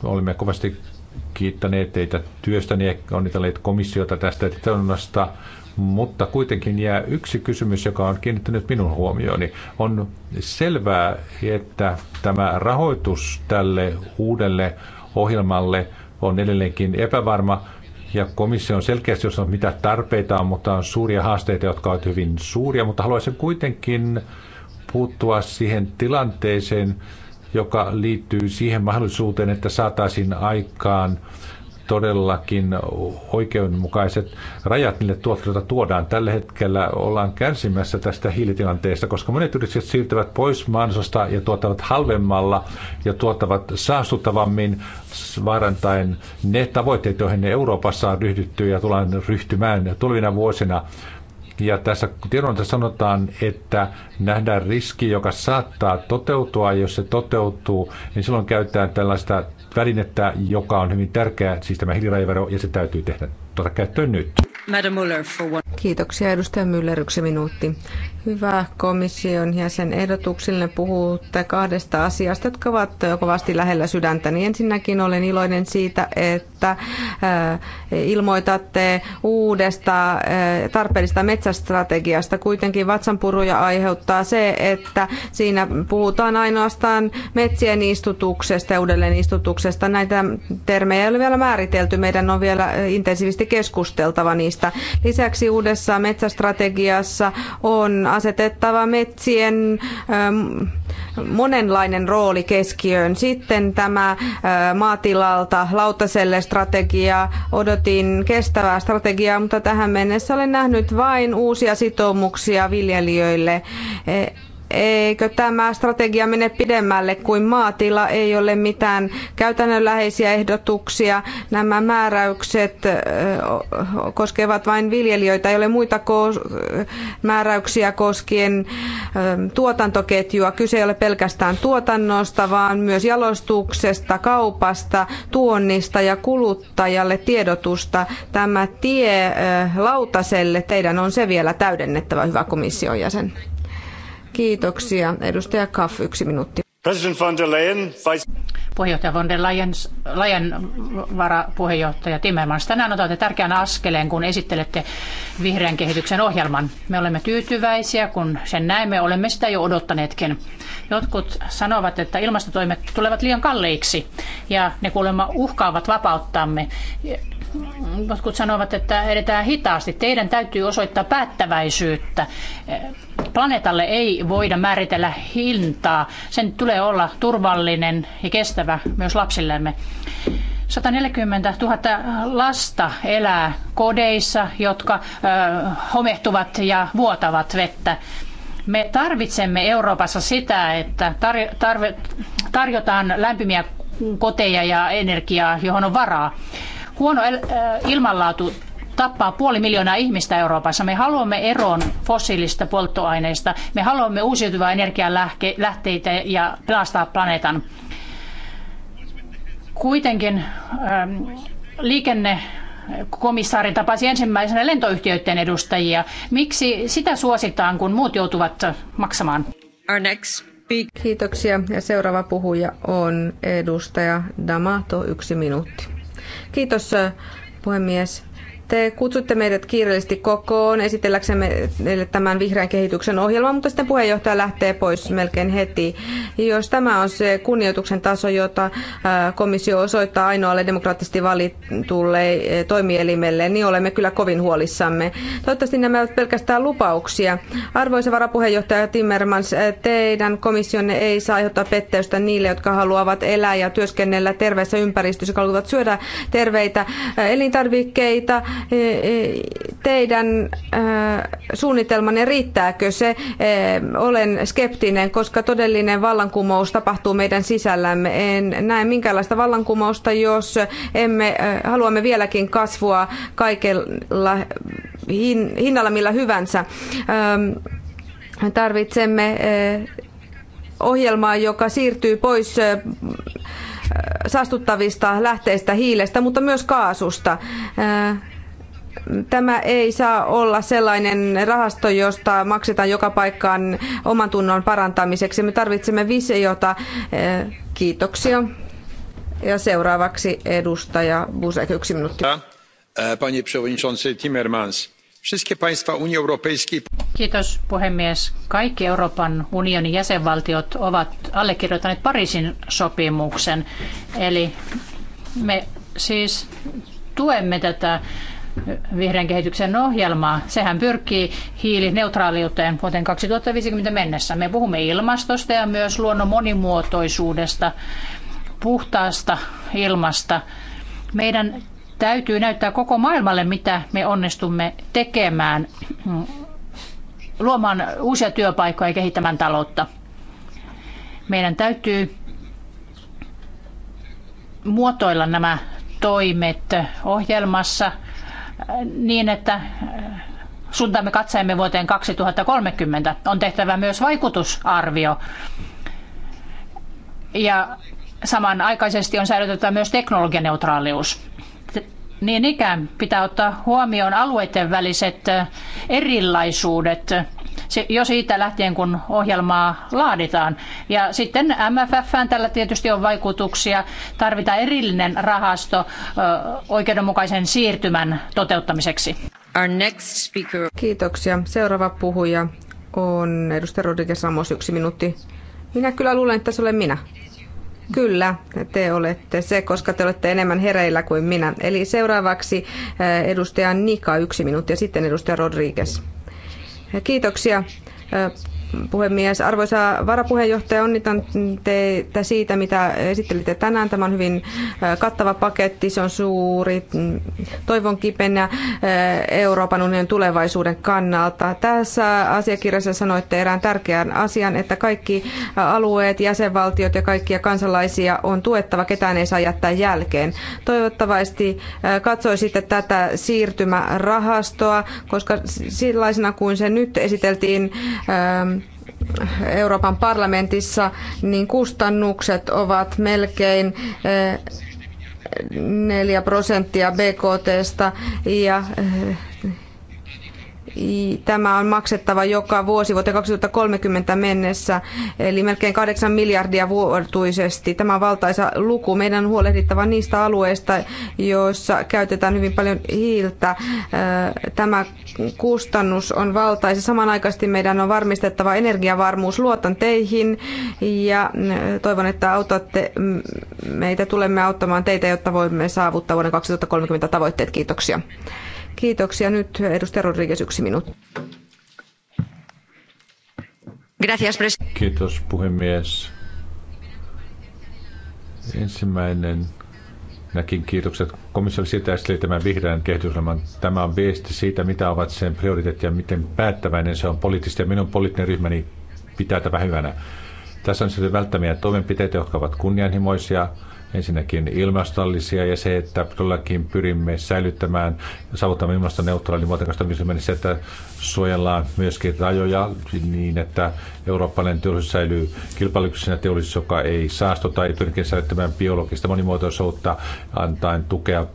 Olemme kovasti kiittäneet teitä työstäni ja onnitelleet komissiota tästä tilannasta. Mutta kuitenkin jää yksi kysymys, joka on kiinnittänyt minun huomioni. On selvää, että tämä rahoitus tälle uudelle ohjelmalle on edelleenkin epävarma ja komissio on selkeästi sanonut, mitä tarpeita on, mutta on suuria haasteita, jotka ovat hyvin suuria, mutta haluaisin kuitenkin puuttua siihen tilanteeseen, joka liittyy siihen mahdollisuuteen, että saataisiin aikaan todellakin oikeudenmukaiset rajat niille tuotteille, tuodaan. Tällä hetkellä ollaan kärsimässä tästä hiilitilanteesta, koska monet yritykset siirtyvät pois maansosta ja tuottavat halvemmalla ja tuottavat saastuttavammin vaarantaen ne tavoitteet, joihin ne Euroopassa on ryhdytty ja tullaan ryhtymään tulevina vuosina. Ja tässä tiedonantossa sanotaan, että nähdään riski, joka saattaa toteutua. Jos se toteutuu, niin silloin käytetään tällaista välinettä, joka on hyvin tärkeä, siis tämä hiilirajavero, ja se täytyy tehdä tuota käyttöön nyt. Kiitoksia edustaja Müller, yksi minuutti. Hyvä komission jäsen ehdotuksille puhutte kahdesta asiasta, jotka ovat kovasti lähellä sydäntäni. Niin ensinnäkin olen iloinen siitä, että äh, ilmoitatte uudesta äh, tarpeellista metsästrategiasta. Kuitenkin vatsanpuruja aiheuttaa se, että siinä puhutaan ainoastaan metsien istutuksesta ja uudelleen istutuksesta. Näitä termejä ei ole vielä määritelty. Meidän on vielä intensiivisesti keskusteltava niistä metsästä. Lisäksi uudessa metsästrategiassa on asetettava metsien ähm, monenlainen rooli keskiöön. Sitten tämä äh, maatilalta lautaselle strategia, odotin kestävää strategiaa, mutta tähän mennessä olen nähnyt vain uusia sitoumuksia viljelijöille. E- eikö tämä strategia mene pidemmälle kuin maatila, ei ole mitään käytännönläheisiä ehdotuksia. Nämä määräykset koskevat vain viljelijöitä, ei ole muita määräyksiä koskien tuotantoketjua. Kyse ei ole pelkästään tuotannosta, vaan myös jalostuksesta, kaupasta, tuonnista ja kuluttajalle tiedotusta. Tämä tie lautaselle, teidän on se vielä täydennettävä, hyvä komission jäsen. Kiitoksia. Edustaja Kaff, yksi minuutti. President von der Leyen, vice puheenjohtaja von der Leyen, Leyen varapuheenjohtaja Timmermans. Tänään otatte tärkeän askeleen, kun esittelette vihreän kehityksen ohjelman. Me olemme tyytyväisiä, kun sen näemme, olemme sitä jo odottaneetkin. Jotkut sanovat, että ilmastotoimet tulevat liian kalliiksi ja ne kuulemma uhkaavat vapauttamme. Jotkut sanovat, että edetään hitaasti. Teidän täytyy osoittaa päättäväisyyttä. Planeetalle ei voida määritellä hintaa. Sen tulee olla turvallinen ja kestävä selvä myös lapsillemme. 140 000 lasta elää kodeissa, jotka homehtuvat ja vuotavat vettä. Me tarvitsemme Euroopassa sitä, että tarjotaan lämpimiä koteja ja energiaa, johon on varaa. Huono ilmanlaatu tappaa puoli miljoonaa ihmistä Euroopassa. Me haluamme eroon fossiilista polttoaineista. Me haluamme uusiutuvia energialähteitä ja pelastaa planeetan. Kuitenkin ähm, liikenne komissaari tapasi ensimmäisenä lentoyhtiöiden edustajia. Miksi sitä suositaan, kun muut joutuvat maksamaan? Our next Kiitoksia. Ja seuraava puhuja on edustaja Damato, yksi minuutti. Kiitos äh, puhemies. Te kutsutte meidät kiireellisesti kokoon esitelläksemme meille tämän vihreän kehityksen ohjelman, mutta sitten puheenjohtaja lähtee pois melkein heti. Jos tämä on se kunnioituksen taso, jota äh, komissio osoittaa ainoalle demokraattisesti valitulle eh, toimielimelle, niin olemme kyllä kovin huolissamme. Toivottavasti nämä ovat pelkästään lupauksia. Arvoisa varapuheenjohtaja Timmermans, eh, teidän komissionne ei saa aiheuttaa petteystä niille, jotka haluavat elää ja työskennellä terveessä ympäristössä, jotka haluavat syödä terveitä eh, elintarvikkeita, teidän suunnitelmanne riittääkö se? Olen skeptinen, koska todellinen vallankumous tapahtuu meidän sisällämme. En näe minkäänlaista vallankumousta, jos emme haluamme vieläkin kasvua kaikella hinnalla millä hyvänsä. Tarvitsemme ohjelmaa, joka siirtyy pois saastuttavista lähteistä hiilestä, mutta myös kaasusta tämä ei saa olla sellainen rahasto, josta maksetaan joka paikkaan oman tunnon parantamiseksi. Me tarvitsemme visiota. Eh, kiitoksia. Ja seuraavaksi edustaja Busek, yksi minuutti. Eh, panie przewodniczący Timmermans. Wszystkie państwa Unii Europejskiej... Kiitos puhemies. Kaikki Euroopan unionin jäsenvaltiot ovat allekirjoittaneet Pariisin sopimuksen. Eli me siis tuemme tätä vihreän kehityksen ohjelmaa. Sehän pyrkii hiilineutraaliuteen vuoteen 2050 mennessä. Me puhumme ilmastosta ja myös luonnon monimuotoisuudesta, puhtaasta ilmasta. Meidän täytyy näyttää koko maailmalle, mitä me onnistumme tekemään, luomaan uusia työpaikkoja ja kehittämään taloutta. Meidän täytyy muotoilla nämä toimet ohjelmassa – niin, että äh, suuntaamme katseemme vuoteen 2030. On tehtävä myös vaikutusarvio ja samanaikaisesti on säilytettävä myös teknologianeutraalius. Niin ikään pitää ottaa huomioon alueiden väliset erilaisuudet jo siitä lähtien, kun ohjelmaa laaditaan. Ja sitten MFFään tällä tietysti on vaikutuksia. Tarvitaan erillinen rahasto oikeudenmukaisen siirtymän toteuttamiseksi. Our next speaker. Kiitoksia. Seuraava puhuja on edustaja Rodriguez Ramos, yksi minuutti. Minä kyllä luulen, että se olen minä. Kyllä, te olette se, koska te olette enemmän hereillä kuin minä. Eli seuraavaksi eh, edustaja Nika yksi minuutti ja sitten edustaja Rodriguez. Kiitoksia eh, puhemies. Arvoisa varapuheenjohtaja, onnitan teitä siitä, mitä esittelitte tänään. Tämä on hyvin kattava paketti, se on suuri toivon kipenä Euroopan unionin tulevaisuuden kannalta. Tässä asiakirjassa sanoitte erään tärkeän asian, että kaikki alueet, jäsenvaltiot ja kaikkia kansalaisia on tuettava, ketään ei saa jättää jälkeen. Toivottavasti katsoisitte tätä siirtymärahastoa, koska sellaisena kuin se nyt esiteltiin, Euroopan parlamentissa, niin kustannukset ovat melkein 4 eh, prosenttia BKTstä ja eh, Tämä on maksettava joka vuosi vuoteen 2030 mennessä, eli melkein 8 miljardia vuotuisesti. Tämä on valtaisa luku. Meidän on huolehdittava niistä alueista, joissa käytetään hyvin paljon hiiltä. Tämä kustannus on valtaisa. Samanaikaisesti meidän on varmistettava energiavarmuus. Luotan teihin ja toivon, että autatte meitä. Tulemme auttamaan teitä, jotta voimme saavuttaa vuoden 2030 tavoitteet. Kiitoksia. Kiitoksia. Nyt edustaja Rodriguez yksi minuutti. Kiitos puhemies. Ensimmäinen näkin kiitokset komissiolle siitä, että tämän vihreän kehitysohjelman. Tämä on viesti siitä, mitä ovat sen prioriteetti ja miten päättäväinen se on poliittisesti. Ja minun poliittinen ryhmäni pitää tätä hyvänä. Tässä on sitten välttämiä toimenpiteitä, jotka ovat kunnianhimoisia, ensinnäkin ilmastollisia ja se, että todellakin pyrimme säilyttämään ja saavuttamaan ilmastoneutraalin vuoteen 2050, että suojellaan myöskin rajoja niin, että eurooppalainen teollisuus säilyy kilpailukykyisenä teollisuus, joka ei saastuta, tai pyrkiä säilyttämään biologista monimuotoisuutta, antaen tukea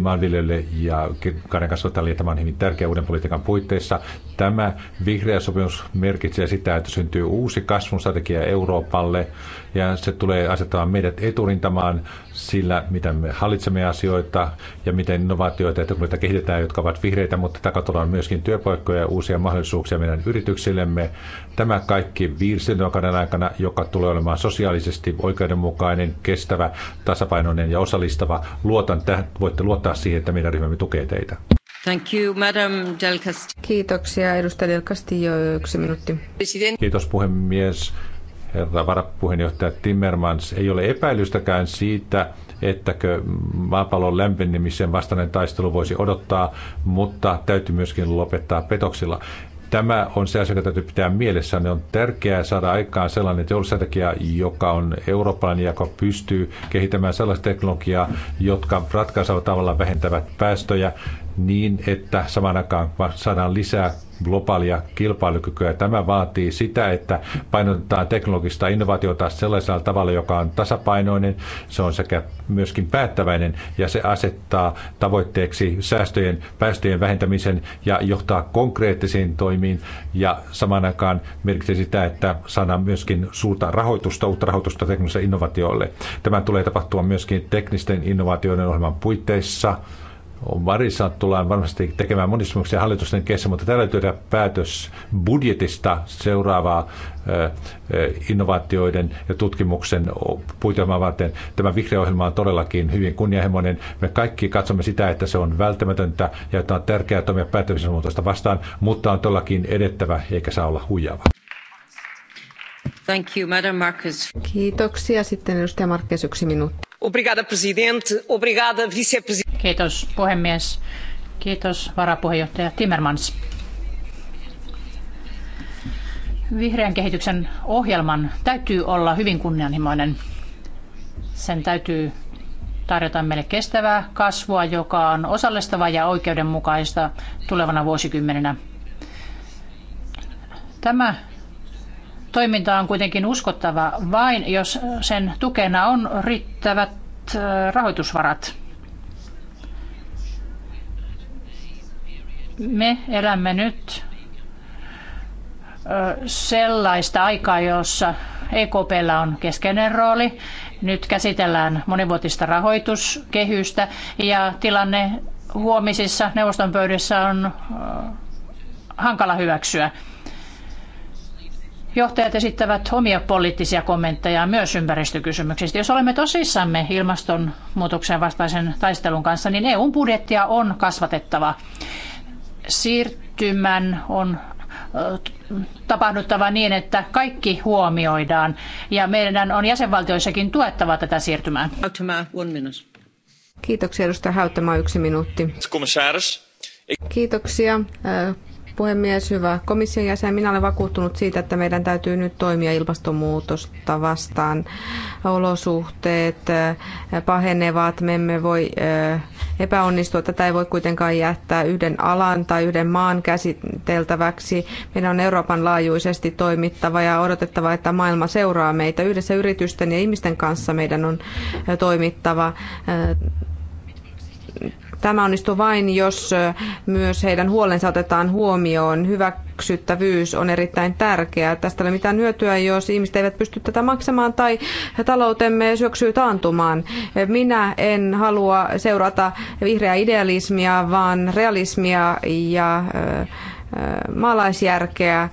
maanviljelijöille ja karjankasvattajille. Tämä on hyvin tärkeä uuden politiikan puitteissa. Tämä vihreä sopimus merkitsee sitä, että syntyy uusi kasvun strategia Euroopalle ja se tulee asettamaan meidät eturintamaan sillä, miten me hallitsemme asioita ja miten innovaatioita ja teknologioita kehitetään, jotka ovat vihreitä, mutta takatulla on myöskin työpaikkoja ja uusia mahdollisuuksia meidän yrityksillemme. Tämä kaikki viirsilmäkauden aikana, joka tulee olemaan sosiaalisesti oikeudenmukainen, kestävä, tasapainoinen ja osallistava. Luotan tähän, voitte luottaa siihen, että meidän ryhmämme tukee teitä. Kiitoksia, edustaja Del Castillo. Yksi minuutti. Kiitos, puhemies. Herra varapuheenjohtaja Timmermans, ei ole epäilystäkään siitä, ettäkö maapallon lämpenemisen vastainen taistelu voisi odottaa, mutta täytyy myöskin lopettaa petoksilla tämä on se asia, joka täytyy pitää mielessä. Ne on tärkeää saada aikaan sellainen teollisuusstrategia, joka on eurooppalainen, joka pystyy kehittämään sellaista teknologiaa, jotka ratkaisella tavalla vähentävät päästöjä niin, että saman aikaan saadaan lisää globaalia kilpailukykyä. Tämä vaatii sitä, että painotetaan teknologista innovaatiota sellaisella tavalla, joka on tasapainoinen, se on sekä myöskin päättäväinen ja se asettaa tavoitteeksi säästöjen, päästöjen vähentämisen ja johtaa konkreettisiin toimiin ja saman aikaan merkitsee sitä, että saadaan myöskin suurta rahoitusta, uutta rahoitusta teknologisille innovaatioille. Tämä tulee tapahtua myöskin teknisten innovaatioiden ohjelman puitteissa – Varissa tullaan varmasti tekemään monistumuksia hallitusten kesken, mutta täällä tehdä päätös budjetista seuraavaa innovaatioiden ja tutkimuksen puitelmaa varten. Tämä vihreä ohjelma on todellakin hyvin kunnianhimoinen. Me kaikki katsomme sitä, että se on välttämätöntä ja että on tärkeää toimia muutosta vastaan, mutta on todellakin edettävä eikä saa olla huijaava. Thank you, Madam Marcus. Kiitoksia. Sitten edustaja Markes, yksi minuutti. Kiitos puhemies. Kiitos varapuheenjohtaja Timmermans. Vihreän kehityksen ohjelman täytyy olla hyvin kunnianhimoinen. Sen täytyy tarjota meille kestävää kasvua, joka on osallistava ja oikeudenmukaista tulevana vuosikymmenenä. Tämä Toiminta on kuitenkin uskottava vain, jos sen tukena on riittävät rahoitusvarat. Me elämme nyt sellaista aikaa, jossa EKPllä on keskeinen rooli. Nyt käsitellään monivuotista rahoituskehystä ja tilanne huomisissa neuvoston pöydissä on hankala hyväksyä johtajat esittävät omia poliittisia kommentteja myös ympäristökysymyksistä. Jos olemme tosissamme ilmastonmuutoksen vastaisen taistelun kanssa, niin EUn budjettia on kasvatettava. Siirtymän on tapahduttava niin, että kaikki huomioidaan ja meidän on jäsenvaltioissakin tuettava tätä siirtymää. Kiitoksia edustaja yksi minuutti. Kiitoksia puhemies, hyvä komission jäsen. Minä olen vakuuttunut siitä, että meidän täytyy nyt toimia ilmastonmuutosta vastaan. Olosuhteet eh, pahenevat, me emme voi eh, epäonnistua. Tätä ei voi kuitenkaan jättää yhden alan tai yhden maan käsiteltäväksi. Meidän on Euroopan laajuisesti toimittava ja odotettava, että maailma seuraa meitä. Yhdessä yritysten ja ihmisten kanssa meidän on eh, toimittava Tämä onnistuu vain, jos myös heidän huolensa otetaan huomioon. Hyväksyttävyys on erittäin tärkeää. Tästä ei ole mitään hyötyä, jos ihmiset eivät pysty tätä maksamaan tai taloutemme syöksyy taantumaan. Minä en halua seurata vihreää idealismia, vaan realismia ja maalaisjärkeä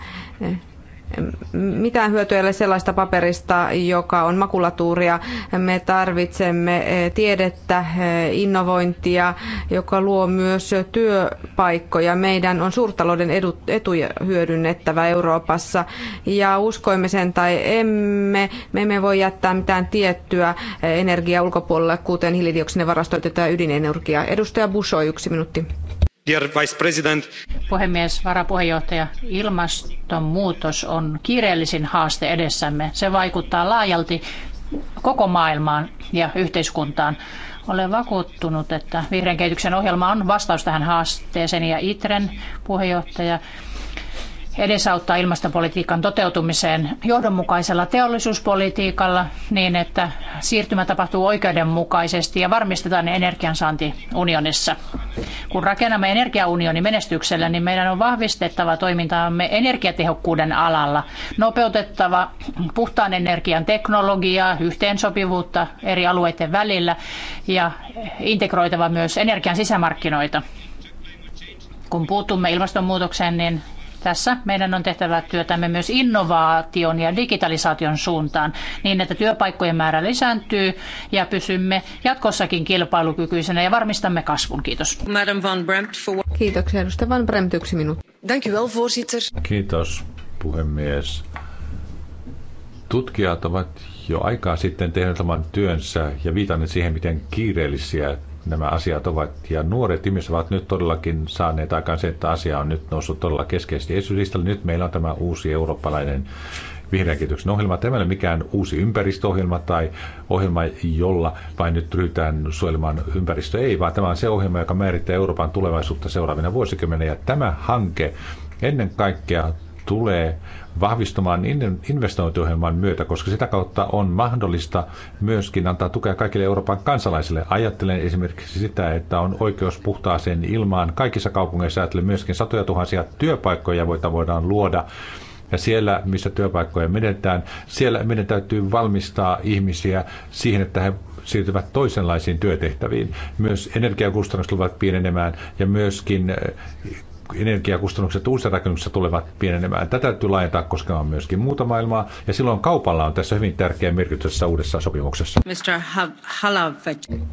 mitään hyötyä ei ole sellaista paperista, joka on makulatuuria. Me tarvitsemme eh, tiedettä, eh, innovointia, joka luo myös työpaikkoja. Meidän on suurtalouden etuja hyödynnettävä Euroopassa ja uskoimme sen tai emme, me emme voi jättää mitään tiettyä eh, energiaa ulkopuolelle, kuten hiilidioksidin varastoitettua ydinenergiaa. Edustaja Busho, yksi minuutti. Puhemies, varapuheenjohtaja, ilmastonmuutos on kiireellisin haaste edessämme. Se vaikuttaa laajalti koko maailmaan ja yhteiskuntaan. Olen vakuuttunut, että vihreän kehityksen ohjelma on vastaus tähän haasteeseen ja ITREN puheenjohtaja edesauttaa ilmastopolitiikan toteutumiseen johdonmukaisella teollisuuspolitiikalla niin, että siirtymä tapahtuu oikeudenmukaisesti ja varmistetaan energiansaanti unionissa. Kun rakennamme energiaunionin menestyksellä, niin meidän on vahvistettava toimintaamme energiatehokkuuden alalla, nopeutettava puhtaan energian teknologiaa, yhteensopivuutta eri alueiden välillä ja integroitava myös energian sisämarkkinoita kun puutumme ilmastonmuutokseen, niin tässä meidän on tehtävä työtämme myös innovaation ja digitalisaation suuntaan niin, että työpaikkojen määrä lisääntyy ja pysymme jatkossakin kilpailukykyisenä ja varmistamme kasvun. Kiitos. Madam Van Bremt for... Kiitoksia. Edustaja Van Bremt, yksi minuutti. Thank you well, Kiitos, puhemies. Tutkijat ovat jo aikaa sitten tehnyt oman työnsä ja viitannut siihen, miten kiireellisiä nämä asiat ovat. Ja nuoret ihmiset ovat nyt todellakin saaneet aikaan sen, että asia on nyt noussut todella keskeisesti esityslistalle. Nyt meillä on tämä uusi eurooppalainen vihreän kehityksen ohjelma. Tämä ei ole mikään uusi ympäristöohjelma tai ohjelma, jolla vain nyt ryhdytään suojelemaan ympäristöä. Ei, vaan tämä on se ohjelma, joka määrittää Euroopan tulevaisuutta seuraavina vuosikymmeninä. Ja tämä hanke ennen kaikkea tulee vahvistumaan investointiohjelman myötä, koska sitä kautta on mahdollista myöskin antaa tukea kaikille Euroopan kansalaisille. Ajattelen esimerkiksi sitä, että on oikeus puhtaaseen ilmaan kaikissa kaupungeissa. Ajattelen myöskin satoja tuhansia työpaikkoja, joita voidaan luoda. Ja siellä, missä työpaikkoja menetään, siellä meidän täytyy valmistaa ihmisiä siihen, että he siirtyvät toisenlaisiin työtehtäviin. Myös energiakustannukset tulevat pienenemään ja myöskin energiakustannukset uusissa rakennuksissa tulevat pienenemään. Tätä täytyy laajentaa koskemaan myöskin muuta maailmaa, ja silloin kaupalla on tässä hyvin tärkeä merkitys tässä uudessa sopimuksessa. Mr.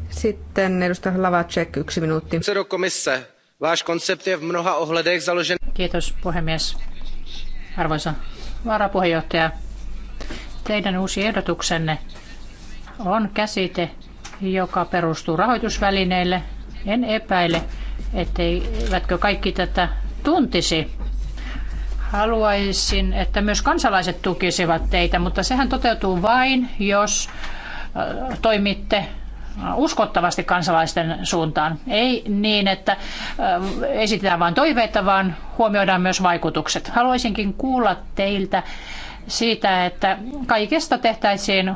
Sitten edustaja Halavacek, yksi minuutti. Kiitos puhemies. Arvoisa varapuheenjohtaja, teidän uusi ehdotuksenne on käsite, joka perustuu rahoitusvälineille. En epäile, etteivätkö kaikki tätä tuntisi. Haluaisin, että myös kansalaiset tukisivat teitä, mutta sehän toteutuu vain, jos äh, toimitte äh, uskottavasti kansalaisten suuntaan. Ei niin, että äh, esitetään vain toiveita, vaan huomioidaan myös vaikutukset. Haluaisinkin kuulla teiltä siitä, että kaikesta tehtäisiin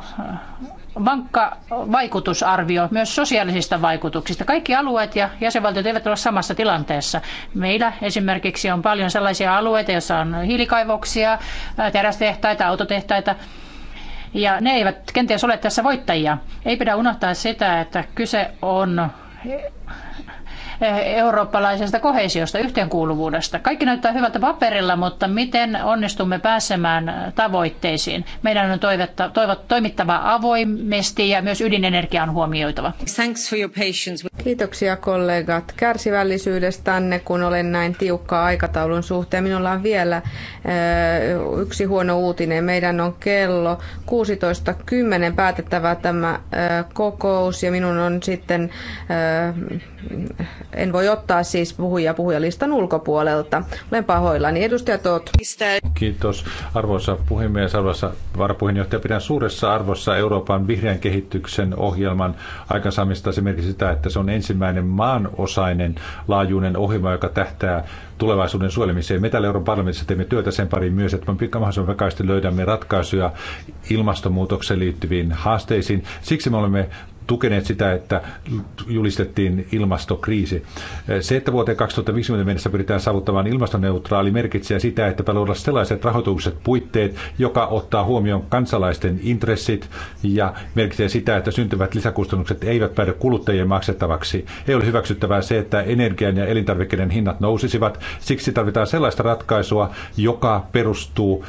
vankka vaikutusarvio myös sosiaalisista vaikutuksista. Kaikki alueet ja jäsenvaltiot eivät ole samassa tilanteessa. Meillä esimerkiksi on paljon sellaisia alueita, joissa on hiilikaivoksia, terästehtaita, autotehtaita, ja ne eivät kenties ole tässä voittajia. Ei pidä unohtaa sitä, että kyse on Eh, eurooppalaisesta kohesiosta, yhteenkuuluvuudesta. Kaikki näyttää hyvältä paperilla, mutta miten onnistumme pääsemään tavoitteisiin? Meidän on toivetta, toivot, toimittava avoimesti ja myös ydinenergia on huomioitava. Thanks for your patience. Kiitoksia kollegat kärsivällisyydestänne, kun olen näin tiukkaa aikataulun suhteen. Minulla on vielä eh, yksi huono uutinen. Meidän on kello 16.10 päätettävä tämä eh, kokous ja minun on sitten en voi ottaa siis puhuja puhujalistan ulkopuolelta. Olen pahoillani. Edustaja Toot. Kiitos arvoisa puhemies, arvoisa varapuheenjohtaja. Pidän suuressa arvossa Euroopan vihreän kehityksen ohjelman aikaansaamista esimerkiksi sitä, että se on ensimmäinen maanosainen laajuinen ohjelma, joka tähtää tulevaisuuden suojelemiseen. Me täällä Euroopan parlamentissa teemme työtä sen pariin myös, että me mahdollisimman pikaisesti löydämme ratkaisuja ilmastonmuutokseen liittyviin haasteisiin. Siksi me olemme tukeneet sitä, että julistettiin ilmastokriisi. Se, että vuoteen 2050 mennessä pyritään saavuttamaan ilmastoneutraali, merkitsee sitä, että pitää olla sellaiset rahoitukset puitteet, joka ottaa huomioon kansalaisten intressit ja merkitsee sitä, että syntyvät lisäkustannukset eivät päädy kuluttajien maksettavaksi. Ei ole hyväksyttävää se, että energian ja elintarvikkeiden hinnat nousisivat. Siksi tarvitaan sellaista ratkaisua, joka perustuu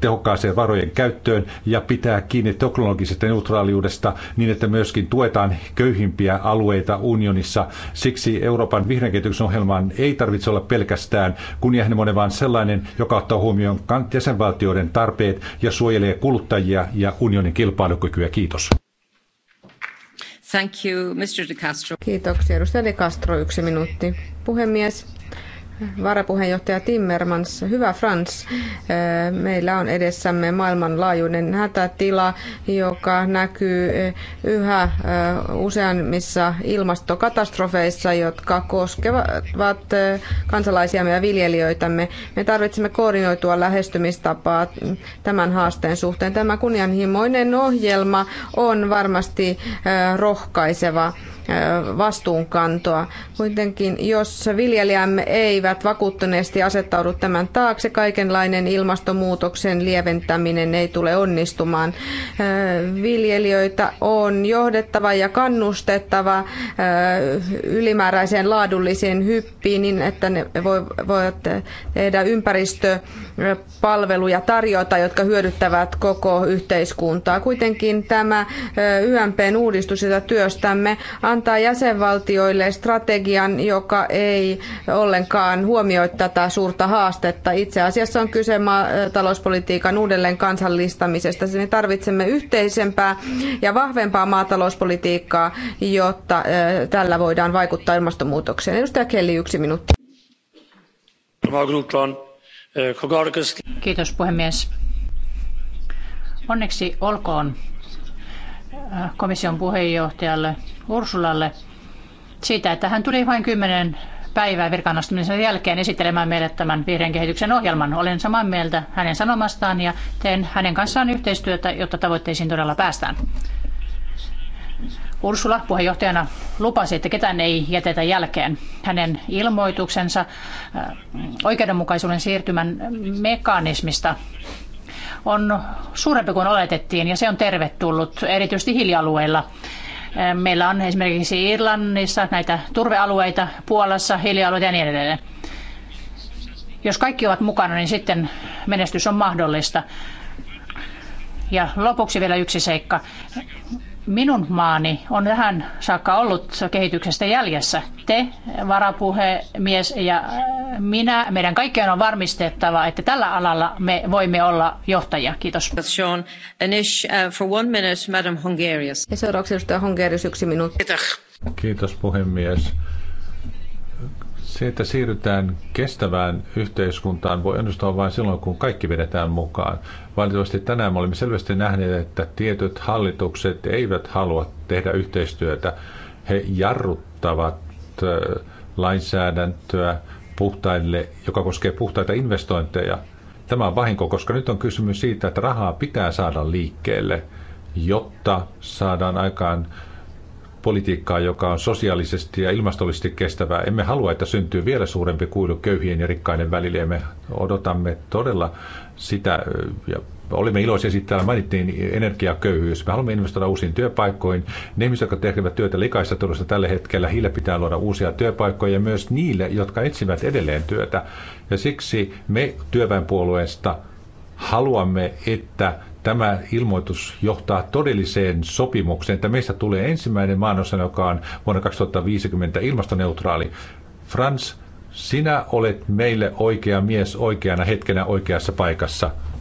tehokkaaseen varojen käyttöön ja pitää kiinni teknologisesta neutraaliudesta niin, että myöskin tuetaan köyhimpiä alueita unionissa. Siksi Euroopan vihreän kehityksen ohjelman ei tarvitse olla pelkästään kunnianhimoinen, vaan sellainen, joka ottaa huomioon jäsenvaltioiden tarpeet ja suojelee kuluttajia ja unionin kilpailukykyä. Kiitos. Thank you, Mr. De Castro. Kiitoksia, edustaja De Castro. Yksi minuutti. Puhemies, varapuheenjohtaja Timmermans. Hyvä Frans, meillä on edessämme maailmanlaajuinen hätätila, joka näkyy yhä useammissa ilmastokatastrofeissa, jotka koskevat kansalaisiamme ja viljelijöitämme. Me tarvitsemme koordinoitua lähestymistapaa tämän haasteen suhteen. Tämä kunnianhimoinen ohjelma on varmasti rohkaiseva vastuunkantoa. Kuitenkin, jos viljelijämme eivät eivät vakuuttuneesti asettaudu tämän taakse, kaikenlainen ilmastonmuutoksen lieventäminen ei tule onnistumaan. Viljelijöitä on johdettava ja kannustettava ylimääräiseen laadulliseen hyppiin niin, että ne voivat tehdä ympäristöpalveluja tarjota, jotka hyödyttävät koko yhteiskuntaa. Kuitenkin tämä YMPn uudistus, jota työstämme, antaa jäsenvaltioille strategian, joka ei ollenkaan kuitenkaan huomioi tätä suurta haastetta. Itse asiassa on kyse maatalouspolitiikan uudelleen kansallistamisesta. Me tarvitsemme yhteisempää ja vahvempaa maatalouspolitiikkaa, jotta eh, tällä voidaan vaikuttaa ilmastonmuutokseen. Edustaja Kelly, yksi minuutti. Kiitos puhemies. Onneksi olkoon eh, komission puheenjohtajalle Ursulalle siitä, että hän tuli vain kymmenen päivää virkaanastumisen jälkeen esittelemään meille tämän vihreän kehityksen ohjelman. Olen samaa mieltä hänen sanomastaan ja teen hänen kanssaan yhteistyötä, jotta tavoitteisiin todella päästään. Ursula puheenjohtajana lupasi, että ketään ei jätetä jälkeen. Hänen ilmoituksensa äh, oikeudenmukaisuuden siirtymän mekanismista on suurempi kuin oletettiin ja se on tervetullut erityisesti hiilialueilla. Meillä on esimerkiksi Irlannissa näitä turvealueita, Puolassa hiilialueita ja niin edelleen. Jos kaikki ovat mukana, niin sitten menestys on mahdollista. Ja lopuksi vielä yksi seikka minun maani on tähän saakka ollut kehityksestä jäljessä. Te, varapuhemies ja äh, minä, meidän kaikkien on varmistettava, että tällä alalla me voimme olla johtajia. Kiitos. Äh, for one minute, Madam Hungarius. Ja seuraavaksi edustaja Hungarius yksi minuutti. Kiitos puhemies. Se, että siirrytään kestävään yhteiskuntaan, voi onnistua vain silloin, kun kaikki vedetään mukaan. Valitettavasti tänään me olemme selvästi nähneet, että tietyt hallitukset eivät halua tehdä yhteistyötä. He jarruttavat lainsäädäntöä puhtaille, joka koskee puhtaita investointeja. Tämä on vahinko, koska nyt on kysymys siitä, että rahaa pitää saada liikkeelle, jotta saadaan aikaan politiikkaa, joka on sosiaalisesti ja ilmastollisesti kestävää. Emme halua, että syntyy vielä suurempi kuilu köyhien ja rikkaiden välille. me odotamme todella sitä, ja olimme iloisia siitä, täällä mainittiin energiaköyhyys. Me haluamme investoida uusiin työpaikkoihin. Ne ihmiset, jotka tekevät työtä likaista tulosta tällä hetkellä, heille pitää luoda uusia työpaikkoja ja myös niille, jotka etsivät edelleen työtä. Ja siksi me työväenpuolueesta haluamme, että tämä ilmoitus johtaa todelliseen sopimukseen, että meistä tulee ensimmäinen maanosa, joka on vuonna 2050 ilmastoneutraali. Frans, sinä olet meille oikea mies oikeana hetkenä oikeassa paikassa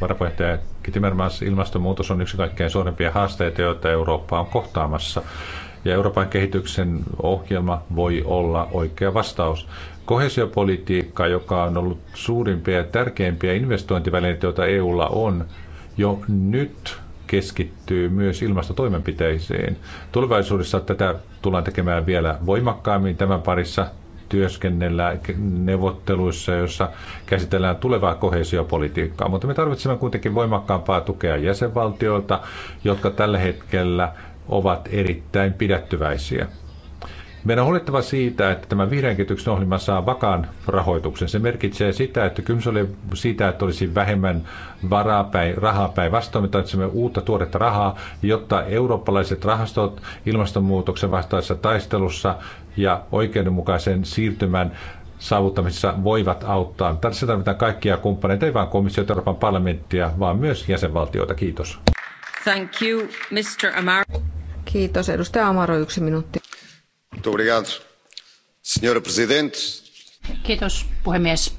varapuheenjohtaja Timmermans, ilmastonmuutos on yksi kaikkein suurimpia haasteita, joita Eurooppa on kohtaamassa. Ja Euroopan kehityksen ohjelma voi olla oikea vastaus. Kohesiopolitiikka, joka on ollut suurimpia ja tärkeimpiä investointivälineitä, joita EUlla on, jo nyt keskittyy myös ilmastotoimenpiteisiin. Tulevaisuudessa tätä tullaan tekemään vielä voimakkaammin tämän parissa työskennellä neuvotteluissa, joissa käsitellään tulevaa kohesiopolitiikkaa. Mutta me tarvitsemme kuitenkin voimakkaampaa tukea jäsenvaltioilta, jotka tällä hetkellä ovat erittäin pidättyväisiä. Meidän on huolettava siitä, että tämä vihreän kehityksen ohjelma saa vakaan rahoituksen. Se merkitsee sitä, että se oli siitä, että olisi vähemmän varaa päin, rahaa päin vastaan, Me tarvitsemme uutta tuoretta rahaa, jotta eurooppalaiset rahastot ilmastonmuutoksen vastaisessa taistelussa ja oikeudenmukaisen siirtymän saavuttamisessa voivat auttaa. Tässä tarvitaan kaikkia kumppaneita, ei vain komissiota, Euroopan parlamenttia, vaan myös jäsenvaltioita. Kiitos. Thank you, Mr. Amaro. Kiitos. Edustaja Amaro, yksi minuutti arvoisa puhemies.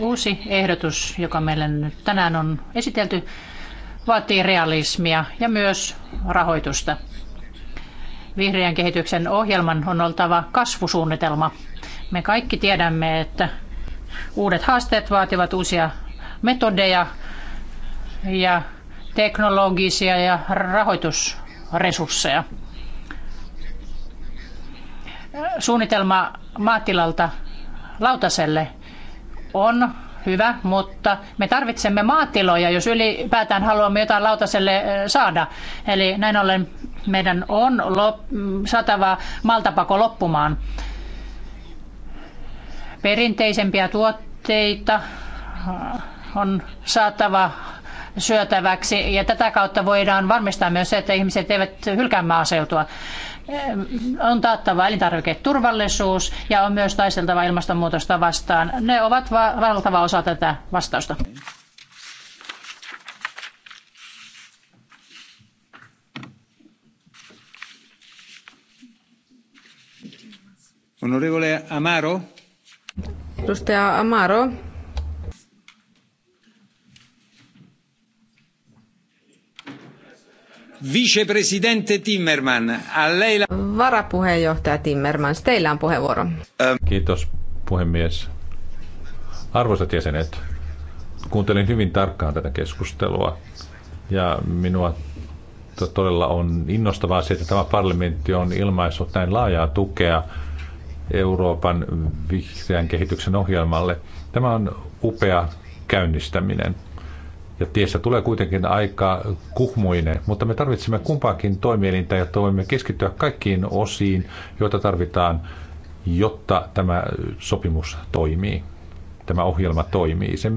Uusi ehdotus, joka meille nyt tänään on esitelty, vaatii realismia ja myös rahoitusta. Vihreän kehityksen ohjelman on oltava kasvusuunnitelma. Me kaikki tiedämme, että uudet haasteet vaativat uusia metodeja ja teknologisia ja rahoitusresursseja. Suunnitelma maatilalta lautaselle on hyvä, mutta me tarvitsemme maatiloja, jos ylipäätään haluamme jotain lautaselle eh, saada. Eli näin ollen meidän on lop- satava maltapako loppumaan. Perinteisempiä tuotteita eh, on saatava syötäväksi ja tätä kautta voidaan varmistaa myös se, että ihmiset eivät hylkää maaseutua. On taattava elintarviketurvallisuus ja on myös taisteltava ilmastonmuutosta vastaan. Ne ovat valtava osa tätä vastausta. Onorevole Amaro. Edustaja Amaro, Vicepresidente Timmerman, a lei la... Varapuheenjohtaja Timmermans, teillä on puheenvuoro. Ähm. Kiitos, puhemies. Arvoisat jäsenet, kuuntelin hyvin tarkkaan tätä keskustelua ja minua todella on innostavaa se, että tämä parlamentti on ilmaissut näin laajaa tukea Euroopan vihreän kehityksen ohjelmalle. Tämä on upea käynnistäminen ja tiessä tulee kuitenkin aika kuhmuinen, mutta me tarvitsemme kumpaakin toimielintä, ja voimme keskittyä kaikkiin osiin, joita tarvitaan, jotta tämä sopimus toimii, tämä ohjelma toimii. Se,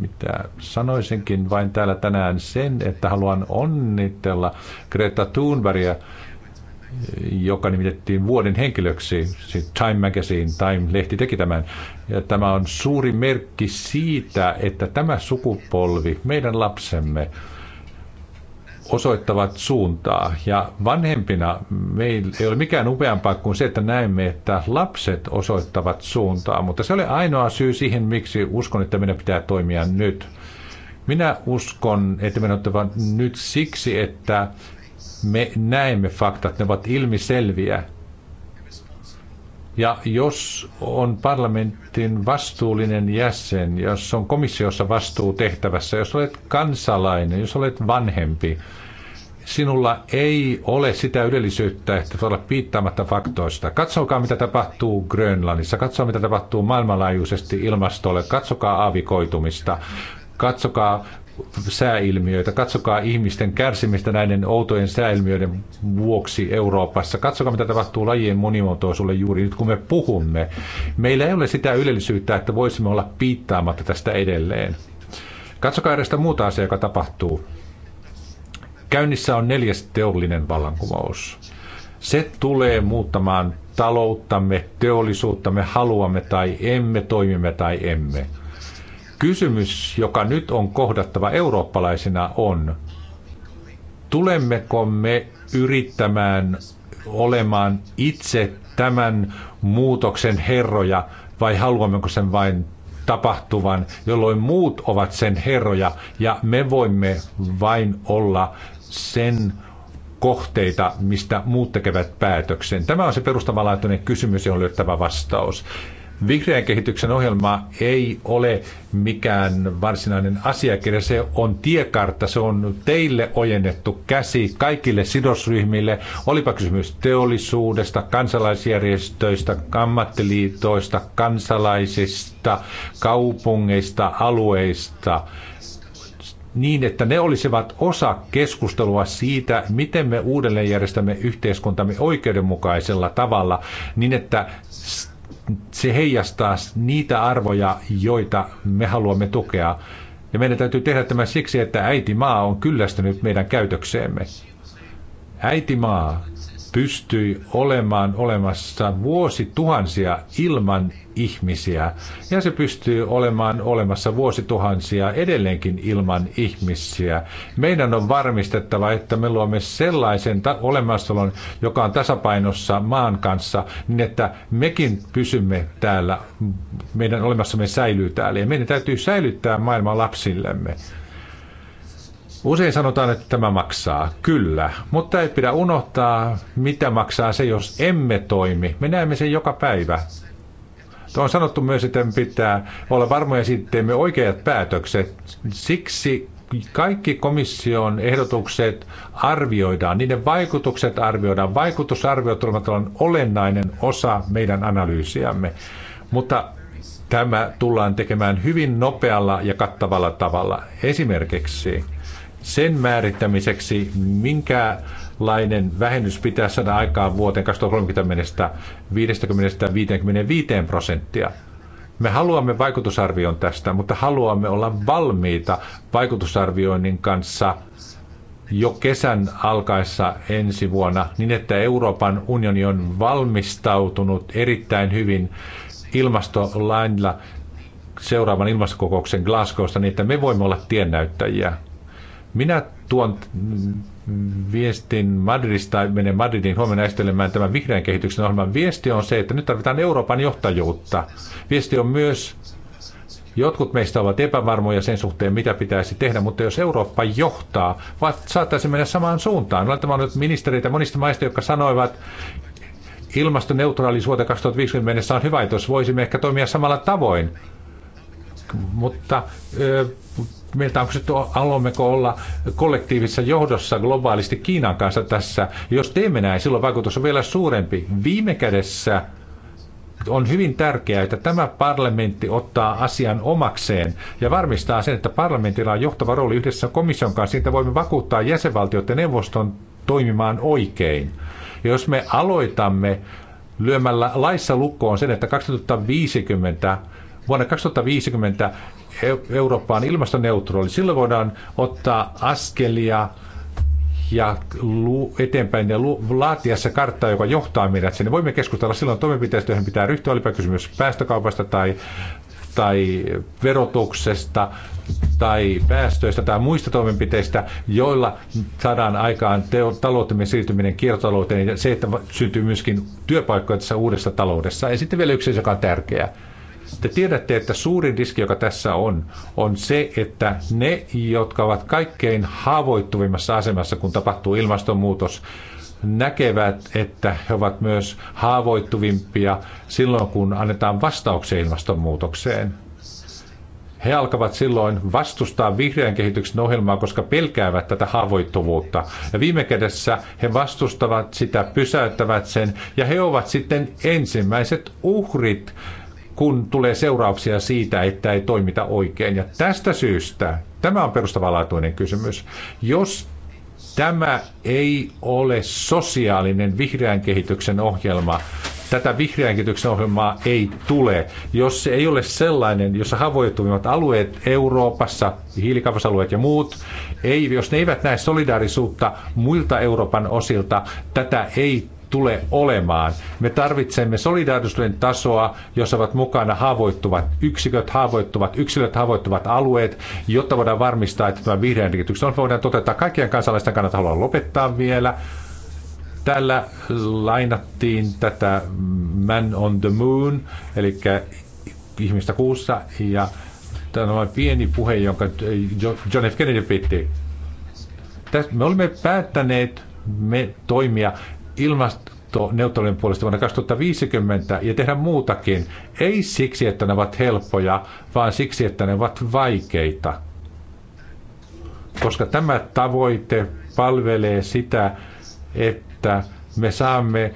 mitä sanoisinkin vain täällä tänään sen, että haluan onnitella Greta Thunbergia joka nimitettiin vuoden henkilöksi. Siis Time Magazine, Time-lehti teki tämän. Ja tämä on suuri merkki siitä, että tämä sukupolvi, meidän lapsemme, osoittavat suuntaa. Ja vanhempina meillä ei ole mikään upeampaa kuin se, että näemme, että lapset osoittavat suuntaa. Mutta se oli ainoa syy siihen, miksi uskon, että meidän pitää toimia nyt. Minä uskon, että meidän on nyt siksi, että me näemme faktat, ne ovat ilmiselviä. Ja jos on parlamentin vastuullinen jäsen, jos on komissiossa vastuu tehtävässä, jos olet kansalainen, jos olet vanhempi, sinulla ei ole sitä ylellisyyttä, että olla piittaamatta faktoista. Katsokaa, mitä tapahtuu Grönlannissa, katsokaa, mitä tapahtuu maailmanlaajuisesti ilmastolle, katsokaa aavikoitumista, katsokaa sääilmiöitä. Katsokaa ihmisten kärsimistä näiden outojen sääilmiöiden vuoksi Euroopassa. Katsokaa, mitä tapahtuu lajien monimuotoisuudelle juuri nyt, kun me puhumme. Meillä ei ole sitä ylellisyyttä, että voisimme olla piittaamatta tästä edelleen. Katsokaa edestä muuta asiaa, joka tapahtuu. Käynnissä on neljäs teollinen vallankumous. Se tulee muuttamaan talouttamme, teollisuuttamme, haluamme tai emme, toimimme tai emme. Kysymys, joka nyt on kohdattava eurooppalaisena, on, tulemmeko me yrittämään olemaan itse tämän muutoksen herroja vai haluammeko sen vain tapahtuvan, jolloin muut ovat sen herroja ja me voimme vain olla sen kohteita, mistä muut tekevät päätöksen. Tämä on se perustavanlaatuinen kysymys, johon löytävä vastaus. Vihreän kehityksen ohjelma ei ole mikään varsinainen asiakirja, se on tiekartta, se on teille ojennettu käsi kaikille sidosryhmille, olipa kysymys teollisuudesta, kansalaisjärjestöistä, ammattiliitoista, kansalaisista, kaupungeista, alueista, niin, että ne olisivat osa keskustelua siitä, miten me uudelleen järjestämme yhteiskuntamme oikeudenmukaisella tavalla, niin että se heijastaa niitä arvoja, joita me haluamme tukea. Ja meidän täytyy tehdä tämä siksi, että äitimaa on kyllästynyt meidän käytökseemme. Äitimaa pystyi olemaan olemassa vuosituhansia ilman ihmisiä. Ja se pystyy olemaan olemassa vuosituhansia edelleenkin ilman ihmisiä. Meidän on varmistettava, että me luomme sellaisen ta- olemassaolon, joka on tasapainossa maan kanssa, niin että mekin pysymme täällä, meidän olemassamme säilyy täällä. Ja meidän täytyy säilyttää maailma lapsillemme. Usein sanotaan, että tämä maksaa. Kyllä, mutta ei pidä unohtaa, mitä maksaa se, jos emme toimi. Me näemme sen joka päivä. Tuo on sanottu myös, että pitää olla varmoja siitä, että teemme oikeat päätökset. Siksi kaikki komission ehdotukset arvioidaan, niiden vaikutukset arvioidaan. Vaikutusarviot ovat olennainen osa meidän analyysiämme. Mutta tämä tullaan tekemään hyvin nopealla ja kattavalla tavalla. Esimerkiksi sen määrittämiseksi, minkälainen vähennys pitää saada aikaan vuoteen 2030 mennessä 50-55 prosenttia. Me haluamme vaikutusarvion tästä, mutta haluamme olla valmiita vaikutusarvioinnin kanssa jo kesän alkaessa ensi vuonna, niin että Euroopan unioni on valmistautunut erittäin hyvin ilmastolainilla seuraavan ilmastokokouksen Glasgowsta, niin että me voimme olla tiennäyttäjiä. Minä tuon viestin Madridista, menen Madridin huomenna esittelemään tämän vihreän kehityksen ohjelman. Viesti on se, että nyt tarvitaan Euroopan johtajuutta. Viesti on myös, jotkut meistä ovat epävarmoja sen suhteen, mitä pitäisi tehdä, mutta jos Eurooppa johtaa, saattaisi mennä samaan suuntaan. Olen tavannut ministeriitä monista maista, jotka sanoivat, ilmastoneutraalisuus vuoteen 2050 mennessä on hyvä, että jos voisimme ehkä toimia samalla tavoin. Mutta meiltä se tuo, haluammeko olla kollektiivisessa johdossa globaalisti Kiinan kanssa tässä. Jos teemme näin, silloin vaikutus on vielä suurempi. Viime kädessä on hyvin tärkeää, että tämä parlamentti ottaa asian omakseen ja varmistaa sen, että parlamentilla on johtava rooli yhdessä komission kanssa. Siitä voimme vakuuttaa jäsenvaltiot ja neuvoston toimimaan oikein. Ja jos me aloitamme lyömällä laissa lukkoon sen, että 2050 vuonna 2050 Eurooppa on ilmastoneutraali. Silloin voidaan ottaa askelia ja eteenpäin ja laatia se kartta, joka johtaa meidät sinne. Voimme keskustella silloin toimenpiteistä, joihin pitää ryhtyä, olipa kysymys päästökaupasta tai, tai verotuksesta tai päästöistä tai muista toimenpiteistä, joilla saadaan aikaan teo, taloutemme siirtyminen kiertotalouteen ja se, että syntyy myöskin työpaikkoja tässä uudessa taloudessa. Ja sitten vielä yksi, joka on tärkeä. Te tiedätte, että suurin riski, joka tässä on, on se, että ne, jotka ovat kaikkein haavoittuvimmassa asemassa, kun tapahtuu ilmastonmuutos, näkevät, että he ovat myös haavoittuvimpia silloin, kun annetaan vastauksia ilmastonmuutokseen. He alkavat silloin vastustaa vihreän kehityksen ohjelmaa, koska pelkäävät tätä haavoittuvuutta. Ja viime kädessä he vastustavat sitä, pysäyttävät sen, ja he ovat sitten ensimmäiset uhrit kun tulee seurauksia siitä, että ei toimita oikein. Ja tästä syystä, tämä on perustavanlaatuinen kysymys, jos tämä ei ole sosiaalinen vihreän kehityksen ohjelma, tätä vihreän kehityksen ohjelmaa ei tule, jos se ei ole sellainen, jossa havoittuvimmat alueet Euroopassa, hiilikaupasalueet ja muut, ei, jos ne eivät näe solidaarisuutta muilta Euroopan osilta, tätä ei tule olemaan. Me tarvitsemme solidaarisuuden tasoa, jossa ovat mukana haavoittuvat yksiköt, haavoittuvat yksilöt, haavoittuvat alueet, jotta voidaan varmistaa, että tämä vihreän on voidaan toteuttaa kaikkien kansalaisten kannalta. Haluan lopettaa vielä. Tällä lainattiin tätä Man on the Moon, eli ihmistä kuussa, ja tämä on pieni puhe, jonka John F. Kennedy piti. Me olemme päättäneet me toimia ilmastoneutraalin puolesta vuonna 2050 ja tehdä muutakin. Ei siksi, että ne ovat helppoja, vaan siksi, että ne ovat vaikeita. Koska tämä tavoite palvelee sitä, että me saamme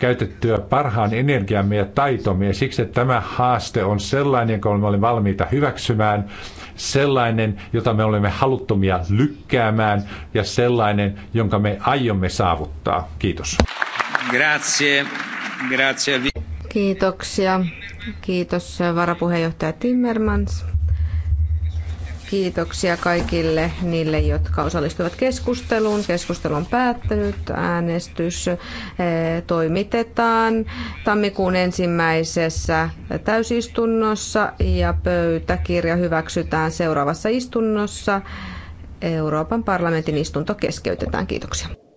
käytettyä parhaan energiamme ja taitomme. Ja siksi että tämä haaste on sellainen, jonka olemme valmiita hyväksymään, sellainen, jota me olemme haluttomia lykkäämään ja sellainen, jonka me aiomme saavuttaa. Kiitos. Grazie. Grazie. Kiitoksia. Kiitos varapuheenjohtaja Timmermans. Kiitoksia kaikille niille, jotka osallistuivat keskusteluun. Keskustelu on päättynyt. Äänestys eh, toimitetaan tammikuun ensimmäisessä täysistunnossa ja pöytäkirja hyväksytään seuraavassa istunnossa. Euroopan parlamentin istunto keskeytetään. Kiitoksia.